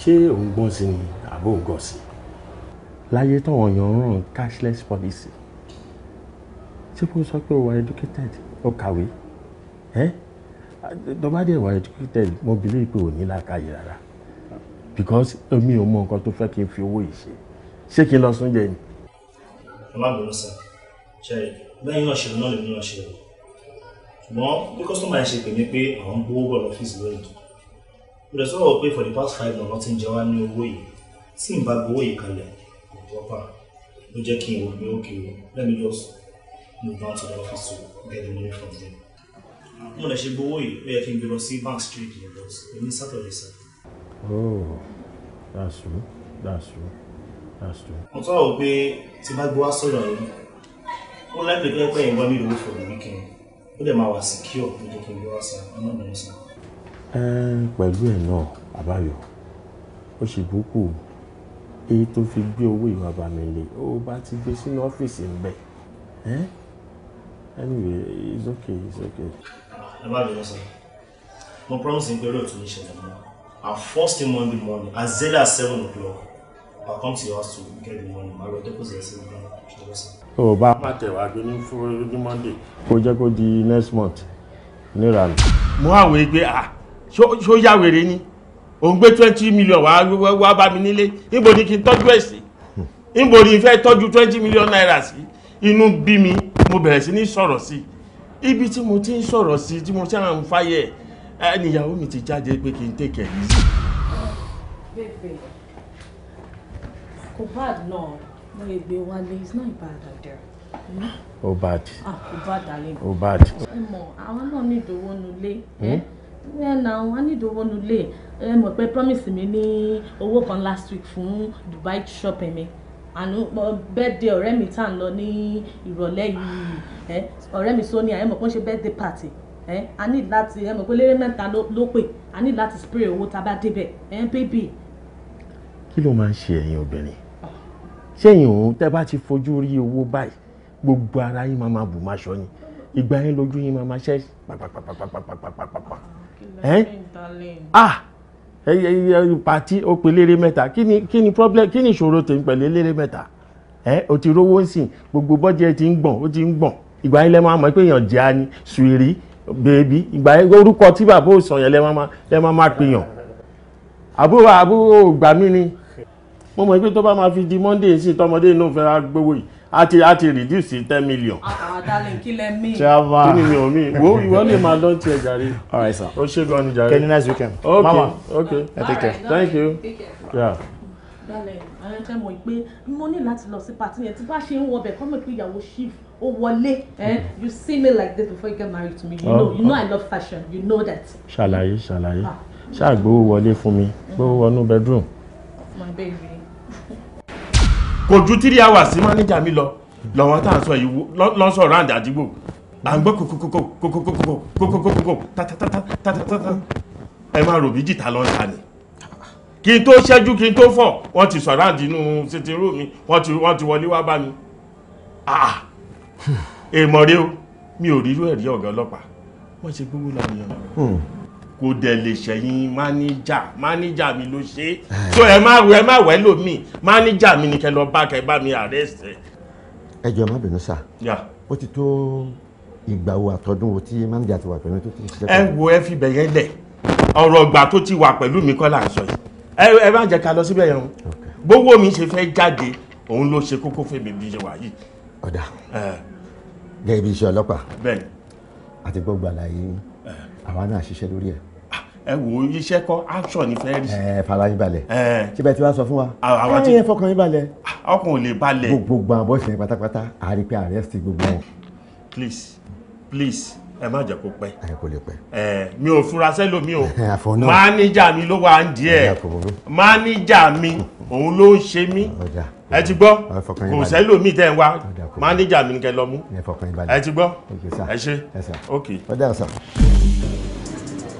ṣé òun gbọ́n sí ni àbó òun gọ̀ sí. láyé táwọn èèyàn ń ràn cashless policy ṣé kò sọ pé o wà educated o kàwé ẹ́ eh? dọ́bádé wà educated mo believe pé ò ní làákàyè rárá because èmi ò mọ nǹkan tó fẹ́ kí n fi owó yìí ṣe ṣé kí n lọ sún jẹ ni. ẹ má bẹ̀rù sá ṣẹ́yìn bẹ́ẹ̀ náà ṣe náà lèmi náà ṣe o ṣùgbọ́n bí kọ́sọ́mà yẹn ṣe pè mí pé àwọn gbowó bọ̀ lọ́fíìsì lónìí mo lè sọ̀rọ̀ pé for the past five months wọ́n ti ń jẹ wá ní owó yìí tí n bá gbowó yìí kalẹ̀ kò tọ́pa ló jẹ́ kí n wò pé ó kéré let me just move down to the office to get the money from them mo lè ṣe gbowó yìí ó yẹ kí n gbé lọ sí bank street oh that's true that's true that's true. mo tọ́ ọ pé tí bá gbowó sọ̀rọ̀ yìí ó láìpẹ́ pé pé ìwà mi lòó fòrò wíkẹ́ ó dẹ̀ máa wà secure tó jẹ́ kí n gbowó sá ẹ má bẹ̀rẹ̀ sá. pẹ̀lú ẹ̀ náà àbáyọ ó ṣe búkú èyí tó fi gbé owó ìwà bàmí lé ó bá ti gbé sínú ọ́fíìsì ń bẹ̀ anyway it's okay it's okay ẹ bá bẹ̀rẹ̀ sọ mo promise n pé eré òtún ní ìṣẹ̀lẹ̀ mọ́ at first thing monday morning as early as seven o'clock i come to your house to get the money my brother deposit ẹsẹ̀ mi lọ́wọ́ ṣọwọ́ sí. o bá a bá tẹ̀wá gbé ní fúrúdú ní monday kó jẹ́ kó di next month níranù. mo hàn wí pé ah ṣó yá wèrè ni òun gbé twenty million wá wá bá mi nílé níbo ni kí n tọ́jú ẹ̀ sí níbo ni ìfẹ́ tọ́jú twenty million naira sí inú bí mi mo bẹ̀rẹ̀ sí ní sọ̀rọ̀ sí i ibi tí mo ti ń sọ̀rọ̀ sí tí mo ṣáà ń fáyẹ̀ ẹnìyàwó mi ti jáde pé kí n tèkẹ̀ ní. bébè kò bad náà mo lè gbé wálé it's not bad out there. ó bad. ó ah, bad àlejò. ó bad. ẹ mọ̀ àwọn náà ní ìdòwò nulẹ̀ ẹ hmm? na wọn ní ìdòwò nulẹ̀ ẹ mọ̀ pé promise mi ní owó kan last week fún Dubai shop mi àánú birthday ọ̀rẹ́ mi tá à ń lọ ní ìrọ̀lẹ́ yìí ọ̀rẹ́ mi sóní àyẹ̀mọ̀ kó ń ṣe birthday party ẹ a ní láti ẹ mọ̀ pé lérè mẹ́ta ló pè a ní láti spray owó tá a bá débẹ̀ ẹ bébì. kí ló máa ń ṣe ẹ̀yin obìnrin ṣẹ́yìn òun tẹ́ bá ti fojú rí owó báyìí gbogbo ara yín máa máa bù máa ṣọ́ ni ìgbà yẹn lójú yín máa máa ṣẹ́ pàpàpàpàpàpàpàpàpà pàtí ó pe eléré mẹ́ta kí ni kí ni problem kí ni ìṣòro tèmi pẹ̀lú eléré mẹ́ta ẹ o ti rówó nsìn gbogbo bọ́jẹ̀ ti ń gbọ̀n ó ti ń gbọ̀n ìgbà yẹn lẹ́ máa mọ̀ pé èèyàn jẹ́ ani sùírí bèbí ìgbà yẹn orúkọ tí bàbá ò sàn yẹn lẹ́ máa lẹ́ máa máa pèèyàn àbúrò àbúrò ògbà mi ni mo mọ̀ pé tó bá máa fi di Monday sí tọmọdé náà fẹ́ gbowó yìí a ti a ti reduce sí ten million. àtàwọn darling kí lẹ mí. travel kí ni mi ò mí wo lè máa dán tiẹ̀ jàre. all right sir. o ṣe gan ni jàre. kẹ́ni nice weekend. okay mama okay. ẹ take care. thank you. Yeah dalẹ̀ ẹ fẹ́ mọ̀ pé mo ní láti lọ sí pàtí yẹn tí bá ṣe ń wọbẹ̀ kọ́ mọ̀ pé ìyàwó chief ó wọlé eh, you see me like this before you get married to me you oh, know you know I love fashion you know that. ṣàlàyé ṣàlàyé ah. ṣáà gbowó wọlé fún mi gbowó wọnú bedroom. my baby kò ju three hours sí mánéjà mi lọ lọ́wọ́ tá à ń sọ yìí lọ́sọ̀ round àdúgbò à ń gbọ́ kòkòkòkòkòkòkòkòkòkòkò tatatatata ẹ máa rò bí jìtá lọ ń ta ni kí n tó ṣẹ́jú kí n tó fọ̀ wọ́n ti sọ̀rọ̀ àdínú sitting room mi wọ́n ti wọlé wá bá mi ah, èèmọ̀ rẹ o mi ò rírú ẹ̀rí ọ̀gá ọlọ́pàá wọ́n ṣe gbogbo láàrin ọ̀rọ̀ kò dẹ̀ lè ṣẹ̀yìn máníjà máníjà mi ló ṣe é so ẹ má ẹ má wẹ́ lómi máníjà mi ni kẹ lọ bá kẹ bá mi arrest ẹ. ẹ jọ̀ọ́ má bínú sá ó ti tó ìgbà wo àtọdún wo tí máníjà ti wà pẹ̀lú tó ti ń ẹ wo ẹ fi bẹ̀ yẹn lẹ̀ ọ̀rọ̀ ìgbà tó ti wà pẹ̀lú mi kọ́ là ń sọ yìí ẹ má jẹ́ ká lọ síbẹ̀ yẹn o bówó mi ṣe fẹ́ jáde òun ló ṣe kókó fèmí bí ṣe wà yìí. ọ̀dà gẹ́gẹ́ bí iṣẹ́ ọlọ́pàá àti gbogbo àlàyé yín àwa náà ṣiṣẹ́ lórí ẹ̀. Ah, ẹ wo iṣẹ́ kọ́ action ni fẹ́ rí. ẹ fara yín balẹ̀. síbẹ̀ tí wàá sọ fún wa. àwa ti ẹ fọkàn yín balẹ̀. Ah, ọkàn ò lè balẹ̀. gbogbo àwọn bọ́ọ̀sì yẹn pátápátá a rí pé arrest gbogbo wọn. please please ẹ má jẹ́ kó pẹ́. ẹ kò lè pẹ́. ẹ mi ò fura sẹ́lò mi o. àfọ̀nà máníjà mi ló wà ń díẹ̀ máníjà mi òun ló ń ṣe mí. ẹ ti gbọ́ kò sẹ́lò mi tẹ́ ń wá máníjà mi ni kẹ́ lọ mú. ẹ ti gbọ́ ẹ ṣe ok. ọ̀dà sà.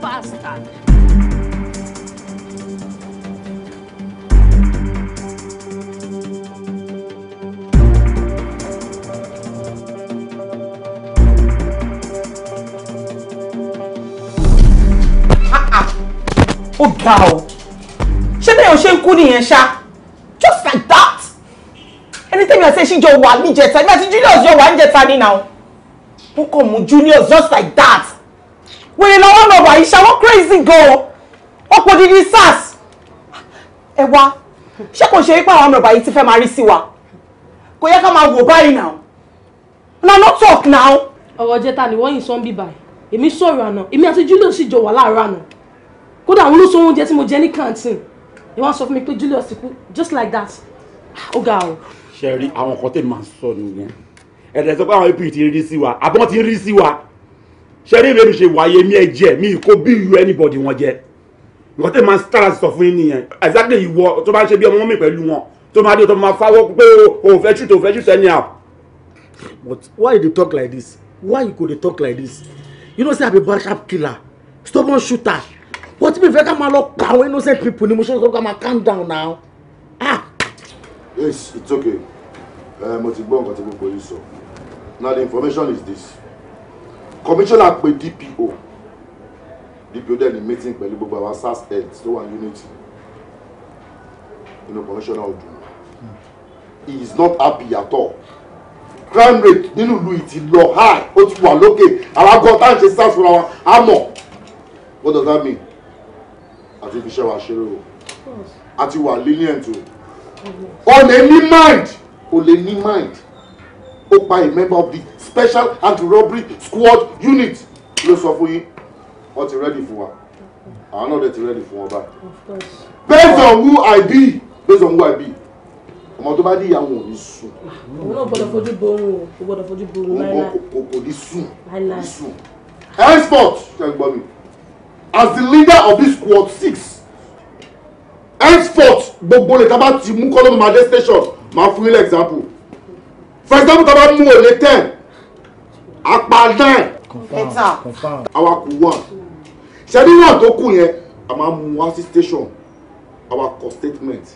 Bastard! ó ga ọ ṣé bẹ́ẹ̀ ò ṣe ń kú just like that you ẹni tẹ́mi àti ẹṣin jọ wà níjẹta ẹni àti Julius jọ wà níjẹta ni now wọ́n come mú Julius just like that wèrè lọ́wọ́ lọ wà iṣẹ́ wọ́n crazy gan wọ́n pọ̀ dídí sars Ewa, she ṣé kò ṣe wípé àwọn ọmọ ọba yìí ti fẹ́ Go rí come and go yẹ now. now not talk now. Oh, just like wọ́n yìn sọ ń bí báyìí èmi sọ̀rọ̀ àná èmi àti Julius sì jọ wà láàárọ̀ àná kódà àwọn olóṣòwò oúnjẹ tí mo jẹ ní canteen ni wọ́n sọ fún Julius just like that Oh ga ṣe rí àwọn kan tẹ̀ máa sọ nìyẹn ẹ̀rẹ̀ sọ pé àwọn apc ti rí sí wa àbí wọ́n ti rí sí wa ṣe rí ìrẹ́mi ṣe wáyé mi ẹ̀ jẹ́ mi kò bí you anybody wọn jẹ́ nǹkan tẹ̀ máa tààrà sọ fún yín nìyẹn exactly ìwọ tó bá ń ṣe bí ọmọ mi pẹ̀lú wọn tó máa dé tó máa fáwọ́ pé o fẹ́ ṣùtò o fẹ́ ṣùtò anyhow. but why you dey talk like this why you go dey talk like this you know say i be barcap killer stubborn shooter but me fẹ́ ká máa lọ pa àwọn innocent people ni mo ṣe ń sọ ká máa calm down now ah. yes it's okay. Eh, mo ti gbọ́ nǹkan tí gbogbo yìí sọ now the information is this commissioner pe DPO DPO dẹ̀ ní meeting pẹ̀lú gbogbo àwọn sars heads tó wà unity inú commissioner ọdún he is not happy at all crime rate nínú ìlú yìí ti lọ high ó ti wà lókè àwọn agan tá à ń ṣe sars fúnra wa á what does that mean àti fi iṣẹ́ wa ṣeré o àti wà lenient o ọ̀nà ní mind o lè mind ó pa a member of the special anti-robbery squad unit ló sọ fún yín wọ́n ti ready fún wa àwọn náà dẹ̀ ti ready fún wọn báyìí based on who I be based on who I be ọmọ tó bá dé ìyàwó ò ní sùn. Ah, òun náà gbọ́dọ̀ fojú bo oorun o gbọ́dọ̀ fojú bo oorun láìláì. òun kò export ṣe ń gbọ́ mi as the leader of this squad six export gbogbo lè ta bá ti mú kọ́lọ́mù madé station máa fún yín lẹ́gzámpù for example tó bá mú òlé ten apá nine ẹ̀ta awakọ̀ one ṣẹ́ni náà tó kù yẹn a máa mú wá sí station awakọ̀ statement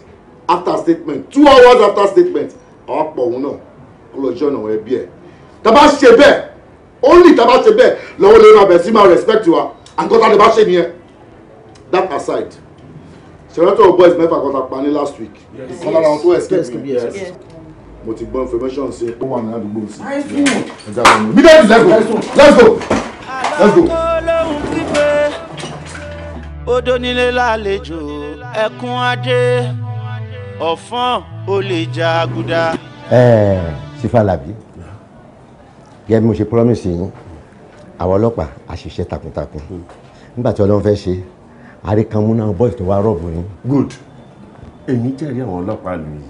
after statement two hours after statement awakọ̀ òun náà kó lọ jẹ́ ọ̀nà ẹbí ẹ̀ tá ṣe bẹ́ẹ̀ only tá a bá ṣe bẹ́ẹ̀ lọ́wọ́ lè máa máa respect wa àǹkọ́tà lè bá ṣe nìyẹn that aside senator boys mẹ́fà kan pa ní last week kan lára wọn tó escape mi mo ti gbọ́ information sí ó wà ní àdúgbò sí i. let's go let's go let's go. odò nílé lálejò ẹkún adé ọ̀fọ́n olè jà àgùdà. ẹ ẹ sífàlàbí gẹ́gẹ́ bí mo ṣe promise yín àwọn ọlọ́pàá àṣìṣe takuntakun nígbà tí ọlọ́run fẹ́ ṣe àríkàmú náà boys tó wá rọ́ọ̀bù yín. good èmi jẹ́rìí àwọn ọlọ́pàá lù yìí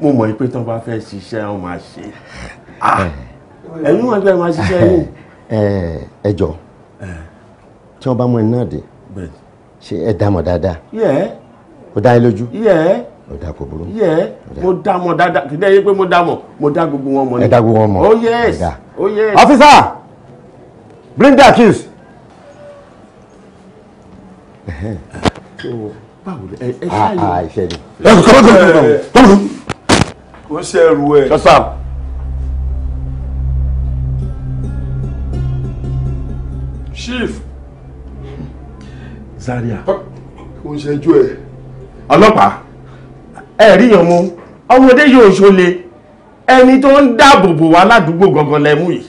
mo mọ̀ pé tán bá fẹ́ ṣiṣẹ́ wọn máa ṣe ah! eh. ẹ̀yin wọn gbẹ́ máa ṣiṣẹ́ yìí. Eh, ẹ jọ eh. tí wọn bá mú iná dé ṣé ẹ dá mọ̀ dáadáa. ó dá yín lójú. ó dá kò burú. mo dá mọ̀ dáadáa kì í dẹ́ yé pé mo dá mọ̀ mo dá gbogbo wọn mọ̀ ni. ẹ dá gbogbo wọn mọ̀. oh yes oh yes. officer bring the accused so báwo ẹ ẹ ṣáà yọ. àìṣe ni. ẹ kọ́ kọ́ kọ́ kọ́ kọ́. ó ṣe ẹrù ẹ. sọ́sàm. chief. Zaria. ó ń ṣẹjú ẹ. ọlọ́pàá ẹ rí yan mú ọmọdé yóò ṣọlẹ ẹni tó ń dáàbò bò wá ládùúgbò gangan lẹ́mú yìí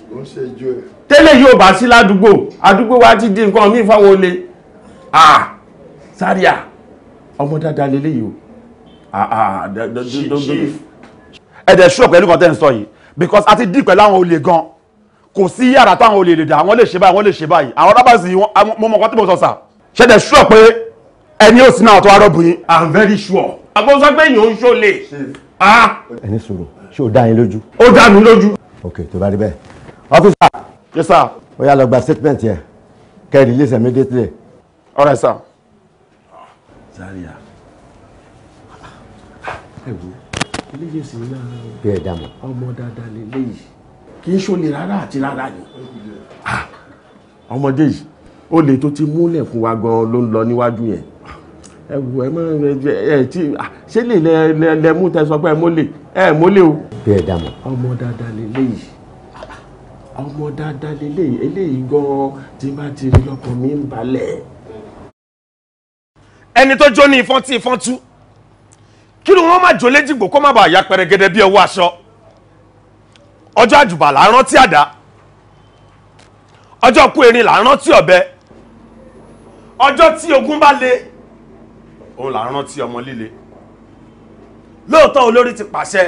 tẹ́lẹ̀ yóò bá sí ládùúgbò àdúgbò wa ti di nǹkan míì fáwọn olè Zaria ọmọ dáadáa lélẹ́yìí o ẹ̀dẹ̀ ṣúọ̀ pẹ̀lú kan tẹ́ ń sọ yìí because a ti dì pẹ̀lú àwọn olè gan kò sí yàrá táwọn olè lè dà àwọn lè ṣe báyìí àwọn lè ṣe báyìí àwọn rábàsì mo mọ̀ kan tí mo sọ sà ṣẹ̀dẹ̀ ṣúọ̀ pé ẹni ò sí náà tó arọ́bù yín. i'm very sure. àgbo sọ pé yìí ò ń ṣọlẹ̀. ẹni sòrò ṣé o dá yín lójú. ó dá mi lójú. ok tó bá rí bẹ́ẹ̀ ọ́fíìsà. yes sir. ó yá lọ gba statement yẹn kẹ́rì ilé iṣẹ́ immediately all right Zaria ẹ wo eléyìí sì ní bẹ́ẹ̀ dà mọ́ ọmọ dáadáa lélẹ́yìí kì í ṣolè rárá àti rárá ni ọmọdé yìí olè tó ti múlẹ̀ fún wa gan-an ló ń lọ níwájú yẹn ẹ wo ẹ máa ẹ ẹ tí ṣé lè lẹ lẹ lẹ mú tẹ sọ pé ẹ mólè ẹ mólè o. bẹ́ẹ̀ dà mọ́ ọmọ dáadáa lélẹ́yìí ọmọ dáadáa lélẹ́yìí eléyìí gan-an tí bá ti rí lọ́kàn mi ń balẹ̀ ẹni tó jó ní ìfọ́n tí ìfọ́n tú kí ni wọ́n má jó léjìgbò kó má bàa ya pẹrẹgẹdẹ bí ọwọ́ aṣọ ọjọ́ àjùbà là ń rántí àdá ọjọ́ kú erin là ń rántí ọ̀bẹ ọjọ́ tí ogun bá le òun là ń rántí ọmọ líle lóòótọ́ olórí ti pàṣẹ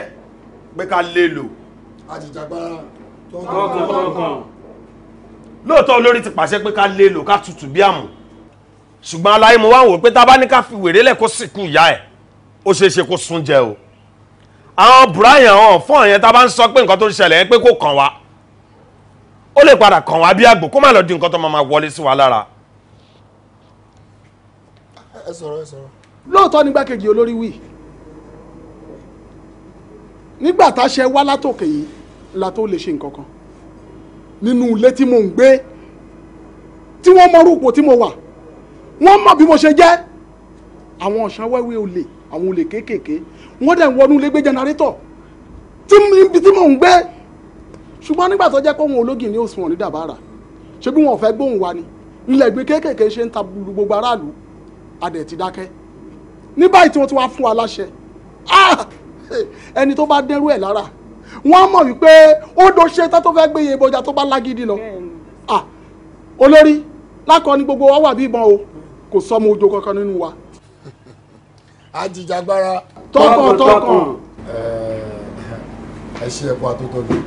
pé ká lé lò. àjìjàgbara tọkàntọkàn. lóòótọ́ olórí ti pàṣẹ pé ká lé lò ká tutù bí àmù ṣùgbọ́n aláyé mo wá ń wò pé tá a bá ní ká fi wèrè lẹ̀ kó sìnkú ìyá ẹ̀ ó ṣeé ṣe kó sún jẹ o àwọn brian hàn fún ọ̀yẹn tá a bá ń sọ pé nǹkan tó ń ṣẹlẹ̀ pé kò kàn wá ó lè padà kàn wá bí àgbò kó má lọ di nǹkan tó máa wọlé sí wa lára. ẹ sọ̀rọ̀ ẹ sọ̀rọ̀. lóòótọ́ ni gbàkejì olórí wí nígbà tá a ṣe wá látòkè yìí la tó lè ṣe nǹkan kan nínú ilé tí mò ń gbé tí wọ́n mọ wọ́n mọ̀ bí mo ṣe jẹ́ àwọn ọ̀sánwẹ́wẹ́ olè àwọn olè kéékèèké wọ́n dẹ̀ wọnú ilé gbé jẹnẹrétọ̀ tí ibi tí mò ń gbé ṣùgbọ́n nígbà tó jẹ́ pé òun ológì ní òṣùwọ̀n ní dàbára ṣé bí wọn ò fẹ́ gbóhùn wa ni ilẹ̀ gbé kéékèèké ṣe ń ta gbogbo aráàlú adẹ̀ ti dákẹ́ ní báyìí tí wọ́n ti wá fún wa láṣẹ ah, ẹni tó bá dẹ́rú ẹ̀ lára wọ́n mọ̀ wípé ó do ṣe tá tó fẹ́ gbé iye bọjà tó bá lágídí lọ ah, olórí lákọ ni gbogbo wa wà bí ìbọn o kò sọmọ ojo kankan nínú wa. ajìjàgbara. tọkàn tọkàn. ẹ ṣe ẹ̀kọ́ àtótọ́jú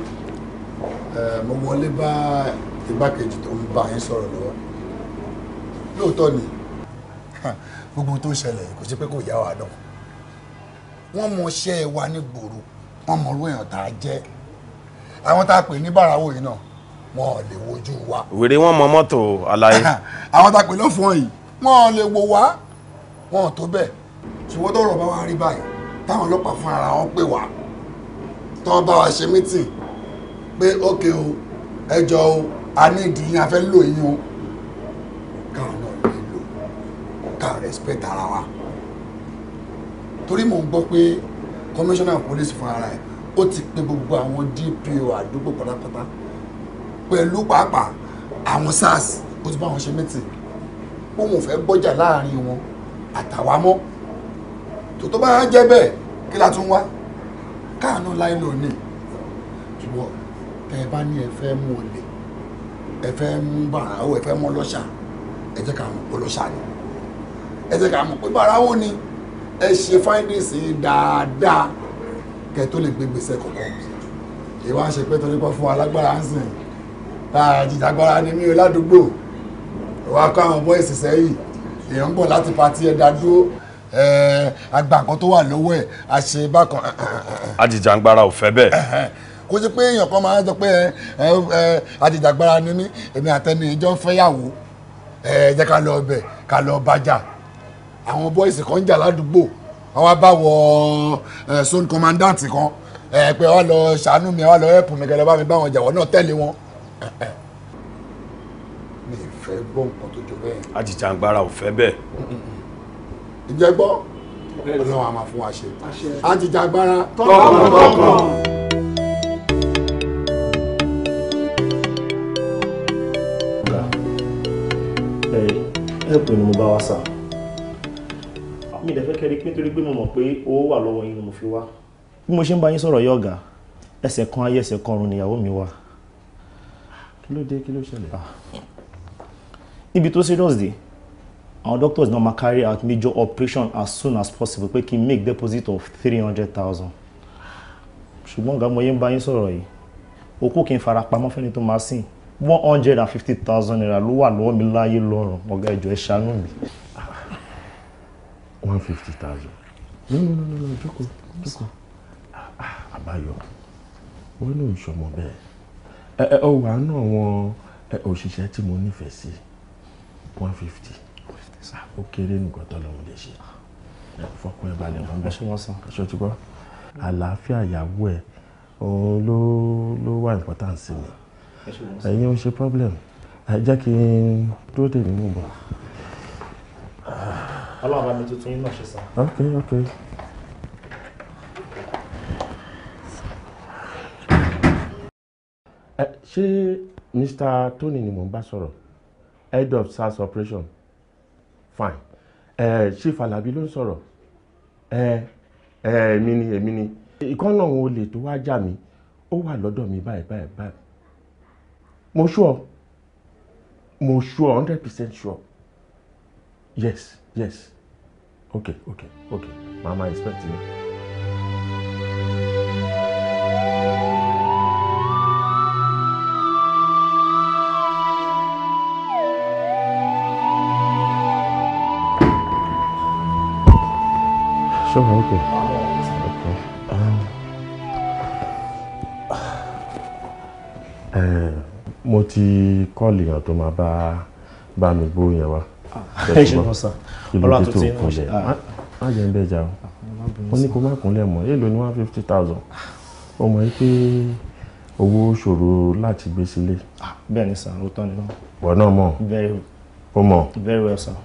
mo wọlé bá igbákejì tó ń bá yín sọ̀rọ̀ lọ́wọ́ lóòótọ́ ni gbogbo tó ṣẹlẹ̀ kò sí pé kò yá wa dán wọ́n mọ iṣẹ́ wa ní gbòòrò wọ́n mọ orú èèyàn tá a jẹ́ àwọn tá a pè ní bàràwọ̀ yìí náà wọn ò lè wojú wa. wèrè wọn mọ mọ́tò àlàyé. àwọn tá a pè lọ́fọ̀ọ́ yìí wọn ò lè wò wá wọn ò tó bẹ́ẹ̀ ṣùgbọ́n tọrọ bá wa rí báyìí táwọn ọlọ́pàá fún ara wọn pè wá tán bá wa ṣe mítìn pé ókè o ẹjọ́ o a ní ìdíyìn afẹ́ lò yín o káwọn náà lè lò ká respect ara wa torí mò ń gbọ́ pé commissioner of police fún ara ẹ̀ ó ti pe gbogbo àwọn DPO àdúgbò pátápátá pẹ̀lú pàápàá àwọn SARS ó ti bá wọn ṣe mítìn òun fẹ́ gbọ́jà láàrin wọn àtàwa mọ́ tó tó bá jẹ́ bẹ́ẹ̀ kí la tún wá káàánú láì lò ní ṣùgbọ́n tẹ́ ẹ bá ní ẹ fẹ́ mú olè ẹ fẹ́ mú bàràwọ ẹ fẹ́ mú ọlọ́ṣà ẹ jẹ́ ká mọ̀ pé ọlọ́ṣà ni ẹ jẹ́ ká mọ̀ pé bàràwọ ni ẹ ṣe fáìndìsì dáadáa kẹ́ tó lè gbé gbèsè kọ̀ọ̀kan ìwà ṣe pé torí fún alágbára ń sìn láàjìjàgbára ah, ni mí o ládùúgbò wàá kọ́ àwọn bọ́ìsì sẹ́yìn èèyàn ń bọ̀ láti patí ẹ̀ dádúró àgbà kan tó wà lọ́wọ́ ẹ̀ àṣe bákan. àjìjàngbara ò fẹ́ bẹ́ẹ̀. kó ṣe pé èèyàn kan máa ń sọ pé àjìjàngbara ni mí èmi àtẹnu ìjọ ń fẹ́yàwó jẹ́ ká lọ ọbẹ̀ ká lọ bàjà àwọn bọ́ìsì kan ń jà ládùúgbò wọ́n wá bá wọ zone commandant kan pé wọ́n lọ ṣàánú mi wọ́n lọ ẹ̀pù mi kẹ́ lọ bá mi bá wọn jà wọ́n náà tẹ̀lé wọn fẹ́ gbọ́ nǹkan tó jọ bẹ́ẹ̀. àjìjàngbara ò fẹ́ bẹ́ẹ̀. ǹjẹ́ gbọ́ ọlọ́run a máa fún wa ṣe àjìjàngbara tọ́kàntọ́kàn. help ni mo bá wá sá. mi ì dẹ̀fẹ́ kẹ́rí nítorí pé mo mọ̀ pé owó wà lọ́wọ́ yín ni mo fi wá. bí mo ṣe ń bá yín sọ̀rọ̀ yóò ga ẹsẹ̀ kan ayé ẹsẹ̀ kan ọ̀run nìyàwó mi wà. kí ló dé kí ló ṣẹlẹ̀. Ah níbi tó serious dé our doctors na ma carry out major operation as soon as possible pé kí n make deposit of three hundred thousand ṣùgbọ́n ọ̀gá mo yé ń bá yín sọ̀rọ̀ yìí òkú kí n fara pamọ́ fẹ́ni tó máa sìn one hundred and fifty thousand naira ló wà lọ́wọ́ mi láyé lọ́rùn ọ̀gá ẹ̀jọ̀ ẹ̀ ṣàánú mi. one fifty thousand no no no no jókòó jókòó àbáyọ wọn ló ń ṣọmọ bẹ́ẹ̀ ẹ ẹ ọ wà á ná àwọn òṣìṣẹ́ tí mo nífẹ̀ẹ́ sí. Si one fifty ó kéré nǹkan tó lòun lè ṣe fọkàn ẹ balẹ̀ mọ́ bẹ́ẹ̀ aṣọ ti gbọ́ àlàáfíà ìyàwó ẹ òun ló ló wà important sí mi ẹ̀yin ń ṣe problem ẹ jẹ́ kí n dúró dè mí mú bọ̀. ọlọ́run bá mi tuntun yín náà ṣe sá. ok ok. ẹ ṣé Mr. Tony ni mò ń bá sọ̀rọ̀ head of SARS operation fine ẹ Chief Alabi ló ń sọ̀rọ̀ ẹ ẹ èmi ni èmi ni ìkànnà òun olè tó wá jà mí ó wà lọ́dọ̀ mi báyìí báyìí báyìí mo sure mo sure hundred percent sure yes yes okay okay okay mama expect me. Sure, okay. Okay. Um, uh, mo ti kọ́ọ̀lì èèyàn tó máa bá bá mi gbó yẹn wá. ẹ ṣe lọ sà ọlọ́run àti tí mo ṣe. má jẹ́ ń bẹ́ẹ̀ jà ah, ó ní kó má kúnlẹ̀ mọ́ èèlò ní one fifty thousand ó mọ̀ pé owó ṣòro láti gbé sílé. Ah, bẹ́ẹ̀ ni sà ó tán ni náà. wọ́n náà mọ̀ ó mọ̀. very well sir.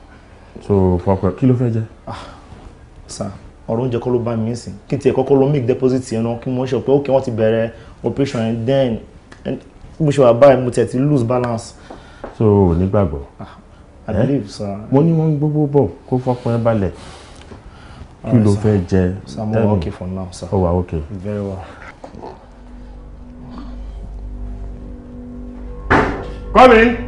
so fọpẹ́ kí ló fẹ́ jẹ. Ah, sà ọ̀rọ̀ oúnjẹ kọ́ ló bá mi sìn kí n tiẹ̀ kọ́kọ́ lọ make deposit yẹn náà kí mo ṣe pé okay wọ́n ti bẹ̀rẹ̀ operation yẹn then mo ṣe wà báyìí mo tiẹ̀ ti lose balance. so o nígbàgbọ́. Ah, i believe sir. mo ní wọn gbogbo bọ kó fọkàn ẹ balẹ̀ kí ló fẹ́ jẹ tẹ́lẹ̀ mo wà okay for now sir. ó oh, okay. very well. come in.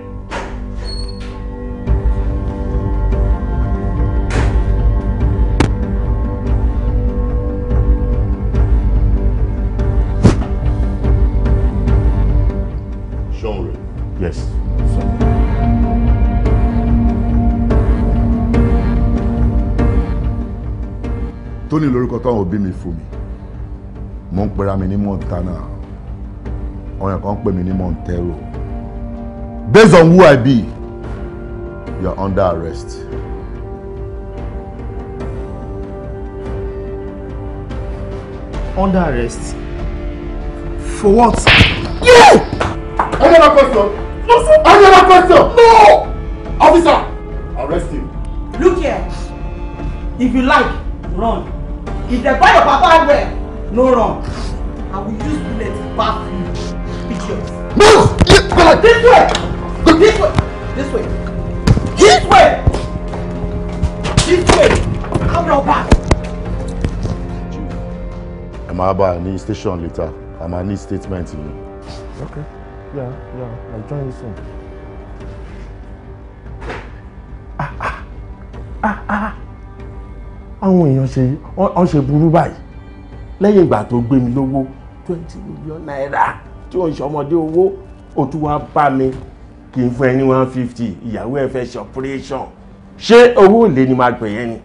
Tony lórúkọ táwọn òbí mi fún mi mo ń pera mi ní Montana àwọn kan pè mí ní Montero based on who I be you are under arrest. Under arrest? For what? You! Another question! No, sir! Another question! No! Officer! Arrest him. Look here. If you like, run. If they buy your papa well, no wrong. I will use bullets, to bath you. Idiots. Move! This way! This way! This way! This way! This way! Come now back! Ẹ máa need station later. I máa ní statement you. Okay. Yeah, yeah. I'll join you soon. Ah, ah, ah, ah. ah báwọn èèyàn ṣe ọ́n ṣe burú báyìí lẹ́yìn ìgbà tó gbé mi lówó twenty million naira tí ò ń ṣọmọdé owó ó tún wá bá mi kì í fún ẹni one fifty ìyàwó ẹ fẹ́ ṣe operation ṣé owó èlé ni máa gbè yẹn ni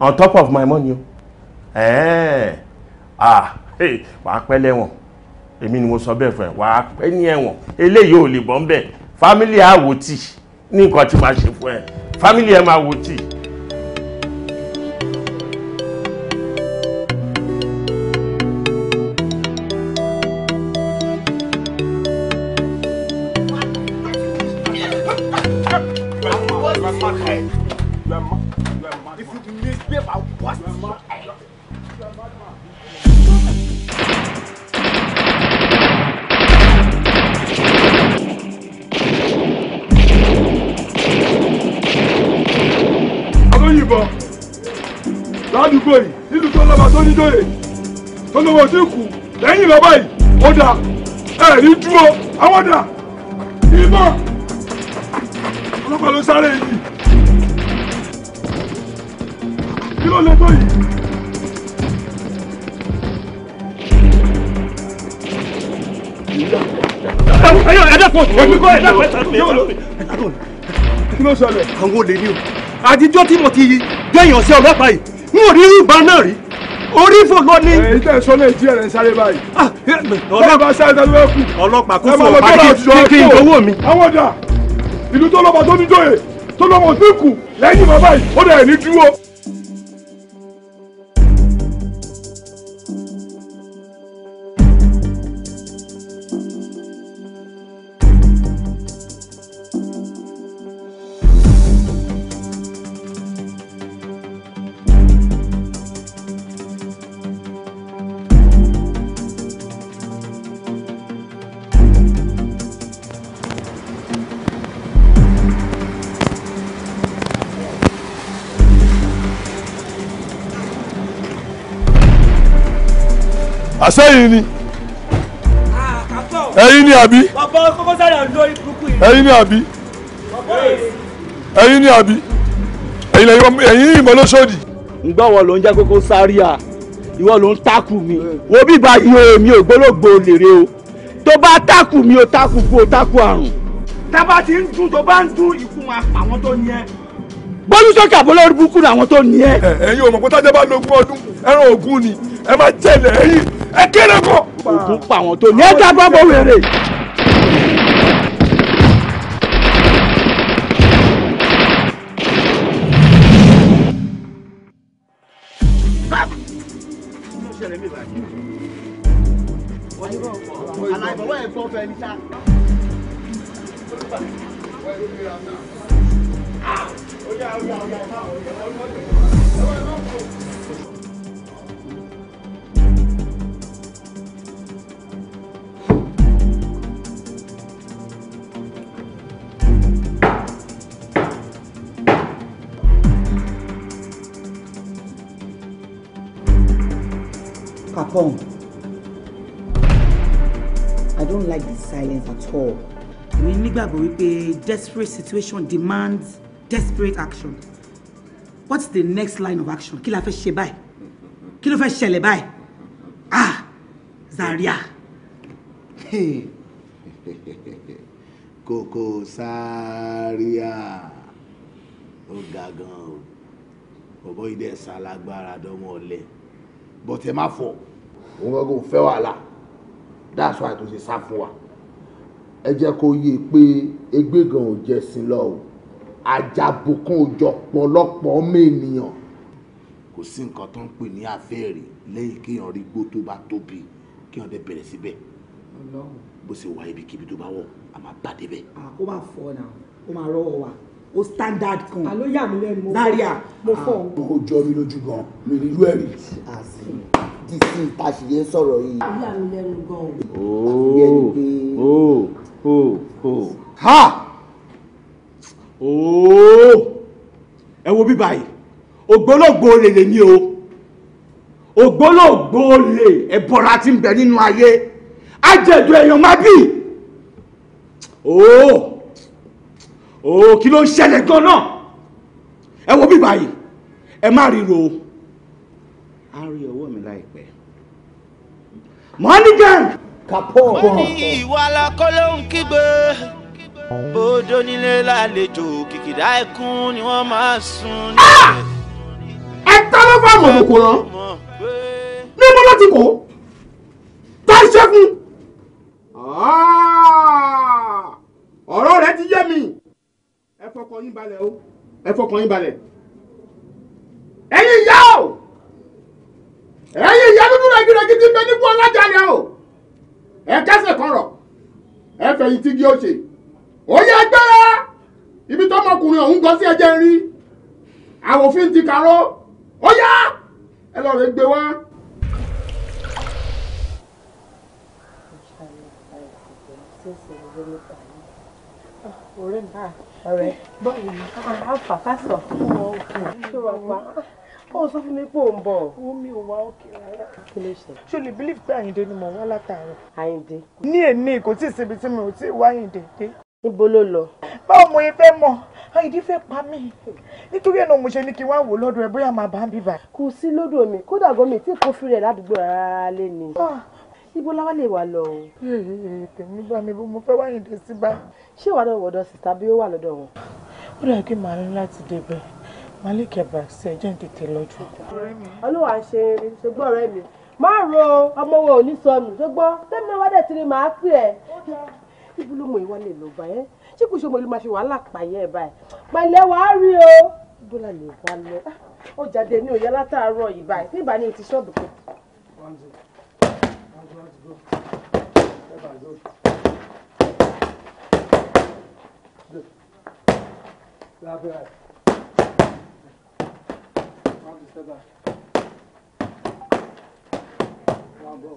on top of my money o ah wàá pẹ́ lẹ́wọ̀n èmi ni mo sọ bẹ́ẹ̀ fún ẹ wàá pẹ́ ní ẹ̀wọ̀n eléyìí ò lè bọ́ ń bẹ̀ fámílì àwòtì ní nǹkan tí máa ṣe fún ẹ fámílì ẹ máa wòtì. ìbọn dà ìbọn ọlọ́pàá ló sáré yìí kí ló lè tó yìí. ẹ dákun èmi kọ́ ẹ dákun ẹ sáré mi ẹ dákun àwọn olè ni o àtijọ́ tí mo ti dẹ́yìn ọ̀sẹ̀ ọlọ́pàá yìí n ò rí ìbọn náà rí orí fò lọ ní. èyí tẹ̀ sọ́nà ìjì ẹ̀rẹ̀ sáré báyìí. Ah! ọlọ́pàá ṣáà ṣáà ló kù. ọlọ́pàá kò fọ pàdé kí n dọwọ́ mi. àwọn ọ̀dà ìlú tó lọ́ba tó ní jòyè tó lọ́ba tó kù lẹ́yìn bàbá yìí ó dẹ̀ ní dúró. sẹ́yìn ni ẹ̀yin ni àbí ẹ̀yin ni àbí ẹ̀yin ni àbí ẹ̀yin lẹ́yìn ẹ̀yin ìmọ̀ lóṣòdì. ǹgbọ́n wọn ló ń jẹ́ Koko Zaria ìwọ ló ń tákù mi wo bí báyìí o èmi ò gbólógbò lèrè o tó bá tákù mi o tákù kú o tákù àrùn. tábà ti ń dún tó bá ń dún ikú máa pa àwọn tó ní ẹ. bólú sókè àbólórí burúkú ni àwọn tó ní ẹ. ẹ̀yin ò mọ̀ pé tájọ́ bá lo ogún ọdún ẹran ògún ni ẹ máa jẹ̀lẹ̀ ẹ̀yìn ẹ kéré kọ. òkú pa àwọn tó ní. ẹ dábàá bọ̀ wẹ̀rẹ̀. Ah! Oh yeah, oh yeah, oh yeah, oh yeah. come. I don't like the silence at all. Èmi nígbàgbọ́ a desperate situation demands desperate action. What's the next line of action? Kí la she buy. Kill Kí ló fẹ́ ṣẹlẹ̀ báyìí? Ah! Zaria! Coco Zaria! Oh, gagan. gan-an o. Bọ̀bọ́ ìdẹ́sà lágbára dánwò ọ̀lẹ. Bọ̀tẹ̀ má òun gbọ́gbọ́n fẹ́ wàhálà that's why tó ṣe sá fún wa ẹ jẹ́ kó yé e pé egbégan ò jẹ́ sí lọ o àjàbùkún òjò pọ̀lọpọ̀ ọmọ ènìyàn kò sí nǹkan tó ń pè ní àfẹ́ẹ̀rì lẹ́yìn kéèyàn rí gbó tó bá tóbi kéèyàn dẹ̀ bẹ̀rẹ̀ síbẹ̀ bó ṣe wà ibikíbi tó bá wọ̀ a máa bá débẹ̀. Ah, kó máa fọ náà kó máa rọ́wọ́ wa o standard kan àló yà mí lẹ́nu láríà mo fọ ah, o. o jọ mi lójú gan mi nílùú ẹ̀rí. dc tàṣìyẹ sọ̀rọ̀ yìí. àló yà mí lẹ́nu gan o. ooo ooo ooo ha ooo oh! ẹ wo bí báyìí ògbólógbòó lè lè ní o ògbólógbòó lè ẹ̀bọ̀ra ti ń bẹ nínú ayé ajẹ̀dù èèyàn má bì ooo. Oh! òò oh, kí ló ń ṣẹlẹ̀ gan náà ẹ wo bí báyìí ẹ má ríro a rí ọwọ́ mi láìpẹ́ money gang. kàpọ̀ kọ́ wọ́n ní ìwà alákọ́lé ń kígbe bódó nílé lálejò kìkìdá ẹkún ni wọ́n máa sùn nílé. Ah! ẹ tá ló bá mọ̀ kòkò rán ní mo láti kó tá ìṣẹ́gun ah! ọ̀rọ̀ rẹ ti yé mi ẹ fọkàn yín balẹ̀ o ẹ fọkàn yín balẹ̀ ẹ̀yin ìyá o ẹ̀yin ìyá dúdú rẹ̀gírẹ̀gí ti bẹ nípò ọlájàlẹ̀ o ẹ kẹsẹ̀ kọ̀rọ̀ ẹ fẹ̀yìn tí gí ó ṣe ó yẹ agbára ibi tọmọkùnrin ọ̀hún gan sí ẹjẹ́ rí àwòfin ti kàró ó yá ẹ lọ rẹ gbé wá. Ah, ọ̀rẹ́ mi ah ọ̀rẹ́ bọ́ọ̀lù àǹfà pásọ̀ ó sọ fún mi pé ò ń bọ̀. owó mi ò wá òkè rárá. kí ló ṣe. ṣé o lè bílíf pé àyìndé ni mò ń wá látàárọ̀. àyìndé. ní èní kò tí ì síbi tí mi ò tí ì wá àyìndé dé. níbo ló lọ. báwo mo yẹ fẹ́ mọ̀ àyìndé fẹ́ pa mí nítorí ẹ̀ mo ṣe ní kí n wá wò lọ́dọ̀ ẹ bóyá màá bá ń bíbà. kò sí lọ́dọ̀ mi kódà gómìn tí kò fi rẹ̀ ládùúgbò rárá lé ni. Ah, ibo la wá lè wà lọ o. Eh, tèmi bá mi bó mo fẹ́ wá yìndé sí bá. ṣé wàá lọ wọ̀dọ̀ sìta bí ó wà lọ́dọ̀ wọn. ó dàbí pé màá ní láti débẹ̀ màá lè kẹ̀bà sí ẹjẹ́ ń tètè lọ́jọ́. olúwa ṣe irin ṣùgbọ́n ọ̀rẹ́ mi máa ro ọmọ wo ò ní sọnù ṣùgbọ́n tẹ́mi náà wá dẹ̀ tiri màá pè ẹ́. ibo ló mọ ìwà lè lọ bá ẹ ṣé kò ṣe mo lè máa ṣe wàhálà pààyẹ ẹ báyìí pẹ̀lẹ́ wàá rí o ibo la lè wà lọ ah, ó jáde ní òye látàárọ̀ ìbáyìí níbàá ní ti ṣọ́ọ̀bù kan go. Step and go. Good. Grab your eyes. Round the step back. Round go.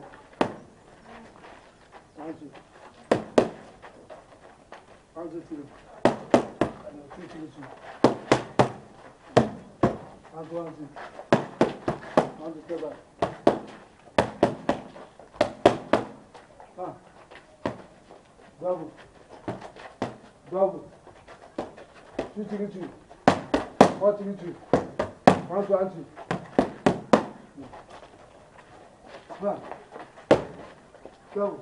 Round two. Round two, three. And then three, three, two. Round one, two. Round the step back. Ah. Bravo. Bravo. Two, three, two. Four, three, two. One, two, and two. One. Ah. Bravo.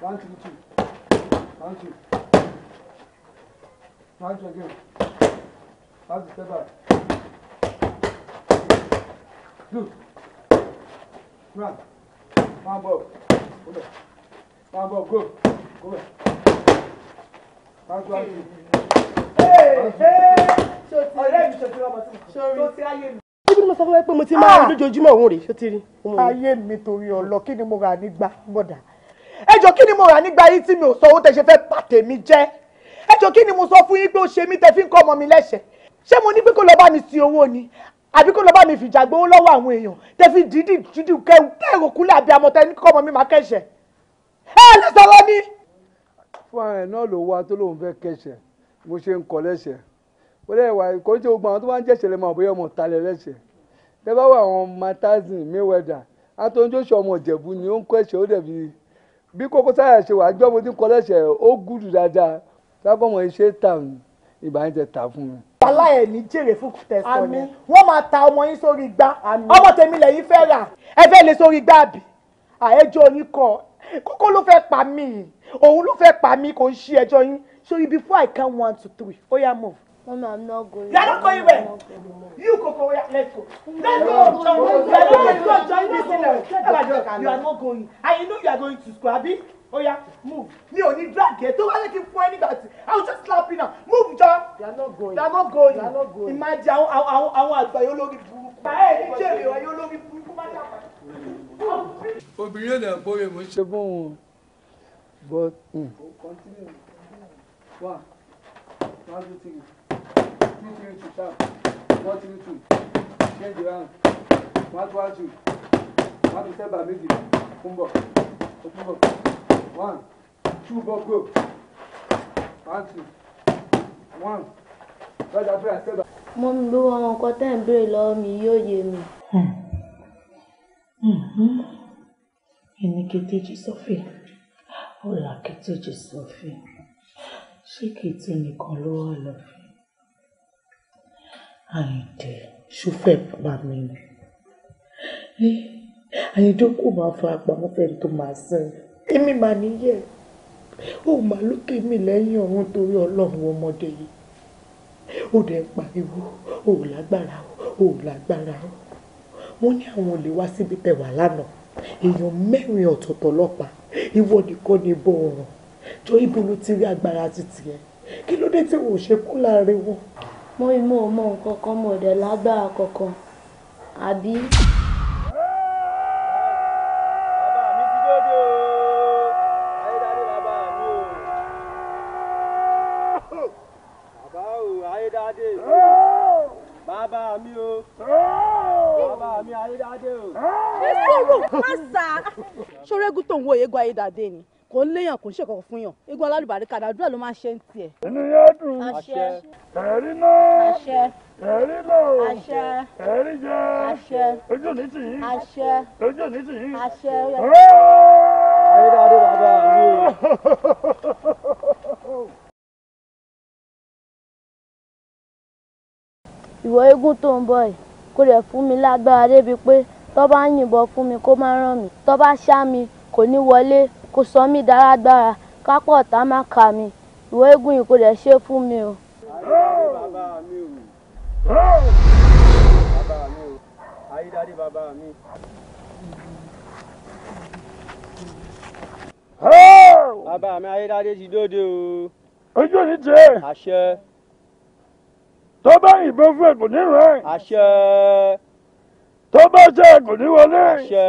One, three, two. One, two. One, two again. Pass the step back. Two. Run. One ball. Go back. go, go. Go back. Now go. Hey, hey. Ọ̀rẹ́ mi ṣòtí ọmọ ti ah! rí lójoojúmọ́ òun ti rí. Ayé mi torí ọlọ kí ni mo rà nígbà bọ̀dà. Ẹ kí ni mo rà nígbà yìí tí mi ò sọ owó tẹ ṣe fẹ́ pàtẹ mi jẹ́. Ẹ kí ni mo sọ fún yín pé ó ṣe mí tẹ fi ń kọ́ ọmọ mi lẹ́sẹ̀. Ṣé mo ní pé kó lọ bá mi sin owó ni? àbí kó lọ bá mi fìjà gbowó lọ́wọ́ àwọn èèyàn tẹ́fí dídì dídì kẹ́hùn kẹ́hùn òkúlẹ̀ àbí àmọ́tẹ́ ní kọ́mọ mi máa kẹ́sẹ̀ ẹ ẹ lẹ́sọ̀ lọ ni. fún ara ẹ náà ló wá tó lóun fẹ́ kẹsẹ̀ mo ṣe ń kọ lẹ́sẹ̀ ó lè wà kó ṣe gbogbo àwọn tó bá ń jẹ̀sẹ̀ lẹ́mọ̀ àbóyá ọmọ talẹ̀ lẹ́sẹ̀ tẹ́ bá wà àwọn matazin Mayweather àtọ́njọ́sọ ọmọ Ìjẹ̀bú ni ó ń kọ́ ó dẹ̀ bí Koko Zaria ṣe wà gbọ́ mo ti kọ́ lẹ́sẹ̀ ó gùdù dáadáa lábọ́mọ iṣẹ́ tàn ibà yín tẹ tà fún mi. bàbá ẹ̀ ní jèrè fún tẹ̀sán ni wọ́n máa ta ọmọ yín sórí igbá ọmọ tèmi lẹ́yìn fẹ́ rà ẹ fẹ́ lé sórí igbá àbí àẹjọ́ yín kọ kókó ló fẹ́ pa mí òun ló fẹ́ pa mí kò ń ṣí ẹjọ́ yín sórí before I count one two three ó yá move. You are not going. You are not going where? You go for where? Let's go. are not going. you are not going. You are not going. You are not going. you are not going You are not going. Oh yeah, move mi ò drag yẹ tó bá lè kí n fún i will just slap you now move John. they are not going they are not going they are not going imagine àwọn àwọn àwọn àgbà yóò lórí your báyẹ̀ ní jèrè ọ̀ yóò lórí burúkú má dà obìnrin yóò lè bóyè mo ṣe bóun but. Mm. continue one one two three two three two tap one two two change round one two one two one two step by méjì fún bọ̀ One, two, go, go. One, two, one. Brother, brother, step back. Mọ́mí bí wọn nǹkan tẹ́ ń béèrè lọ́wọ́ mi yóò yé mi. Hmm. Hmm. Hmm. Ẹni kejì sọ́fẹ̀, ọ̀là kejì sọ́fẹ̀, ṣé kìtì nìkan ló wà lọ́fẹ̀? Àyìndé ṣúfẹ̀ bá mi ni. Eh, Àyìndé kò máa fara pamọ́ fẹ́ni tó máa sẹ́yìn èmi mà níyẹ̀ ó mà lókè mi lẹ́yìn ọ̀run torí ọlọ́run ọmọdé yìí ó dẹ̀ ń pariwo ó lágbára ó lágbára ó wọ́n ní àwọn olè wá síbi tẹ̀wà lánàá èèyàn mẹ́rin ọ̀tọ̀ọ̀tọ̀ ọlọ́pàá ìwọ nìkan ni bọ́ ọ̀ràn jọ ibo ló ti rí agbára títì ẹ kí ló dé tí wò ó ṣe kú láàrin wọn. mo ìmọ̀ ọmọ nǹkan kan mọ̀ lágbára kankan àbí. tó ń wo eégún ayédàdé ni kò ń léyàn kò ń ṣèkọ̀kọ̀ fún yàn eégún alálùbárí kàdà àdúrà ló máa ṣe ń tiẹ̀. inú yóò dùn àṣẹ ẹ̀rí náà àṣẹ ẹ̀rí lò àṣẹ ẹ̀rí jẹ àṣẹ ojú òní tì àṣẹ ojú òní tì àṣẹ. ìwọ eégún tó ń bọ̀ yìí kò rẹ̀ fún mi lágbára débi pé tó bá yìnbọn fún mi kó má ràn mí tó bá ṣá mi kò ní wọlé kò sọ mí dáradára kápọ̀ tá má kà mí ìwé eégún yìí kò dẹ̀ ṣe fún mi o. Ayídáde bàbá mi. Bàbá mi Ayídáde ti dóde o. Ojú ò ní tiẹ̀. Àṣẹ. Tó bá yìnbọn fún ẹ kò ní rẹ̀. Àṣẹ. Tó bá jẹ́ ẹ kò ní wọlé. Àṣẹ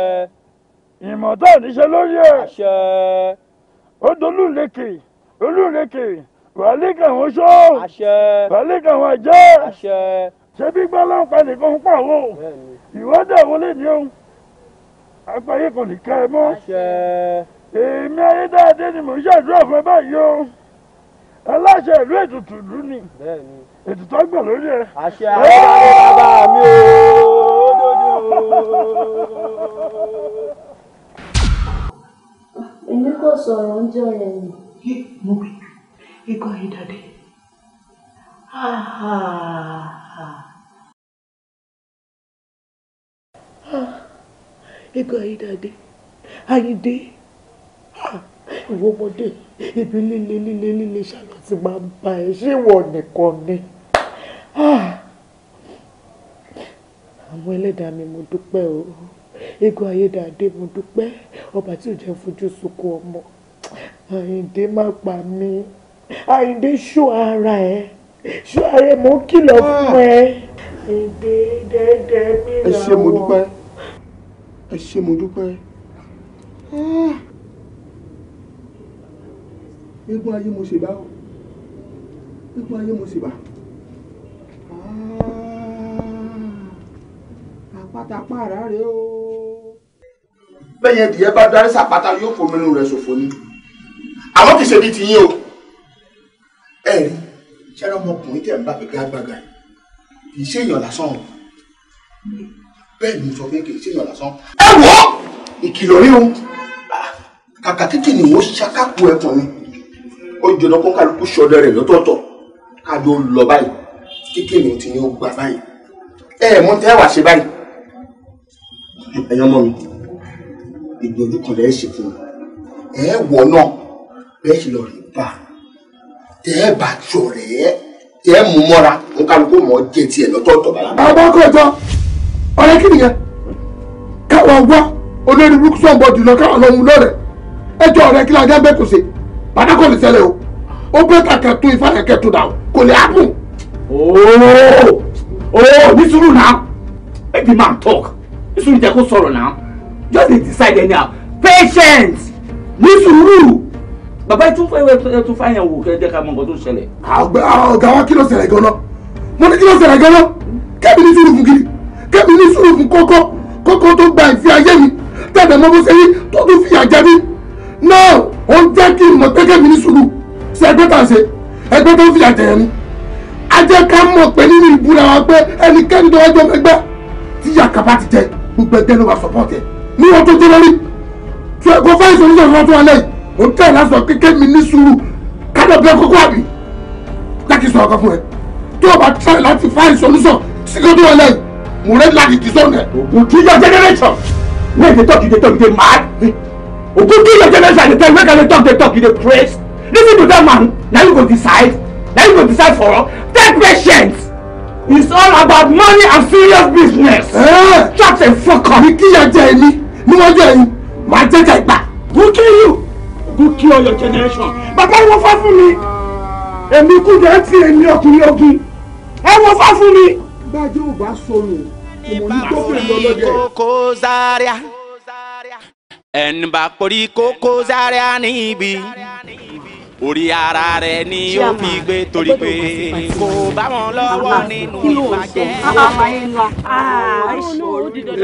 ìmọ̀tá níṣẹ́ lórí ẹ̀. àṣẹ. ó dolúleke olúleke wàlíkà àwọn ṣó. àṣẹ. wàlíkà àwọn ẹ̀jẹ̀. àṣẹ. ṣé bí gbọ́lá ń pa nìkan ń pàwọ́ ìwọ́dà wọlé ni ó àgbáyé kò ní ká ẹ mọ́. àṣẹ. èmi ayédáadé ni mò ń ṣàdúrà fún ẹ báyìí o aláṣẹ ìlú ètùtù ìlú ni ètùtù ọgbà lórí ẹ. àṣẹ àwọn bàbá mi ò dojú èmi kò sọ̀rọ̀ oúnjẹ yẹn ni. yé mo bì í gbọ́ yín Ego Ayídáde, Ayídé, ìwọ ọmọdé, ibi líle líle líle ṣàlọ́ ti máa ń bá ẹ, ṣé ìwọ nìkan ni? Àwọn ẹlẹ́dàá mi mo dúpẹ́ o eégún ayédáadé mo dúpẹ́ ọba tí ò jẹ́ fojú sunkún ọmọ àyíǹde má pa mí àyíǹde ṣó ara ẹ ṣó ara ẹ mo kìlọ̀ fún ẹ àyíǹde dẹ́dẹ́ mi làwọn. ẹ ṣé mo dúpẹ́ ẹ ṣé mo dúpẹ́ eégún ah! ayé mo ṣèbá o eégún ayé mo ṣèbá ah! àpátápá àrá rèé o bẹ́yẹn dìé bá darí sàpátá yóò fòmìnú rẹ̀ ṣòfò ni àwọn kì í ṣe bíi tiyín o ẹ rí ṣẹ́rẹ́ ọmọkùnrin tẹ̀ ń bá gbẹgbẹ́ agbága kì í ṣe èèyàn lásán o bẹ́ẹ̀ ni sọ pé kì í ṣe èèyàn lásán. ẹ wọ ìkìlọ̀ rí o kàkà títì ni wọ́n ṣàkàkù ẹ̀kùn ni ó jọdọ̀ kó kálukú ṣọdẹ rẹ̀ lọ́tọ̀ọ̀tọ̀ kájọ lọ báyìí kíkìlì ti ní ó gbà báyìí ẹ̀ẹ̀mú tẹ́ wàá ṣe báyìí ẹ̀yàn mọ́ mi ìgbìyànjú kan lẹ́ẹ̀ ṣe fún ẹ wọ̀ náà bẹ́ẹ̀ ṣe lọ rí bá tẹ́ ẹ bá jọ rẹ̀ tẹ́ ẹ mú mọ́ra mo kálukú mọ́ jẹ́ tiẹ̀ lọ́tọ̀ọ̀tọ̀ bàbá. bàbá kò jọ kí nìyẹn káwọn wá olórí rúkúsọ̀ bọ̀ jùlọ káwọn lọ mú lọ́rẹ̀ ẹjọ́ ọ̀rẹ́ kí ládé bẹ́ẹ̀ kò ṣe bàbá lè ṣẹlẹ̀ o ó bẹ́ẹ̀ kàkẹ́ tó ifá yẹn kẹ́tù dà o kò lè hápùn. ooo ooo nísùúrù náà baby man talk nísùúrù jẹ́ kó sọ̀rọ̀ náà just dey decide anyhow patience ní sùúrù bàbá ẹ tún fẹ́ ẹ tún fẹ́ yẹn wò kẹ́ ẹ jẹ́ ká mọ nǹkan tó ṣẹlẹ̀. ọ̀gá wa kí ló ṣẹlẹ̀ gan-an mo ní kí ló ṣẹlẹ̀ gan-an kẹ́mi ní sùúrù fún kiri kẹ́mi ní sùúrù fún kọ́kọ́ kọ́kọ́ tó gba ìfẹ́ ayé mi tẹ̀lé mọ́ bó ṣe yí tó tún fìyà jẹ mí náà ó ń jẹ́ kí n mọ̀ pé kẹ́mi ní sùúrù ṣe ẹgbẹ́ tà ṣe ẹgbẹ́ tó fìyà jẹ yẹn ni a jẹ́ ká mọ̀ pé nínú ìbúra wa pé ẹnikẹ́ni tó wájú ọmọ ẹgbẹ́ tíyà kaba ti jẹ gbogbo ẹgbẹ́ ló wà sọ́pọ̀tì ẹ̀ ní wọn tó tẹ́lẹ̀ rí kò fẹ́ ìsòlùsọ̀ ìwọ́n tó wà lẹ́yìn ò ń tẹ̀lé aṣọ kékeré mi ní sùúrù kádọ̀ bẹ́ẹ̀ kókó àbí láti sọ ọkọ fún ẹ tó o bá tẹ̀ láti fá ìsòlùsọ̀ síkọ́ tó wà lẹ́yìn mo rẹ́ láti kì í sọ̀nù ẹ̀. òkùnkùn yọ generation wey dey talk you dey talk you dey mad òkùnkùn yọ generation dey tell you wey can dey talk dey talk you dey listen to that man na you go decide na you go decide for all take patience. It's all about money and serious business. Shut the fuck up. Ní kí ya jẹ ẹni níwájú ẹ̀yin, màá jẹ́ ká ìgbà. Who kill you? Who kill your generation? Bàbá wo fá fún mi? Èmi kú jẹ́ ti èmi ọkùnrin ogun. Ẹ wo fá fún mi? Gbájú ò bá sọ̀rọ̀, ìmọ̀ ní tó to lọ́lọ́dẹ. Ẹnìbà porí Koko Zaria koko zaria ni bi orí ara rẹ ni ó fi gbé torí pé kò bá wọn lọ́wọ́ nínú ìbàjẹ́.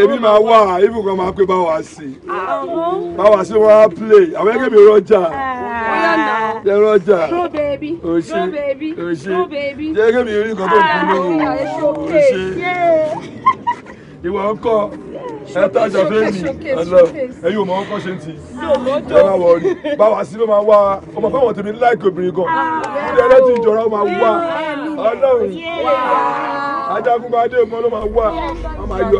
èmi máa wà ibùn kan máa pé bá wa sí bá wa sí wọn á play àwọn ẹgbẹ́ mi rọjà jẹ rọjà òṣì òṣì jẹ ẹgbẹ́ mi rí nǹkan tó ń kú lóhùn òṣì ìwọ ọkọ ẹ tájà fẹmi ẹlọ ẹyin òmò ọkọ ṣe ń ti ẹ wọ rí báwa sí ló máa wá ọmọ fáwọn tèmi láìkè obìnrin gan kúndé ah. ẹlẹ́tì ìjọra ó máa wá ọlọ́run ajagun bá ọmọ ló máa wá ọ máa yọ.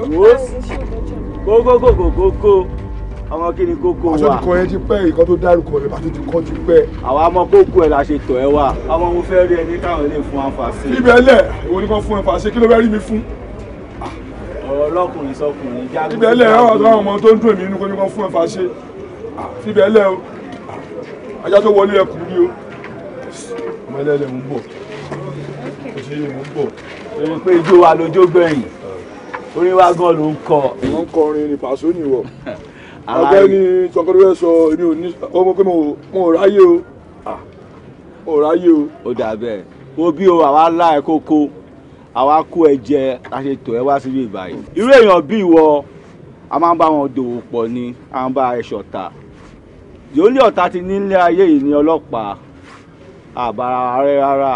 ọmọ kí ni kókó wa. àṣọdùkọ yẹn ti pẹ́ ìkan tó dárúkọ rẹ̀ bá ti ti ti pẹ́. àwa ọmọ kókó ẹ̀ la ṣe tọ̀ ẹ́ wa. ọmọ mo fẹ́ rí ẹni káwọn lè fún àǹfààní. bíbélẹ̀ òun ni kò fún àǹfààní kí ló fẹ́ rí mi fún ọlọ́kùnrin sọkùnrin jágbe. ibẹ̀ lẹ̀ ẹ̀ ọ̀dọ́ àwọn ọmọ tó ń dùn mí inú kọ́ni kan fún ẹ fà ṣe ibẹ̀ lẹ̀ o ajá tó wọlé ẹkùn ni o ọmọ ẹlẹ́lẹ̀ ń bọ̀ òṣèré ń bọ̀. èrè pé ijó wa lójó gbẹ̀yìn orin wa gan ló ń kọ. wọ́n ń kọrin ní pàṣẹ nìwọ ọ̀gbẹ́ni sọkọdúwẹ sọ èmi ò ní ọmọ pé mo ò ráyè o ò ráyè o. ó dà bẹ́ẹ̀ wo bí o àwa lá ẹ̀ kókó àwa kó ẹ jẹ àṣetò ẹ wá síbí báyìí irú èèyàn bí ìwọ a máa ń bá wọn dòwò pọ̀ ni a ń bá ẹ̀ṣọ̀ ta yòólì ọ̀tá ti nílé ayé yìí ní ọlọ́pàá àbára rẹ rárá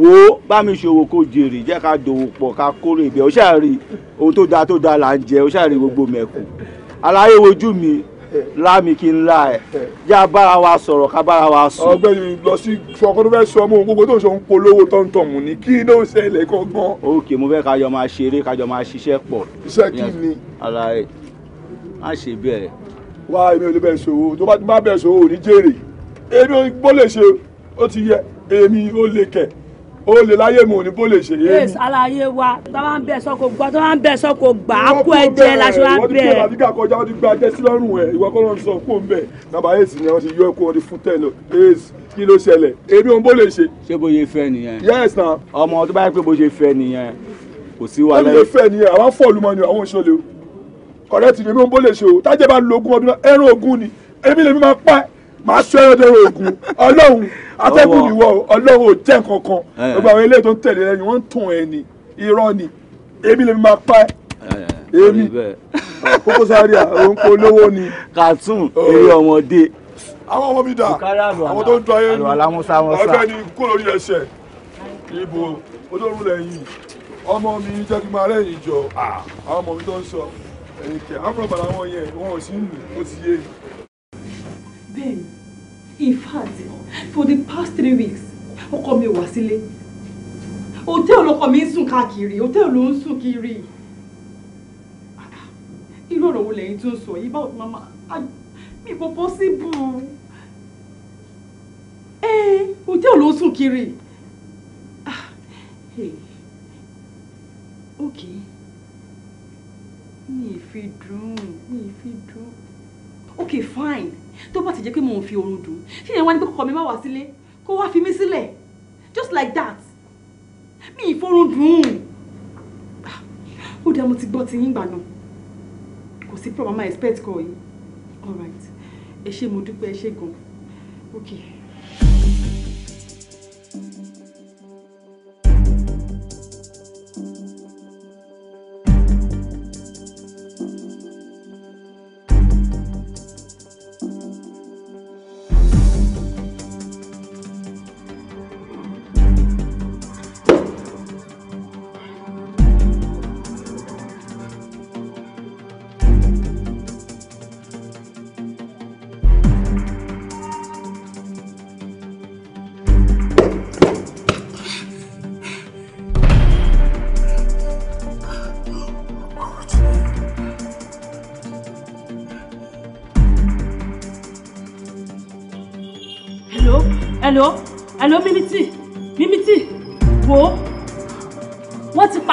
wo bá mi ṣòwò kó jèrè jẹ́ ká dòwò pọ̀ ká kórè ibẹ̀ ó ṣàrí ohun tó dáa tó dáa là ń jẹ ó ṣàrí gbogbo mẹ̀kù aláyé wojú mi láàmì kí n la ẹ já bára wa sọ̀rọ̀ ká bára wa sùn. ọ̀gbẹ́ni lọ sí ọkọ tó fẹ́ sọ ọmọ òun gbogbo tó ń sọ ń polówó tọ̀ntọ̀mù ni kí ló ń ṣẹlẹ̀ gangan. òkè mo fẹ́ kájọ máa ṣeré kájọ máa ṣiṣẹ́ pọ̀. iṣẹ́ kí ni. ara ẹ eh, má ṣe bẹ́ẹ̀. wá èmi ò lè bẹ̀ sòwò tó bá bẹ̀ sòwò ò ní jèrè èmi ò lè ṣe ó ti yẹ èmi ò lè kẹ̀ o lè láyé mi ò bó lè ṣe yé mi. àlàyé wa tó bá ń bẹ sọkò gbà tó bá ń bẹ sọkò gbà á kó ẹ̀jẹ̀ la ṣe wá bẹ. wọ́n ti kí ẹ̀rọ àdìgá kọjá wọ́n ti gba ẹ̀jẹ̀ sí lọ́rùn ẹ̀ ìwọ kọ́ ló ń sọ kó ń bẹ̀. nàbà èsì ni wọ́n ti yọ ẹ̀kọ́ wọn ti fún tẹ̀lé èsì kí ló ṣẹlẹ̀ èmi ò ń bó lè ṣe. ṣé bó ṣe fẹ́ nìyẹn. yes na. ọmọ tó bá yẹ pé bó ṣe fẹ́ nìyẹn kò sí wa lẹ́yìn. ẹni tó fẹ́ nìyẹn àwọn fọ́ọ̀lù mọ́ ni àwọn òṣèlú kọ̀rẹ́tì ni èmi ò ń bó lè ṣe o tájẹ́ bá lo ogún ọdún náà ẹran ogún ni èmi máa sọ ẹ̀rọ dẹ̀rọ ògùn ọlọ́run atẹ́gùn ìwọ ọlọ́run ò jẹ́ kankan gbogbo àwọn eléyìí tó ń tẹ̀lé lẹ́yìn wọ́n ń tàn ẹ̀ ní ni èmi lèmi máa pa ẹ́ èmi Koko Zaria òun kò lówó ni. cartoon oh. eré ọmọdé. àwọn ọmọ mi dà àwọn tó ń dun ayé nu ọgbẹ́ ni kó lórí ẹsẹ̀ ibo olórùn lẹ́yìn ọmọ mi jẹ́ kí n máa rẹ́yìn jọ àwọn ọmọ mi tó ń sọ ẹ̀yìn àwọn ọmọ bàbá wọn yẹn wọn ò sí ń ó ti yé bẹ́ẹ̀ni in fact for the past three weeks ọkọ mi wá sílé hòtẹ́ẹ̀lì ọkọ mi ń sùn káàkiri Hotel ló ń sùn kiri irú ọ̀rọ̀ wo lẹ́yìn tó ń sọ yìí báwo mama mi kò possible ẹ hotel ló ń sùn kiri ah, ok mi ì fi dùn mi ì fi dùn ok fine tó bá ti jẹ́ pé mò fi oorun dùn fi yẹn wá ní pé kọ́kọ́ mi má wá sílé kó wá fi mí sílẹ̀ just like that mi ìforun dùn ó dá mo ti gbọ́ ti yín gbà kò sí problem I expect kọ́ yìí all right ẹ ṣé mo dúpẹ́ ẹ ṣé gan okay.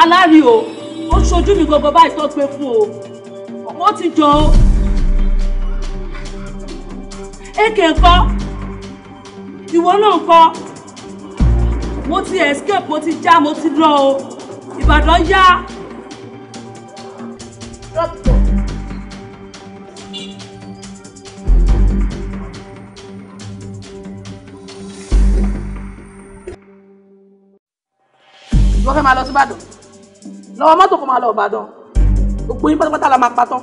aláàrí o ó ṣojú mi gangan báyìí tó pé fún o ọ̀pọ̀ ti jọ o èkè ńkọ́ ìwọ náà ńkọ́ mo ti escape mo ti já mo ti lọ o Ìbàdàn yá. Dókítà. wọ́n fẹ́ máa lọ sí Ìbàdàn lọ́wọ́ mọ́tò kò máa lọ Ìbàdàn gbogbo yín pátápátá la máa patán.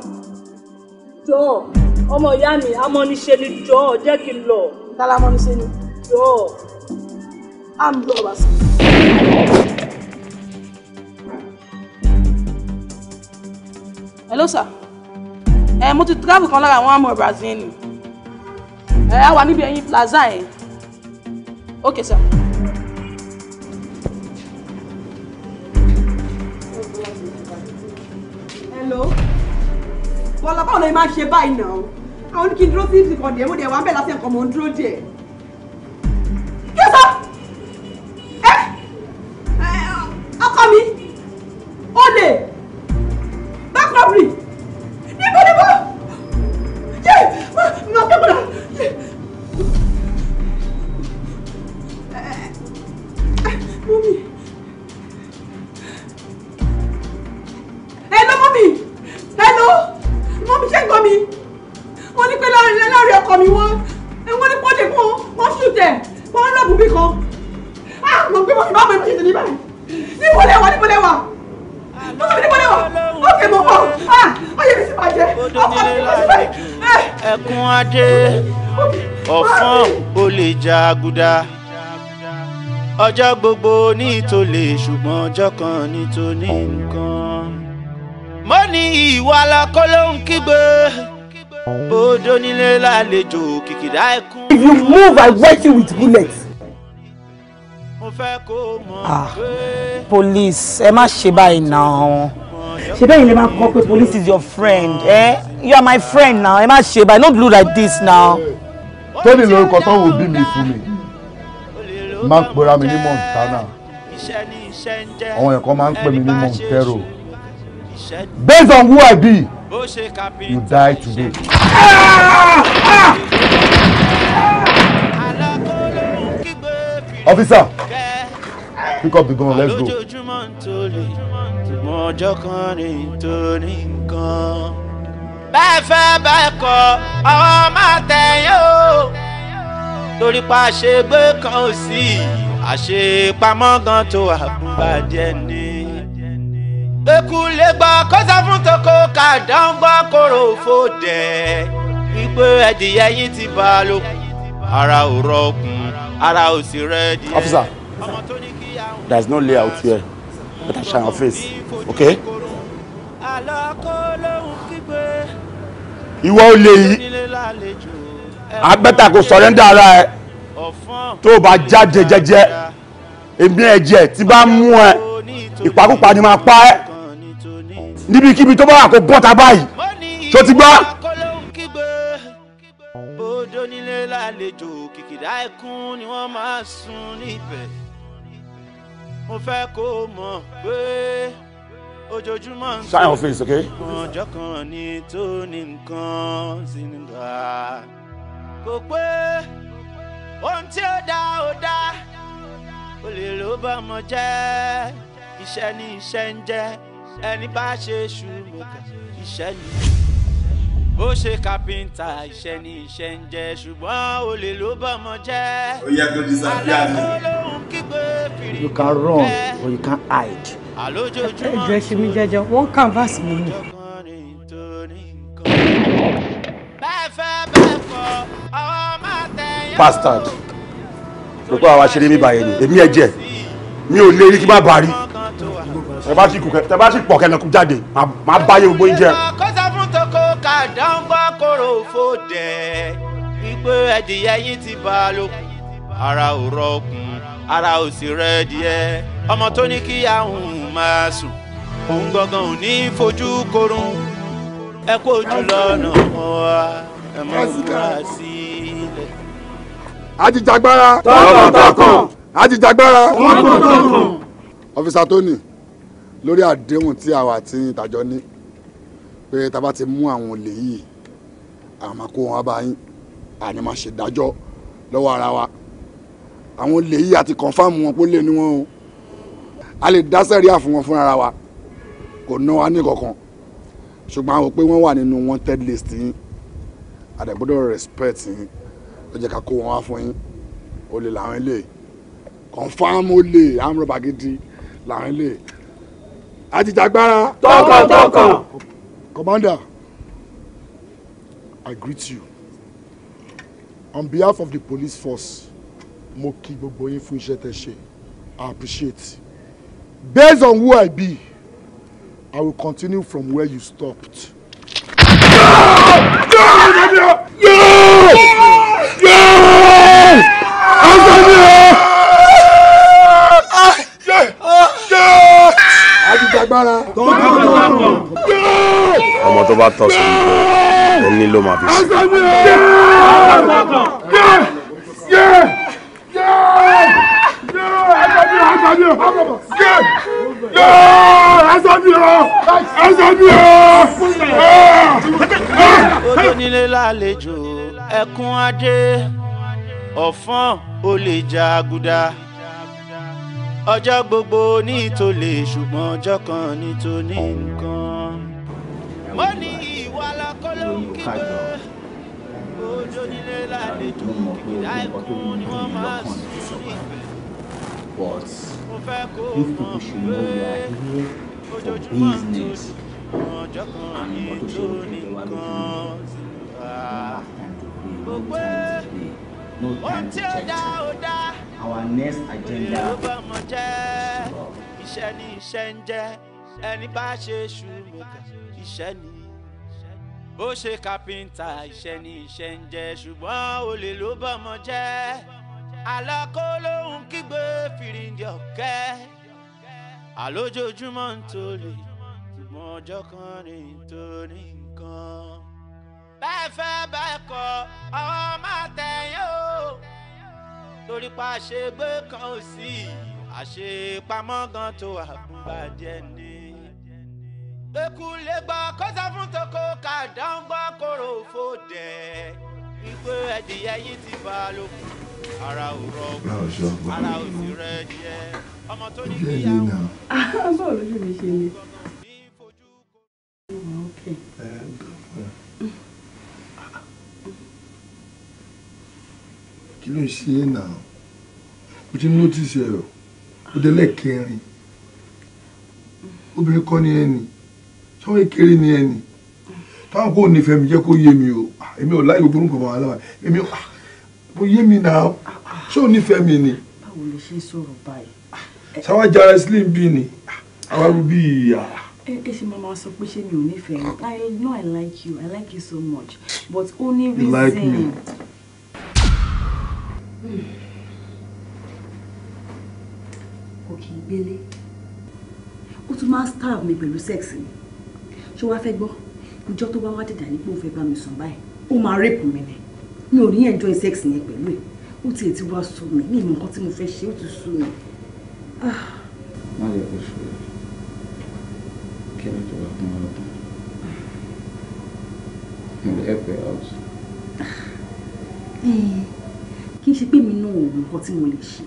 jọ ọmọ ìyá mi amọ́niṣe ni jọ jẹ́ kí n lọ. tálá amọ́niṣe ni. jọ à ń lọ wàásù. hello sir ẹ eh, mo ti travel kan lára àwọn amọ̀ Brazil ni ẹ eh, á wà níbi ẹyin plaza yẹn ok sir. Bọ́lá báwo ni ẹ máa ṣe báyìí náà? Àwọn oníkìndúró sí ìsìnkọ̀dẹ̀ mo dẹ̀ wá ń bẹ̀ láti ẹ̀kọ́ ń dúró díẹ̀. jàgùdà ọjọ́ gbogbo ní ìtòlè ṣùgbọ́n ọjọ́ kan ní tòní nǹkan. mo ní ìwà lọkọ ló ń kígbe bódó nílé lálejò kìkìdá ẹkún. if you move i wet you with bullets. mo fẹ́ kó mọ̀ ah, pé. police ẹ má ṣe báyìí náà ṣe bẹ́ẹ̀ ni máa kọ́ pé police is your friend eh? you are my friend now ẹ má ṣe báyìí no do like this now. tóní lórúkọ tó ń wo bí mi fún mi máa ń pera mi ní Montana àwọn èèyàn máa ń pè mí ní Montero based on who I be you die today. officer pick up the gun let's go. ọjọ́ kan ní torí nǹkan bẹ́ẹ̀ fẹ́ bẹ́ẹ̀ kọ́ ọmọ tẹ̀yìn torí pa àṣegbé kan ò sí àṣepamọ́ gan tó àbúbàjẹ́ ni. ekule gbọ́ kọ́sà fún toko kàdán gbọ́ kóró fòdẹ wípé ẹdìyẹ yìí ti bá a lò ara ò rọkùn ara ò sì rẹ díẹ̀. officer there is no layout here better shine your face okay. ìwọ olè yìí abẹ́ta kò sọ̀rẹ́ndà ara ẹ tó o bá jáde jẹ́jẹ́ èmi ẹ̀jẹ̀ tí bá mú ẹ ìpakúpa ni máa pa ẹ níbikíbi tó bá wà kó bọ́ta báyìí ṣó ti gbọ́. mo fẹ́ kó mọ̀ pé ojoojúmọ́ ń sọ ọjọ́ kan ní tó ní nǹkan sí nígbà kò pé ohun tí ó dá ó dá olè ló bá ọmọ jẹ́ iṣẹ́ ní iṣẹ́ ń jẹ́ ẹni bá ṣe ṣùgbọ́n iṣẹ́ ni bó ṣe kápẹ́ńtà iṣẹ́ ní iṣẹ́ ń jẹ́ ṣùgbọ́n olè ló bá ọmọ jẹ́ alákòólóhùn kígbe fìrí. You can run or you can hide. ẹ jẹ́ ṣe mí jẹ́jọ́ wọ́n canvas mi ni bastard rò pé àwa ṣeré mi báyẹn ni èmi ẹ mi ò lérí kí má bàa rí tẹ bá sì kù kẹ tẹ bá jáde má bá yẹ gbogbo oúnjẹ. kọ́sà a lókun ara ò rọkùn ara ò sì rẹ díẹ̀ ọmọ tó ní kí àwọn máa sùn òun gangan ò ní fojú korun ẹ kó ojú lọ́nà wa ẹ mọ̀ wá sílẹ̀. àjìjàgbara tọkàntọkàn àjìjàgbara tọkàntọkàn. ọfíìsà Tóní lórí àdéhùn tí àwa àti ìtàjọ ní pé tá a bá ti mú àwọn olè yìí àmà kó wọn bá yín àní máa ṣe dájọ́ lọ́wọ́ ara wa àwọn olè yìí àti kọ̀ǹfàmù wọn pé ó lè ní wọn o a lè dá sẹ́ríà fún wọn fúnra wa kò ná wa ní kankan ṣùgbọ́n àwọn pé wọ́n wà nínú wanted list yín àdẹ̀gbọ́dọ̀ respect yín ó jẹ́ ká kó wọn wá fún yín olè làwọn ilé confam olè amúrọ̀bà gidi làwọn ilé àtìjàgbara. tọkàntọkàn. commander i greet you on behalf of the police force mo kí gbogbo yín fún iṣẹ́ tẹ́ ṣe i appreciate based on who i be. I will continue from where you stopped. No! No! No! No! Antonio! Ọmọ tó bá tọ̀ sí ìgbẹ́, ẹni ló máa fi sí ẹsẹ mi o ẹsẹ mi o. olónílé lálejò ẹkún adé ọ̀fọ́n olè jà àgùdà ọjọ́ gbogbo ní ìtòlè ṣùgbọ́n ọjọ́ kan ní tòní nǹkan. mo ní ìwà lọ́kọ́lọ́ kíkọ́ olónílé lálejò kìkìdá ẹkún ni wọ́n máa sùn nígbà. But if people should know you are here for business, and you want to show people what you do, time to play, no time to play, no time to check. Our next agenda is love. ẹni bá ṣe ṣùgbọ́n iṣẹ́ ni bó ṣe kápẹ́ńtà iṣẹ́ ni iṣẹ́ ń jẹ́ ṣùgbọ́n olè ló bọ́mọ jẹ́. Àlàkó lòun kígbe fìrìndì ọ̀kẹ́ àlójoojúmọ́ ń tolè ṣùgbọ́n ọjọ́ kan ní torí nǹkan. bẹ́ẹ̀ fẹ́ bẹ́ẹ̀ kọ́ ọwọ́ máa tẹ̀yìn o torí pa àṣegbé kan ò sí àṣepamọ́ gan tó àbúbàjẹ́ ni. eku gbọ́ kó sọ fún toko kàdán gbọ́ kóró fòdẹ́ ìpè ẹdìyẹ yìí ti bá a lókun ara ò rọgùn ara ò sì rẹ jẹ ọmọ tó ní kíyàwó. Ah, báwo lójú mi ṣe le. kí ló ṣe é náà o ti notice ẹ o o dé lẹ́ẹ̀kẹrin obìnrin kọ́ ni ẹni sọ́wọ́n kéré ni ẹni táwọn kò nífẹ̀ẹ́ mi jẹ́ kó yé mi o ah, èmi ò láyò burúkú bàbá aláwa èmi ah, kò yé mi náà ṣé ò nífẹ̀ẹ́ mi ni. báwo ló ṣe ń báyìí. sáwá jara slim bí ni ah, àwa bí ìyá. ẹ ṣe máa sọ pé ṣé mi ò nífẹ̀ẹ́ mi I know I like you I like you so much but only reason. you like me. kò kì í gbélé ó tún máa ń starve mi pẹ̀lú sex ṣé wàá fẹ́ gbọ́ ìjọ tó bá wá dìdà ní pé ó fẹ́ bá mi sùn báyìí ó máa rèpù mi ni mi ò ní enjoy sex yẹn pẹ̀lú ẹ̀ ó tiẹ̀ ti wá sú mi ní ìmọ̀ nǹkan tí mo fẹ́ ṣe ó ti sú mi. Ah. má lè kó sùn rẹ̀ kí ni tó wà fún ọ lọ́kàn mo lè help her out. Ah. Eh, kì í ṣe pé mi náà ò mọ nǹkan tí mo lè ṣe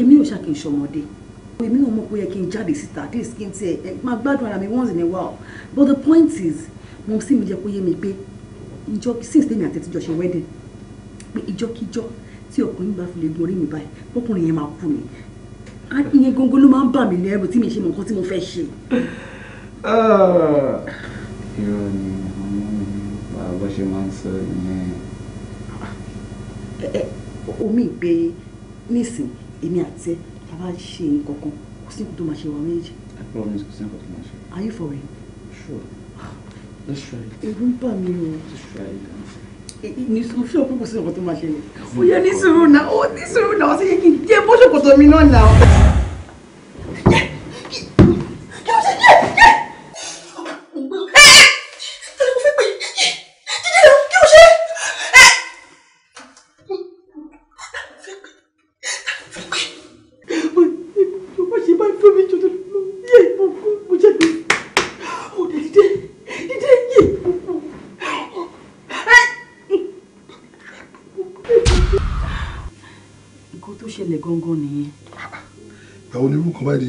èmi ò ṣàkíyèsí ọmọdé èmi náà mọ̀ pé ó yẹ kí n jáde síta at least kí n tiẹ̀ máa gbádùn ara mi once in a while but the point is mo sì mi jẹ́ kó yé mi pé ìjọ since tèmi àti ẹtìjọ ṣe wedding pé ìjọkíjọ tí ọkùnrin bá fi lè gun orí mi báyìí ọkùnrin yẹn máa kú ni ìyẹn gangan ló máa ń bà mí lẹ́rù tí mi ṣe mọ nǹkan tí mo fẹ́ ṣe. Ah, irọ́ ni bàbá ṣe máa ń sọ ìyẹn. omi ìgbé nísìn èmi àti ẹ ta ṣe nǹkan kan kò sí nǹkan tó máa ṣe wà méjì. I promise kò sí nǹkan tó máa ṣe. Are you for real? Sure ẹ̀rù ń bà mí o e, e, ní sùúrù ṣé o pé kò sí ọkọ tó máa ṣẹlẹ̀ ó yẹ ní sùúrù náà ó ní sùúrù náà ó sì yẹ kí n jẹ bó ṣòkòtò mi náà náà.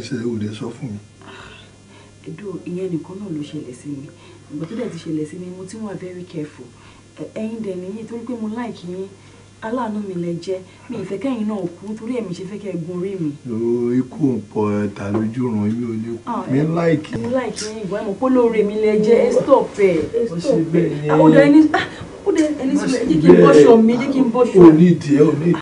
ṣẹlẹ̀ ò lè sọ fún mi. ẹ̀dùn ah, ìyẹn nìkan náà ló ṣẹlẹ̀ sí mi ìgbà tó dẹ̀ ti ṣẹlẹ̀ sí mi mo ti wà very careful ẹ̀yin dẹ̀ nìyí torí pé mo like yín aláàánú mi lẹ jẹ́ mi ìfẹ́ kẹ́yìn náà kú torí ẹ̀mí ṣe fẹ́ kẹ́ ẹ gun orí mi. ikú ọ̀pọ̀ ẹ̀ta lójú ràn mí ò ní kú ah, mi eh, láìkì. mo láìkì yín ìgbà mọ̀ pé lóore mi lẹ jẹ́ ẹ stop ẹ. ó ṣe bẹ́ẹ̀ ni ah, ó dẹ ẹni sọ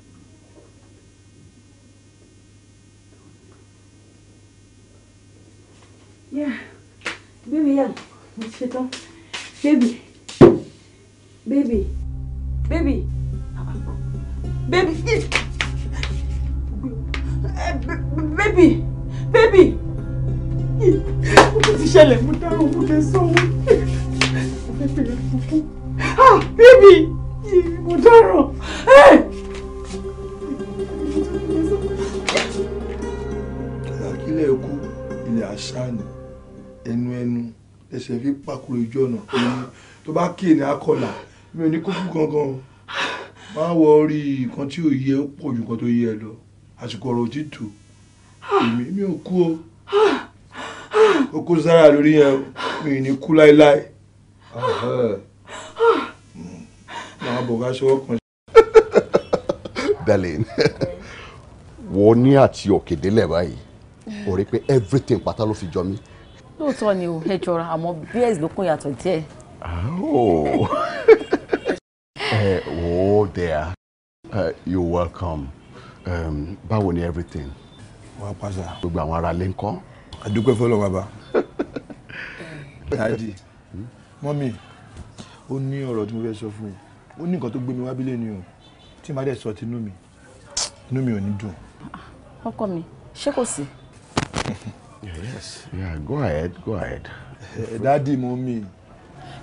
kúrò ojú ọ̀nà èmi tó bá kí èmi akọ̀là mi ò ní kókó gangan má wọ orí nǹkan tí ò yẹ ó pọ̀ ju nǹkan tó yẹ lọ àsìkò ọ̀rọ̀ ti èmi mi ò kú o ó kó sára lórí yẹn mi ò ní kú láéláé hmm. máa bọ̀ ká ṣọwọ́ kan. darlene wọ́n ní àti òkèdélẹ̀ báyìí ó rí pé everything pátá ló fi jọ mí lóòótọ́ ni o ẹ jọra àmọ́ beers ló kún yàtọ̀ díẹ̀. ẹ wò ó there uh, eh, you welcome um, báwo ni everything. wà á pàṣà. gbogbo àwọn ará lè ń kọ́. àdúpẹ́ fọlọ́ bàbá. dadi hmm? mọ́mí ó ní ọ̀rọ̀ tí mo fẹ́ sọ fún yìí ó ní nǹkan tó gbé mi wá bílẹ̀ ni o tí màá dẹ̀ sọ ti inú mi inú mi ò ní dùn. ọkọ mi ṣé kò sí. yes yeah go ahead go ahead. ẹ eh, dáàdi mọ mi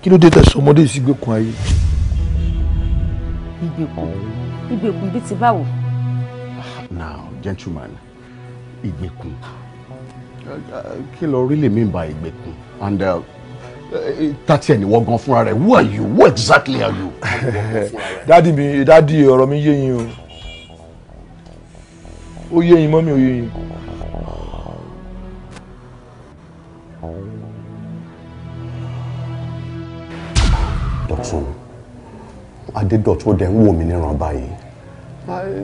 kí ló dé tẹsán ọmọdé yìí sí gbẹkùn ayé. ìgbèkùn ìgbèkùn bíi ti báwo. now gentleman ìgbèkùn eh, eh, kí ló really mean by ìgbèkùn and uh, tati ẹni wọ́n gan fúnra rẹ̀ who are you who exactly are you. dáàdi mi dáàdi ọ̀rọ̀ mi yé yín o ó yé yín mọ́ mi ò yé yín. Adédọ̀tun Adédọ̀tun ó dẹ̀ ń wò mí níran báyìí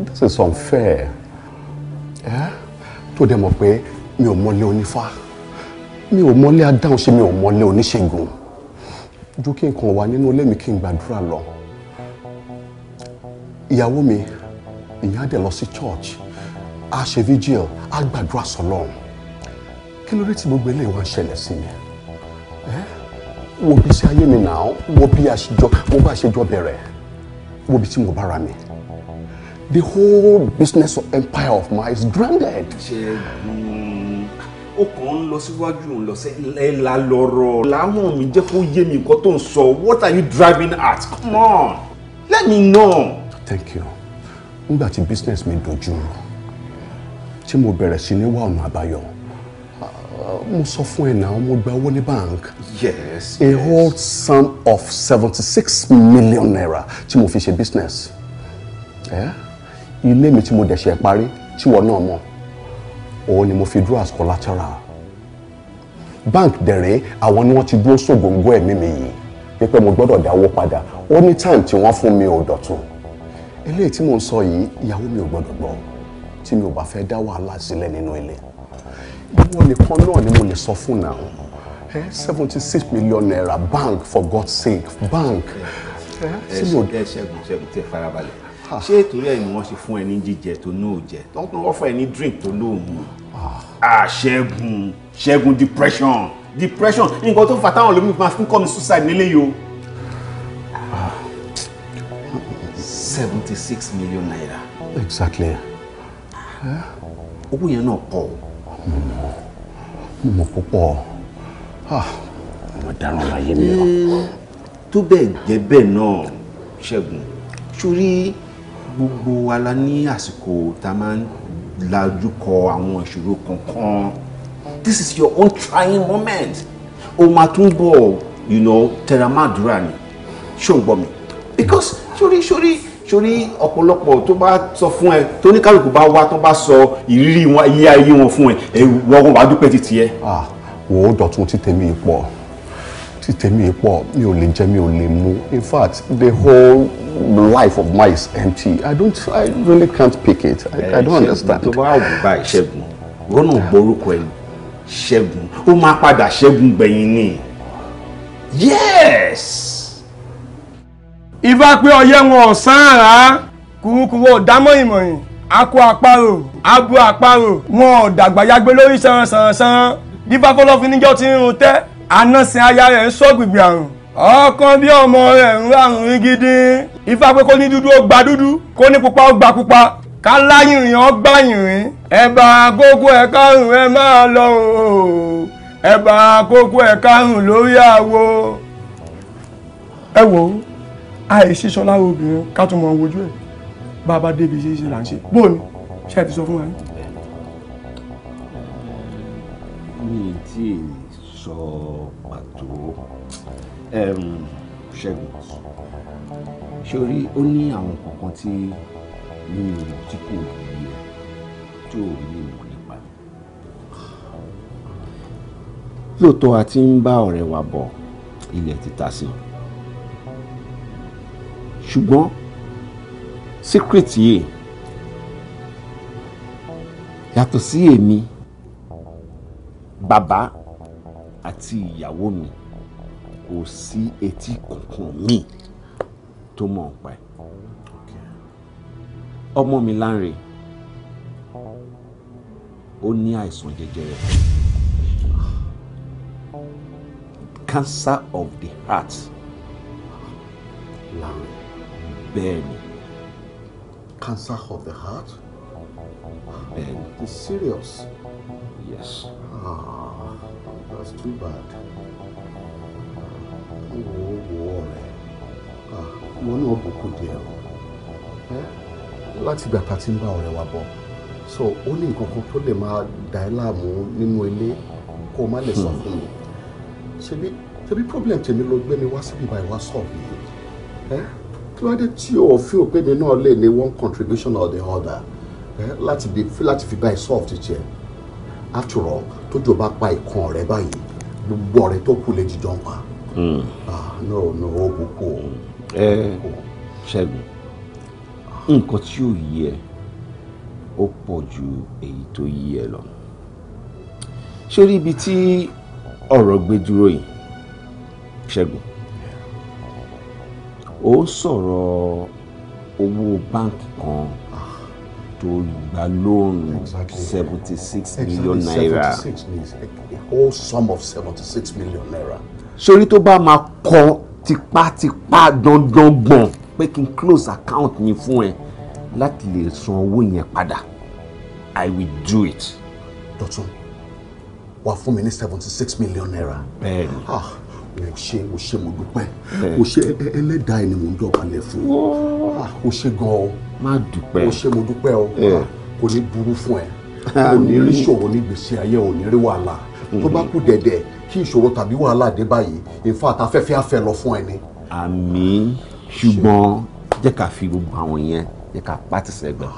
this is unfair tó dẹ̀ mọ̀ pé mi ò mọlé onífá mi ò mọlé adáhunṣe mi ò mọlé oníṣègùn ju kí nǹkan wà nínú ilé mi kí n gbàdúrà lọ ìyàwó mi ìyá dẹ̀ lọ sí church a ṣe vigil a gbàdúrà sọ́lọ́run kí ló dé tí gbogbo eléyìí wá ń ṣẹlẹ̀ sí mi. Eh? wo bí sí ayé mi náà wo bí àṣejọ mo bá àṣejọ bẹ̀rẹ̀ wo bí tí mo bára mi the whole business of empire of mine is grounded. ṣẹ́gun ó kàn ń lọ síwájú ń lọ sẹ́yìn la lọ́rọ̀ láwọn mi jẹ́ kó yé mi nǹkan tó ń sọ what are you driving at come on let me know. thank you nígbà tí business mi dojú rú tí mo bẹ̀rẹ̀ sí ní wá ọ̀nà àbáyọ mo sọ fún ẹ náà mo gba owó ní bank. yes a whole sum of seventy six million naira tí mo fi ṣe business. ilé mi tí mo dẹ̀ ṣe parí tí wọ́n náà mọ̀ òun ni mo fi dúró as collateral. bank dẹ̀rẹ́ àwọn ni wọ́n ti dúró sógóńgó ẹ̀mí mi yìí pípẹ́ mo gbọ́dọ̀ dáwó padà ó ní time tí wọ́n fún mi ò dọ̀tun. eléyìí tí mo ń sọ yìí ìyàwó mi ò gbọ́dọ̀ gbọ́ tí mi ò bá fẹ́ dá wàhálà sílẹ̀ nínú ilé. No owó nìkan náà ni mo lè sọ fún náà eh, seventy six million naira bank for God's sake bank. ẹ eh, eh, ṣẹ́gun ṣẹ́gun tẹ farabalẹ̀ ṣé ìtòrí ẹ̀ ni wọ́n ṣe fún ẹ ní jíjẹ tó ní òòjẹ́ tó ń fún ẹ ní drink tó lóòmù àṣẹ́gun ṣẹ́gun depression depression nǹkan tó fà táwọn olómi máa fi ń kọ́ mi suicide nílé yìí o. seventy six million naira. exactly. owó yẹn náà pọ̀ o mo mọ̀ púpọ̀ mo dáràn láyé mi o. Eh, tó bẹ́ẹ̀ jẹ́ bẹ́ẹ̀ náà ṣẹ́gun sórí gbogbo wa ní àsìkò tá a máa ń lajú kọ àwọn ìṣòro kankan this is your own trying moment o máa tún bọ̀ you know tẹramádùúrà ni ṣé o ń gbọ́ mi because sórí sórí sórí ọ̀pọ̀lọpọ̀ tó bá sọ fún ẹ tó ní kálukú bá wá tó bá sọ ìrírí wọn ilé ayé wọn fún ẹ ẹ wọ́n wá dúpẹ́ ti tiẹ̀. wò ó dọ̀tún tí tèmi pọ̀ tí tèmi pọ̀ mi ò lè jẹ mi ò lè mu in fact the whole life of mine is empty i don't i really can't pick it i, I don't understand. tó bá wù bá ìṣẹ́gun wọn náà borúkọ ẹ ṣẹ́gun ó máa padà ṣẹ́gun gbẹ̀yìn ni yes ìfá pé ọyẹ wọn ọ̀sán àrá kùrukùru ọ̀dámọ́ ìmọ̀yìn akọ àparò abo àparò wọn ọ̀dàgbà yagbé lórí sànsànsàn bíbá fọlọ́fin níjọ́ ti ń run tẹ́ anásìn aya rẹ̀ ń sọ́gbìgbì àrùn ọkàn bí ọmọ rẹ̀ ń rárun rí gidi ìfá pé kó ní dúdú ó gba dúdú kó ní pupa ó gba pupa ká láyìnrìn ó gbá yìnrìn ẹ̀bà àkókò ẹ̀ kárùn ẹ̀ máa lọ o ẹ̀bà àkókò ẹ̀ kárùn lórí àwo ẹ wò ó àìsísọ lára obìnrin ká tún mọ wojú ẹ̀ bá a bá débi ṣe é ṣe là ń ṣe bóò ni ṣe ti sọ fún wa ní. mi ì tí ì sọ pàtó ṣẹ́gun ṣorí ó ní àwọn kankan tí mi ò tí kò yẹ tó mi nípa. lóòótọ́ a ti ń bá ọ̀rẹ́ wa bọ̀ ilẹ̀ ti ta sí i ṣùgbọ́n secret yìí yàtọ̀ sí èmi bàbá àti ìyàwó mi kò sí etí kankan míì tó mọ̀ ọ́n pẹ́ ọmọ mi Lánre ó ní àìsàn jẹjẹrẹ cancer of the heart Lánre bẹ́ẹ̀ cancer of the heart? bẹ́ẹ̀ it's serious. yes. ah that's too bad. Oh, wo Ah, one náà bùkún díẹ̀ o láti ìgbà tá a ti ń bá ọ̀rẹ́ wa bọ̀ so ó ní nǹkan kan tó lè máa dà ẹ́ láàmú nínú ilé kó o má lè sọ fún mi ṣebí ṣebí problem tèmi ló gbé mi wá síbi ìbáyìí wá sọ̀rọ̀ yìí kí ló dé tí o fi òpin mi náà lè ní one contribution or the other láti bí láti fi báyìí soft jẹ after all tójú bá pa ìkan rẹ báyìí gbogbo ọ̀rẹ́ tó kù lè jíjọ ń pa hmm. ah, no no ó kúkú o. ẹ hmm. eh, ṣẹ́gun nǹkan tí ò yí ẹ ó pọ̀ ju èyí tó yí ẹ lọ ṣé rí ibi tí ọ̀rọ̀ gbé dúró yìí ṣẹ́gun ó sọ̀rọ̀ owó báǹkì kan ah, tó gba lóònù seventy six million naira. a whole sum of seventy six million naira. sori tó bá máa kọ tipátipá dandan gbọ̀n pé kí n close account yín fún ẹ láti lè san owó yẹn padà i will do it. Dọ̀tun wàá fún mi ní seventy six million naira. bẹ́ẹ̀ni. Ah o ṣe o ṣe mo dúpẹ́ o ṣe ẹlẹ́dàá ẹni mò ń dọ̀bálẹ̀ fún ah, o ṣe gan o má ṣe mo dúpẹ́ o ah, kò ní burú fún ẹ kò ní rí ṣòro ní gbèsè ayé ò ní rí wàhálà mm-hmm. tó bá kú dẹ̀dẹ̀ kí ìṣòro tàbí wàhálà dé báyìí ìfà àtàfẹ́fẹ́ àfẹ́ lọ fún ẹ ni. àmín ṣùgbọ́n jẹ́ ká fi gbogbo àwọn yẹn jẹ́ ká pàtì sẹ́gbẹ̀.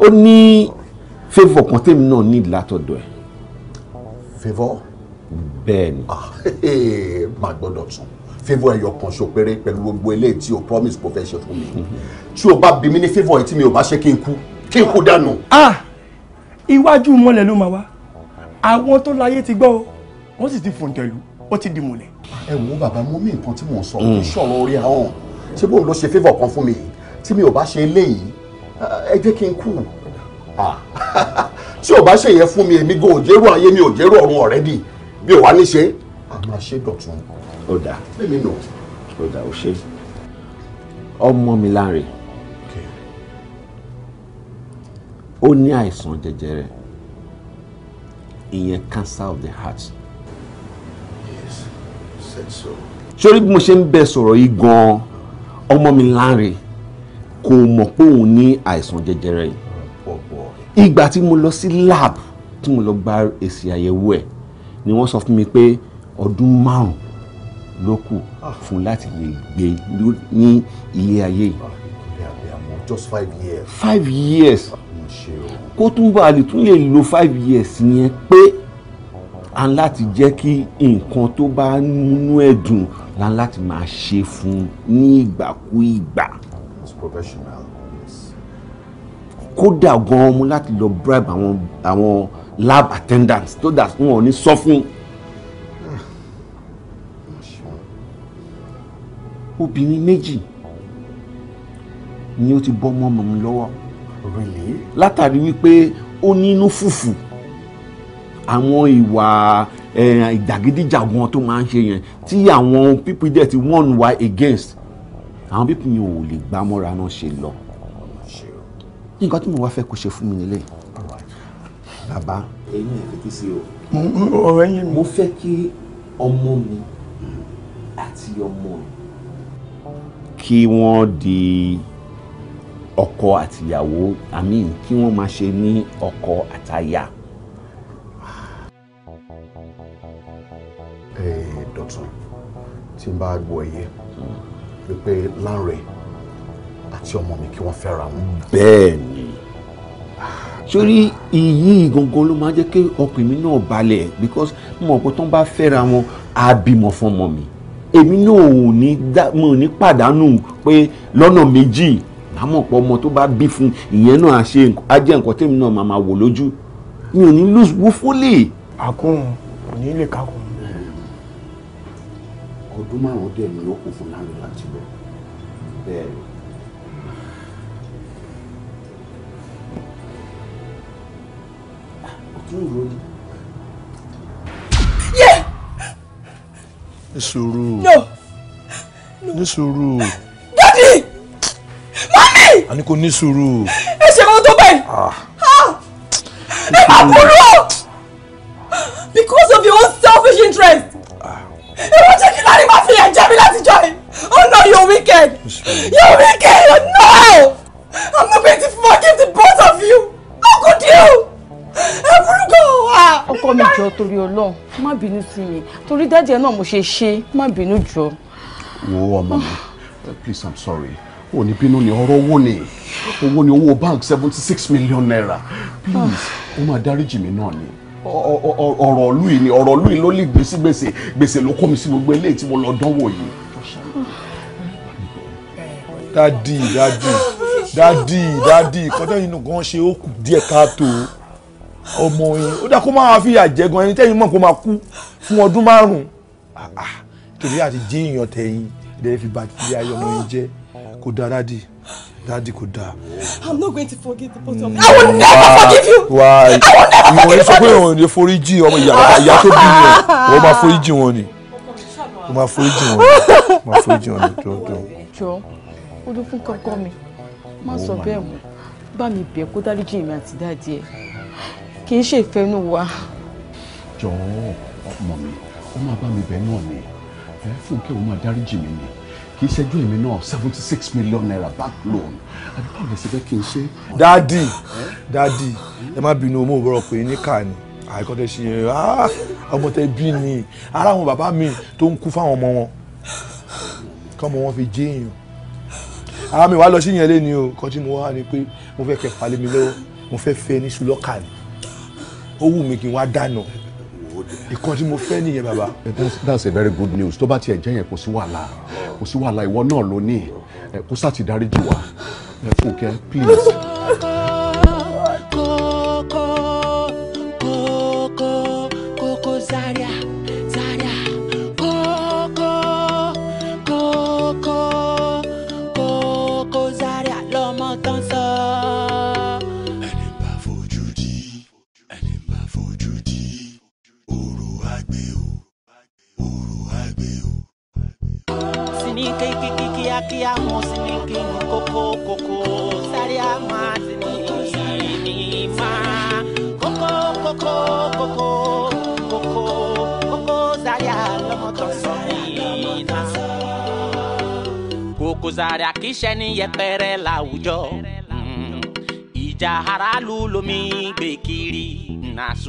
ó ní favour kan tèmi náà ní látọ̀dọ̀ ẹ̀. favour bẹ́ẹ̀ ni. Ah, eh, máa gbọ́dọ̀ tún favour ẹyọ kan ṣo péré pẹ̀lú gbogbo eléyìí tí o promise kò fẹ́ ṣe fún mi tí o bá bí mi ní favour yìí tí mi ò bá ṣe kí n kú kí n kú dànù. Ah, iwájú mọ́lẹ̀ ló máa wá àwọn tó láyé ti gbọ́ wọ́n sì ti fòǹtẹ̀lù ó ti di mọ́lẹ̀. ẹ wo bàbá mo mí nǹkan tí mò ń sọ kò sọ̀rọ̀ orí ahọ́n ṣé bóun ló ṣe favour kan fún mi tí mi ò bá ṣe eléyìí ẹ jẹ́ kí n kú ah, tí o bá ṣèyẹ fún mi èmi gan òjèrú ayé mi òjèrú ọ̀run already bí o wá ní ṣe. àmọ́ ṣe dọ̀tun. ó dà lémi nù. ó dà ó ṣe. ọmọ mi láre ó ní àìsàn jẹjẹrẹ ìyẹn cancer of the heart. yes said so. sórí bí mo ṣe ń bẹ sọ̀rọ̀ yìí gan-an ọmọ mi láre kò mọ̀ pé òun ní àìsàn jẹjẹrẹ yìí oh, ìgbà tí mo lọ sí lab tí mo lọ gba èsì àyẹ̀wò ẹ̀ ni wọ́n sọ fún mi pé ọdún márùn ló kù ah. fún láti lè gbé ní ilé ayé yìí. Ah, just five years. five years ah, kó tún bá a lè tún lè lo five years yẹn pé a ń láti jẹ́ kí nǹkan tó bá nínú ẹ̀dùn la ń láti máa ṣe fún un ní ìgbàkúìgbà. as professional kódà gan-an mo láti lọ bribe àwọn àwọn lab attendant tó dà wọn ò ní sọ fún obìnrin méjì ni ó ti bọ́ mọ́ ọmọ mi lọ́wọ́ látàrí wípé ó nínú fùfù àwọn ìwà ìdàgídíjàgan tó máa ń ṣe yẹn tí àwọn people dẹ̀ ti wọ́n wá against àwọn people yẹn ò lè gbámọ́ra náà ṣe lọ nǹkan tí mo wá fẹ́ kó ṣe fún mi nílé yìí bàbá ẹ̀yin ẹ̀ fetí sí o. ọ̀rọ̀ ẹ̀yìn mi. mo fẹ́ kí ọmọ mi àti ọmọ ẹ̀. kí wọ́n di ọkọ àtìyàwó i mean kí wọ́n máa ṣe ní ọkọ àtaya. dọ̀tún tí n bá gbọ́ ẹ̀yẹ wípé Lánrè àti ọmọ mi kí wọ́n fẹ́ra wọn. bẹ́ẹ̀ sórí iyì gangan ló máa jẹ́ kí ọkùnrin mi náà balẹ̀ because mo mọ̀ pé tó ń bá fẹ́ra wọn á bímọ fọmọ mi èmi náà ò ní mo ní pàdánù pé lọ́nà méjì màá mọ̀ pé ọmọ tó bá bí fún ìyẹn náà á jẹ́ nǹkan tèmi náà máa máa wò lójú mi ò ní lose woefully. àkóhùn kò ní lè kákùn. ọdún márùn-ún dẹ̀ ni ó kù fún láńlọ́ọ̀tì bẹ́ẹ̀ bẹ́ẹ̀ dúró ni. yé. ní sùúrù. no. Nisuru. sùúrù. dadi mami. a ní kò ní sùúrù. ẹ ṣe Ah. tó bẹ́ẹ̀. Ah. Ah. ẹ máa because of your own selfish interest. ìwọ ah. jẹ́ kí lárí máa fi yẹn jẹ́ mi láti jọ yìí. oh no you wicked You wicked oh no i'm not going to forgive the both of you how could you ẹ burúkọ wa. ọkọ mi jọ torí Ọlọ́run má bínú sí mi torí dájẹ náà mo ṣe ṣe má bínú jọ. wo ọmọ mi please i'm sorry o ní bínú ni ọ̀rọ̀ owó ni owó ni owó bank seventy six million naira please o máa dáríjì mi náà ni ọ̀rọ̀ ìlú yìí ni ọ̀rọ̀ ìlú yìí ló lè gbèsè gbèsè gbèsè ló kó mi sí gbogbo eléyìí tí mo lọ dánwò yìí. dádì dádì dádì dádì kọjá yìí nù gan ṣe ó kù díẹ̀ káàtó ọmọ yẹn ó dáa kó máa fi àjẹ gan ẹni tẹ́yìn mọ̀ kó máa kú fún ọdún márùn-ún kìrì ah, ah, àti jí èèyàn tẹ̀yìn ìdẹ́rẹ́ fi bá kiri ayé ọmọ yẹn jẹ́ kó dáa dádì dádì kó dáa. I'm not going to forget the both of you. Ah, I will never forgive you. wà á ìwọ̀n yẹn sọ pé òun lè foríjì ọmọ ìyá tó bí yẹn òun máa foríjì wọn ni òun máa foríjì wọn ni òun máa foríjì wọn ni tó tó. jọ olú fún kankan mi má sọ bẹ́ẹ̀ mọ́ bá mi bẹ̀ kó dáríjì mi àti dáadé ẹ̀ kì í ṣe ìfẹ́nu wa. jọ̀ọ́ ọmọ mi ó máa bá mi bẹ́ẹ̀ náà ni ẹ fúnkẹ́ ó máa dáríjì mi ni kì í ṣẹ́jú èmi náà seventy six million naira back loan àdúgbò rẹ̀ síbẹ̀ kì í ṣe. dáàdì dáàdì ẹ má bínú ọmọ òwúrọ̀ pé ní ká ni àìkọ́tẹ́ ṣe yẹn ah, ọmọ tẹ bí ni ara àwọn bàbá mi tó ń kú fáwọn ọmọ wọn kọ́mọ wọn fi jẹ́ èèyàn ara mi wàá lọ sí yẹn lé ni o kọjú mo wá ni pé mo fẹ́ kẹ́ falẹ́ mi lọ́wọ́ mo fẹ́ fẹ́ ní sùlọ́kà ni ó wù mí kí wá dáná ìkan tí mo fẹ́ nìyẹn bàbá. Eh, that's a very good news tó bá tiẹ̀ jẹ́ yẹn kò sí wàhálà kò sí wàhálà ìwọ náà ló eh, kó sàtìdáríjì wá ẹ eh, fò kẹ́ please.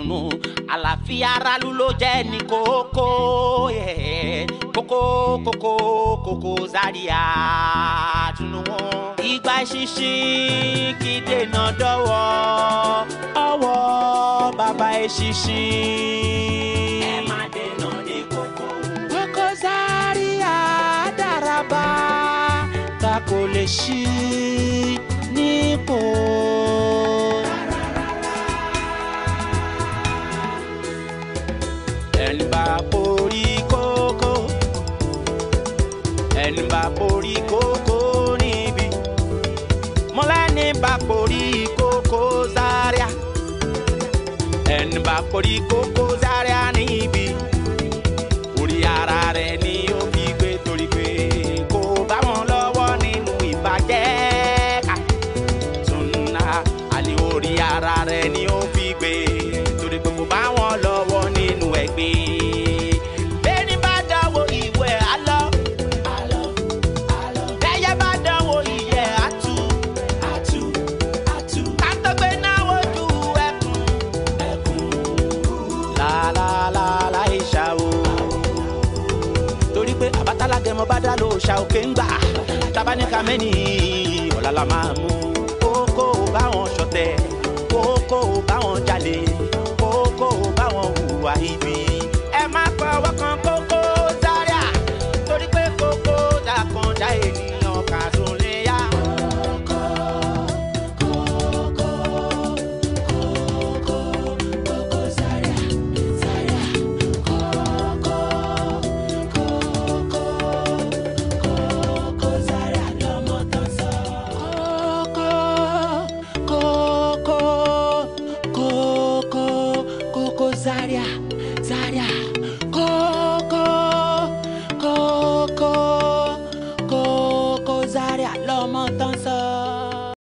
sùn o àlàáfíà aráàlú ló ní kókó kókó kókó kókó Zaria tunu wọn. ìgbà ìṣinṣin kì í dènà dọ́wọ́ ọwọ́ bàbá ìṣinṣin. ẹ má dènà ta kò lè ṣí nípò. koríko kó Zaria ní òòṣà òkè ń gbà tabaníkà mẹ́ni ọ̀la la máa mú kókó báwọn ṣọ̀tẹ̀ kókó báwọn jalè kókó báwọn hùwà ibi.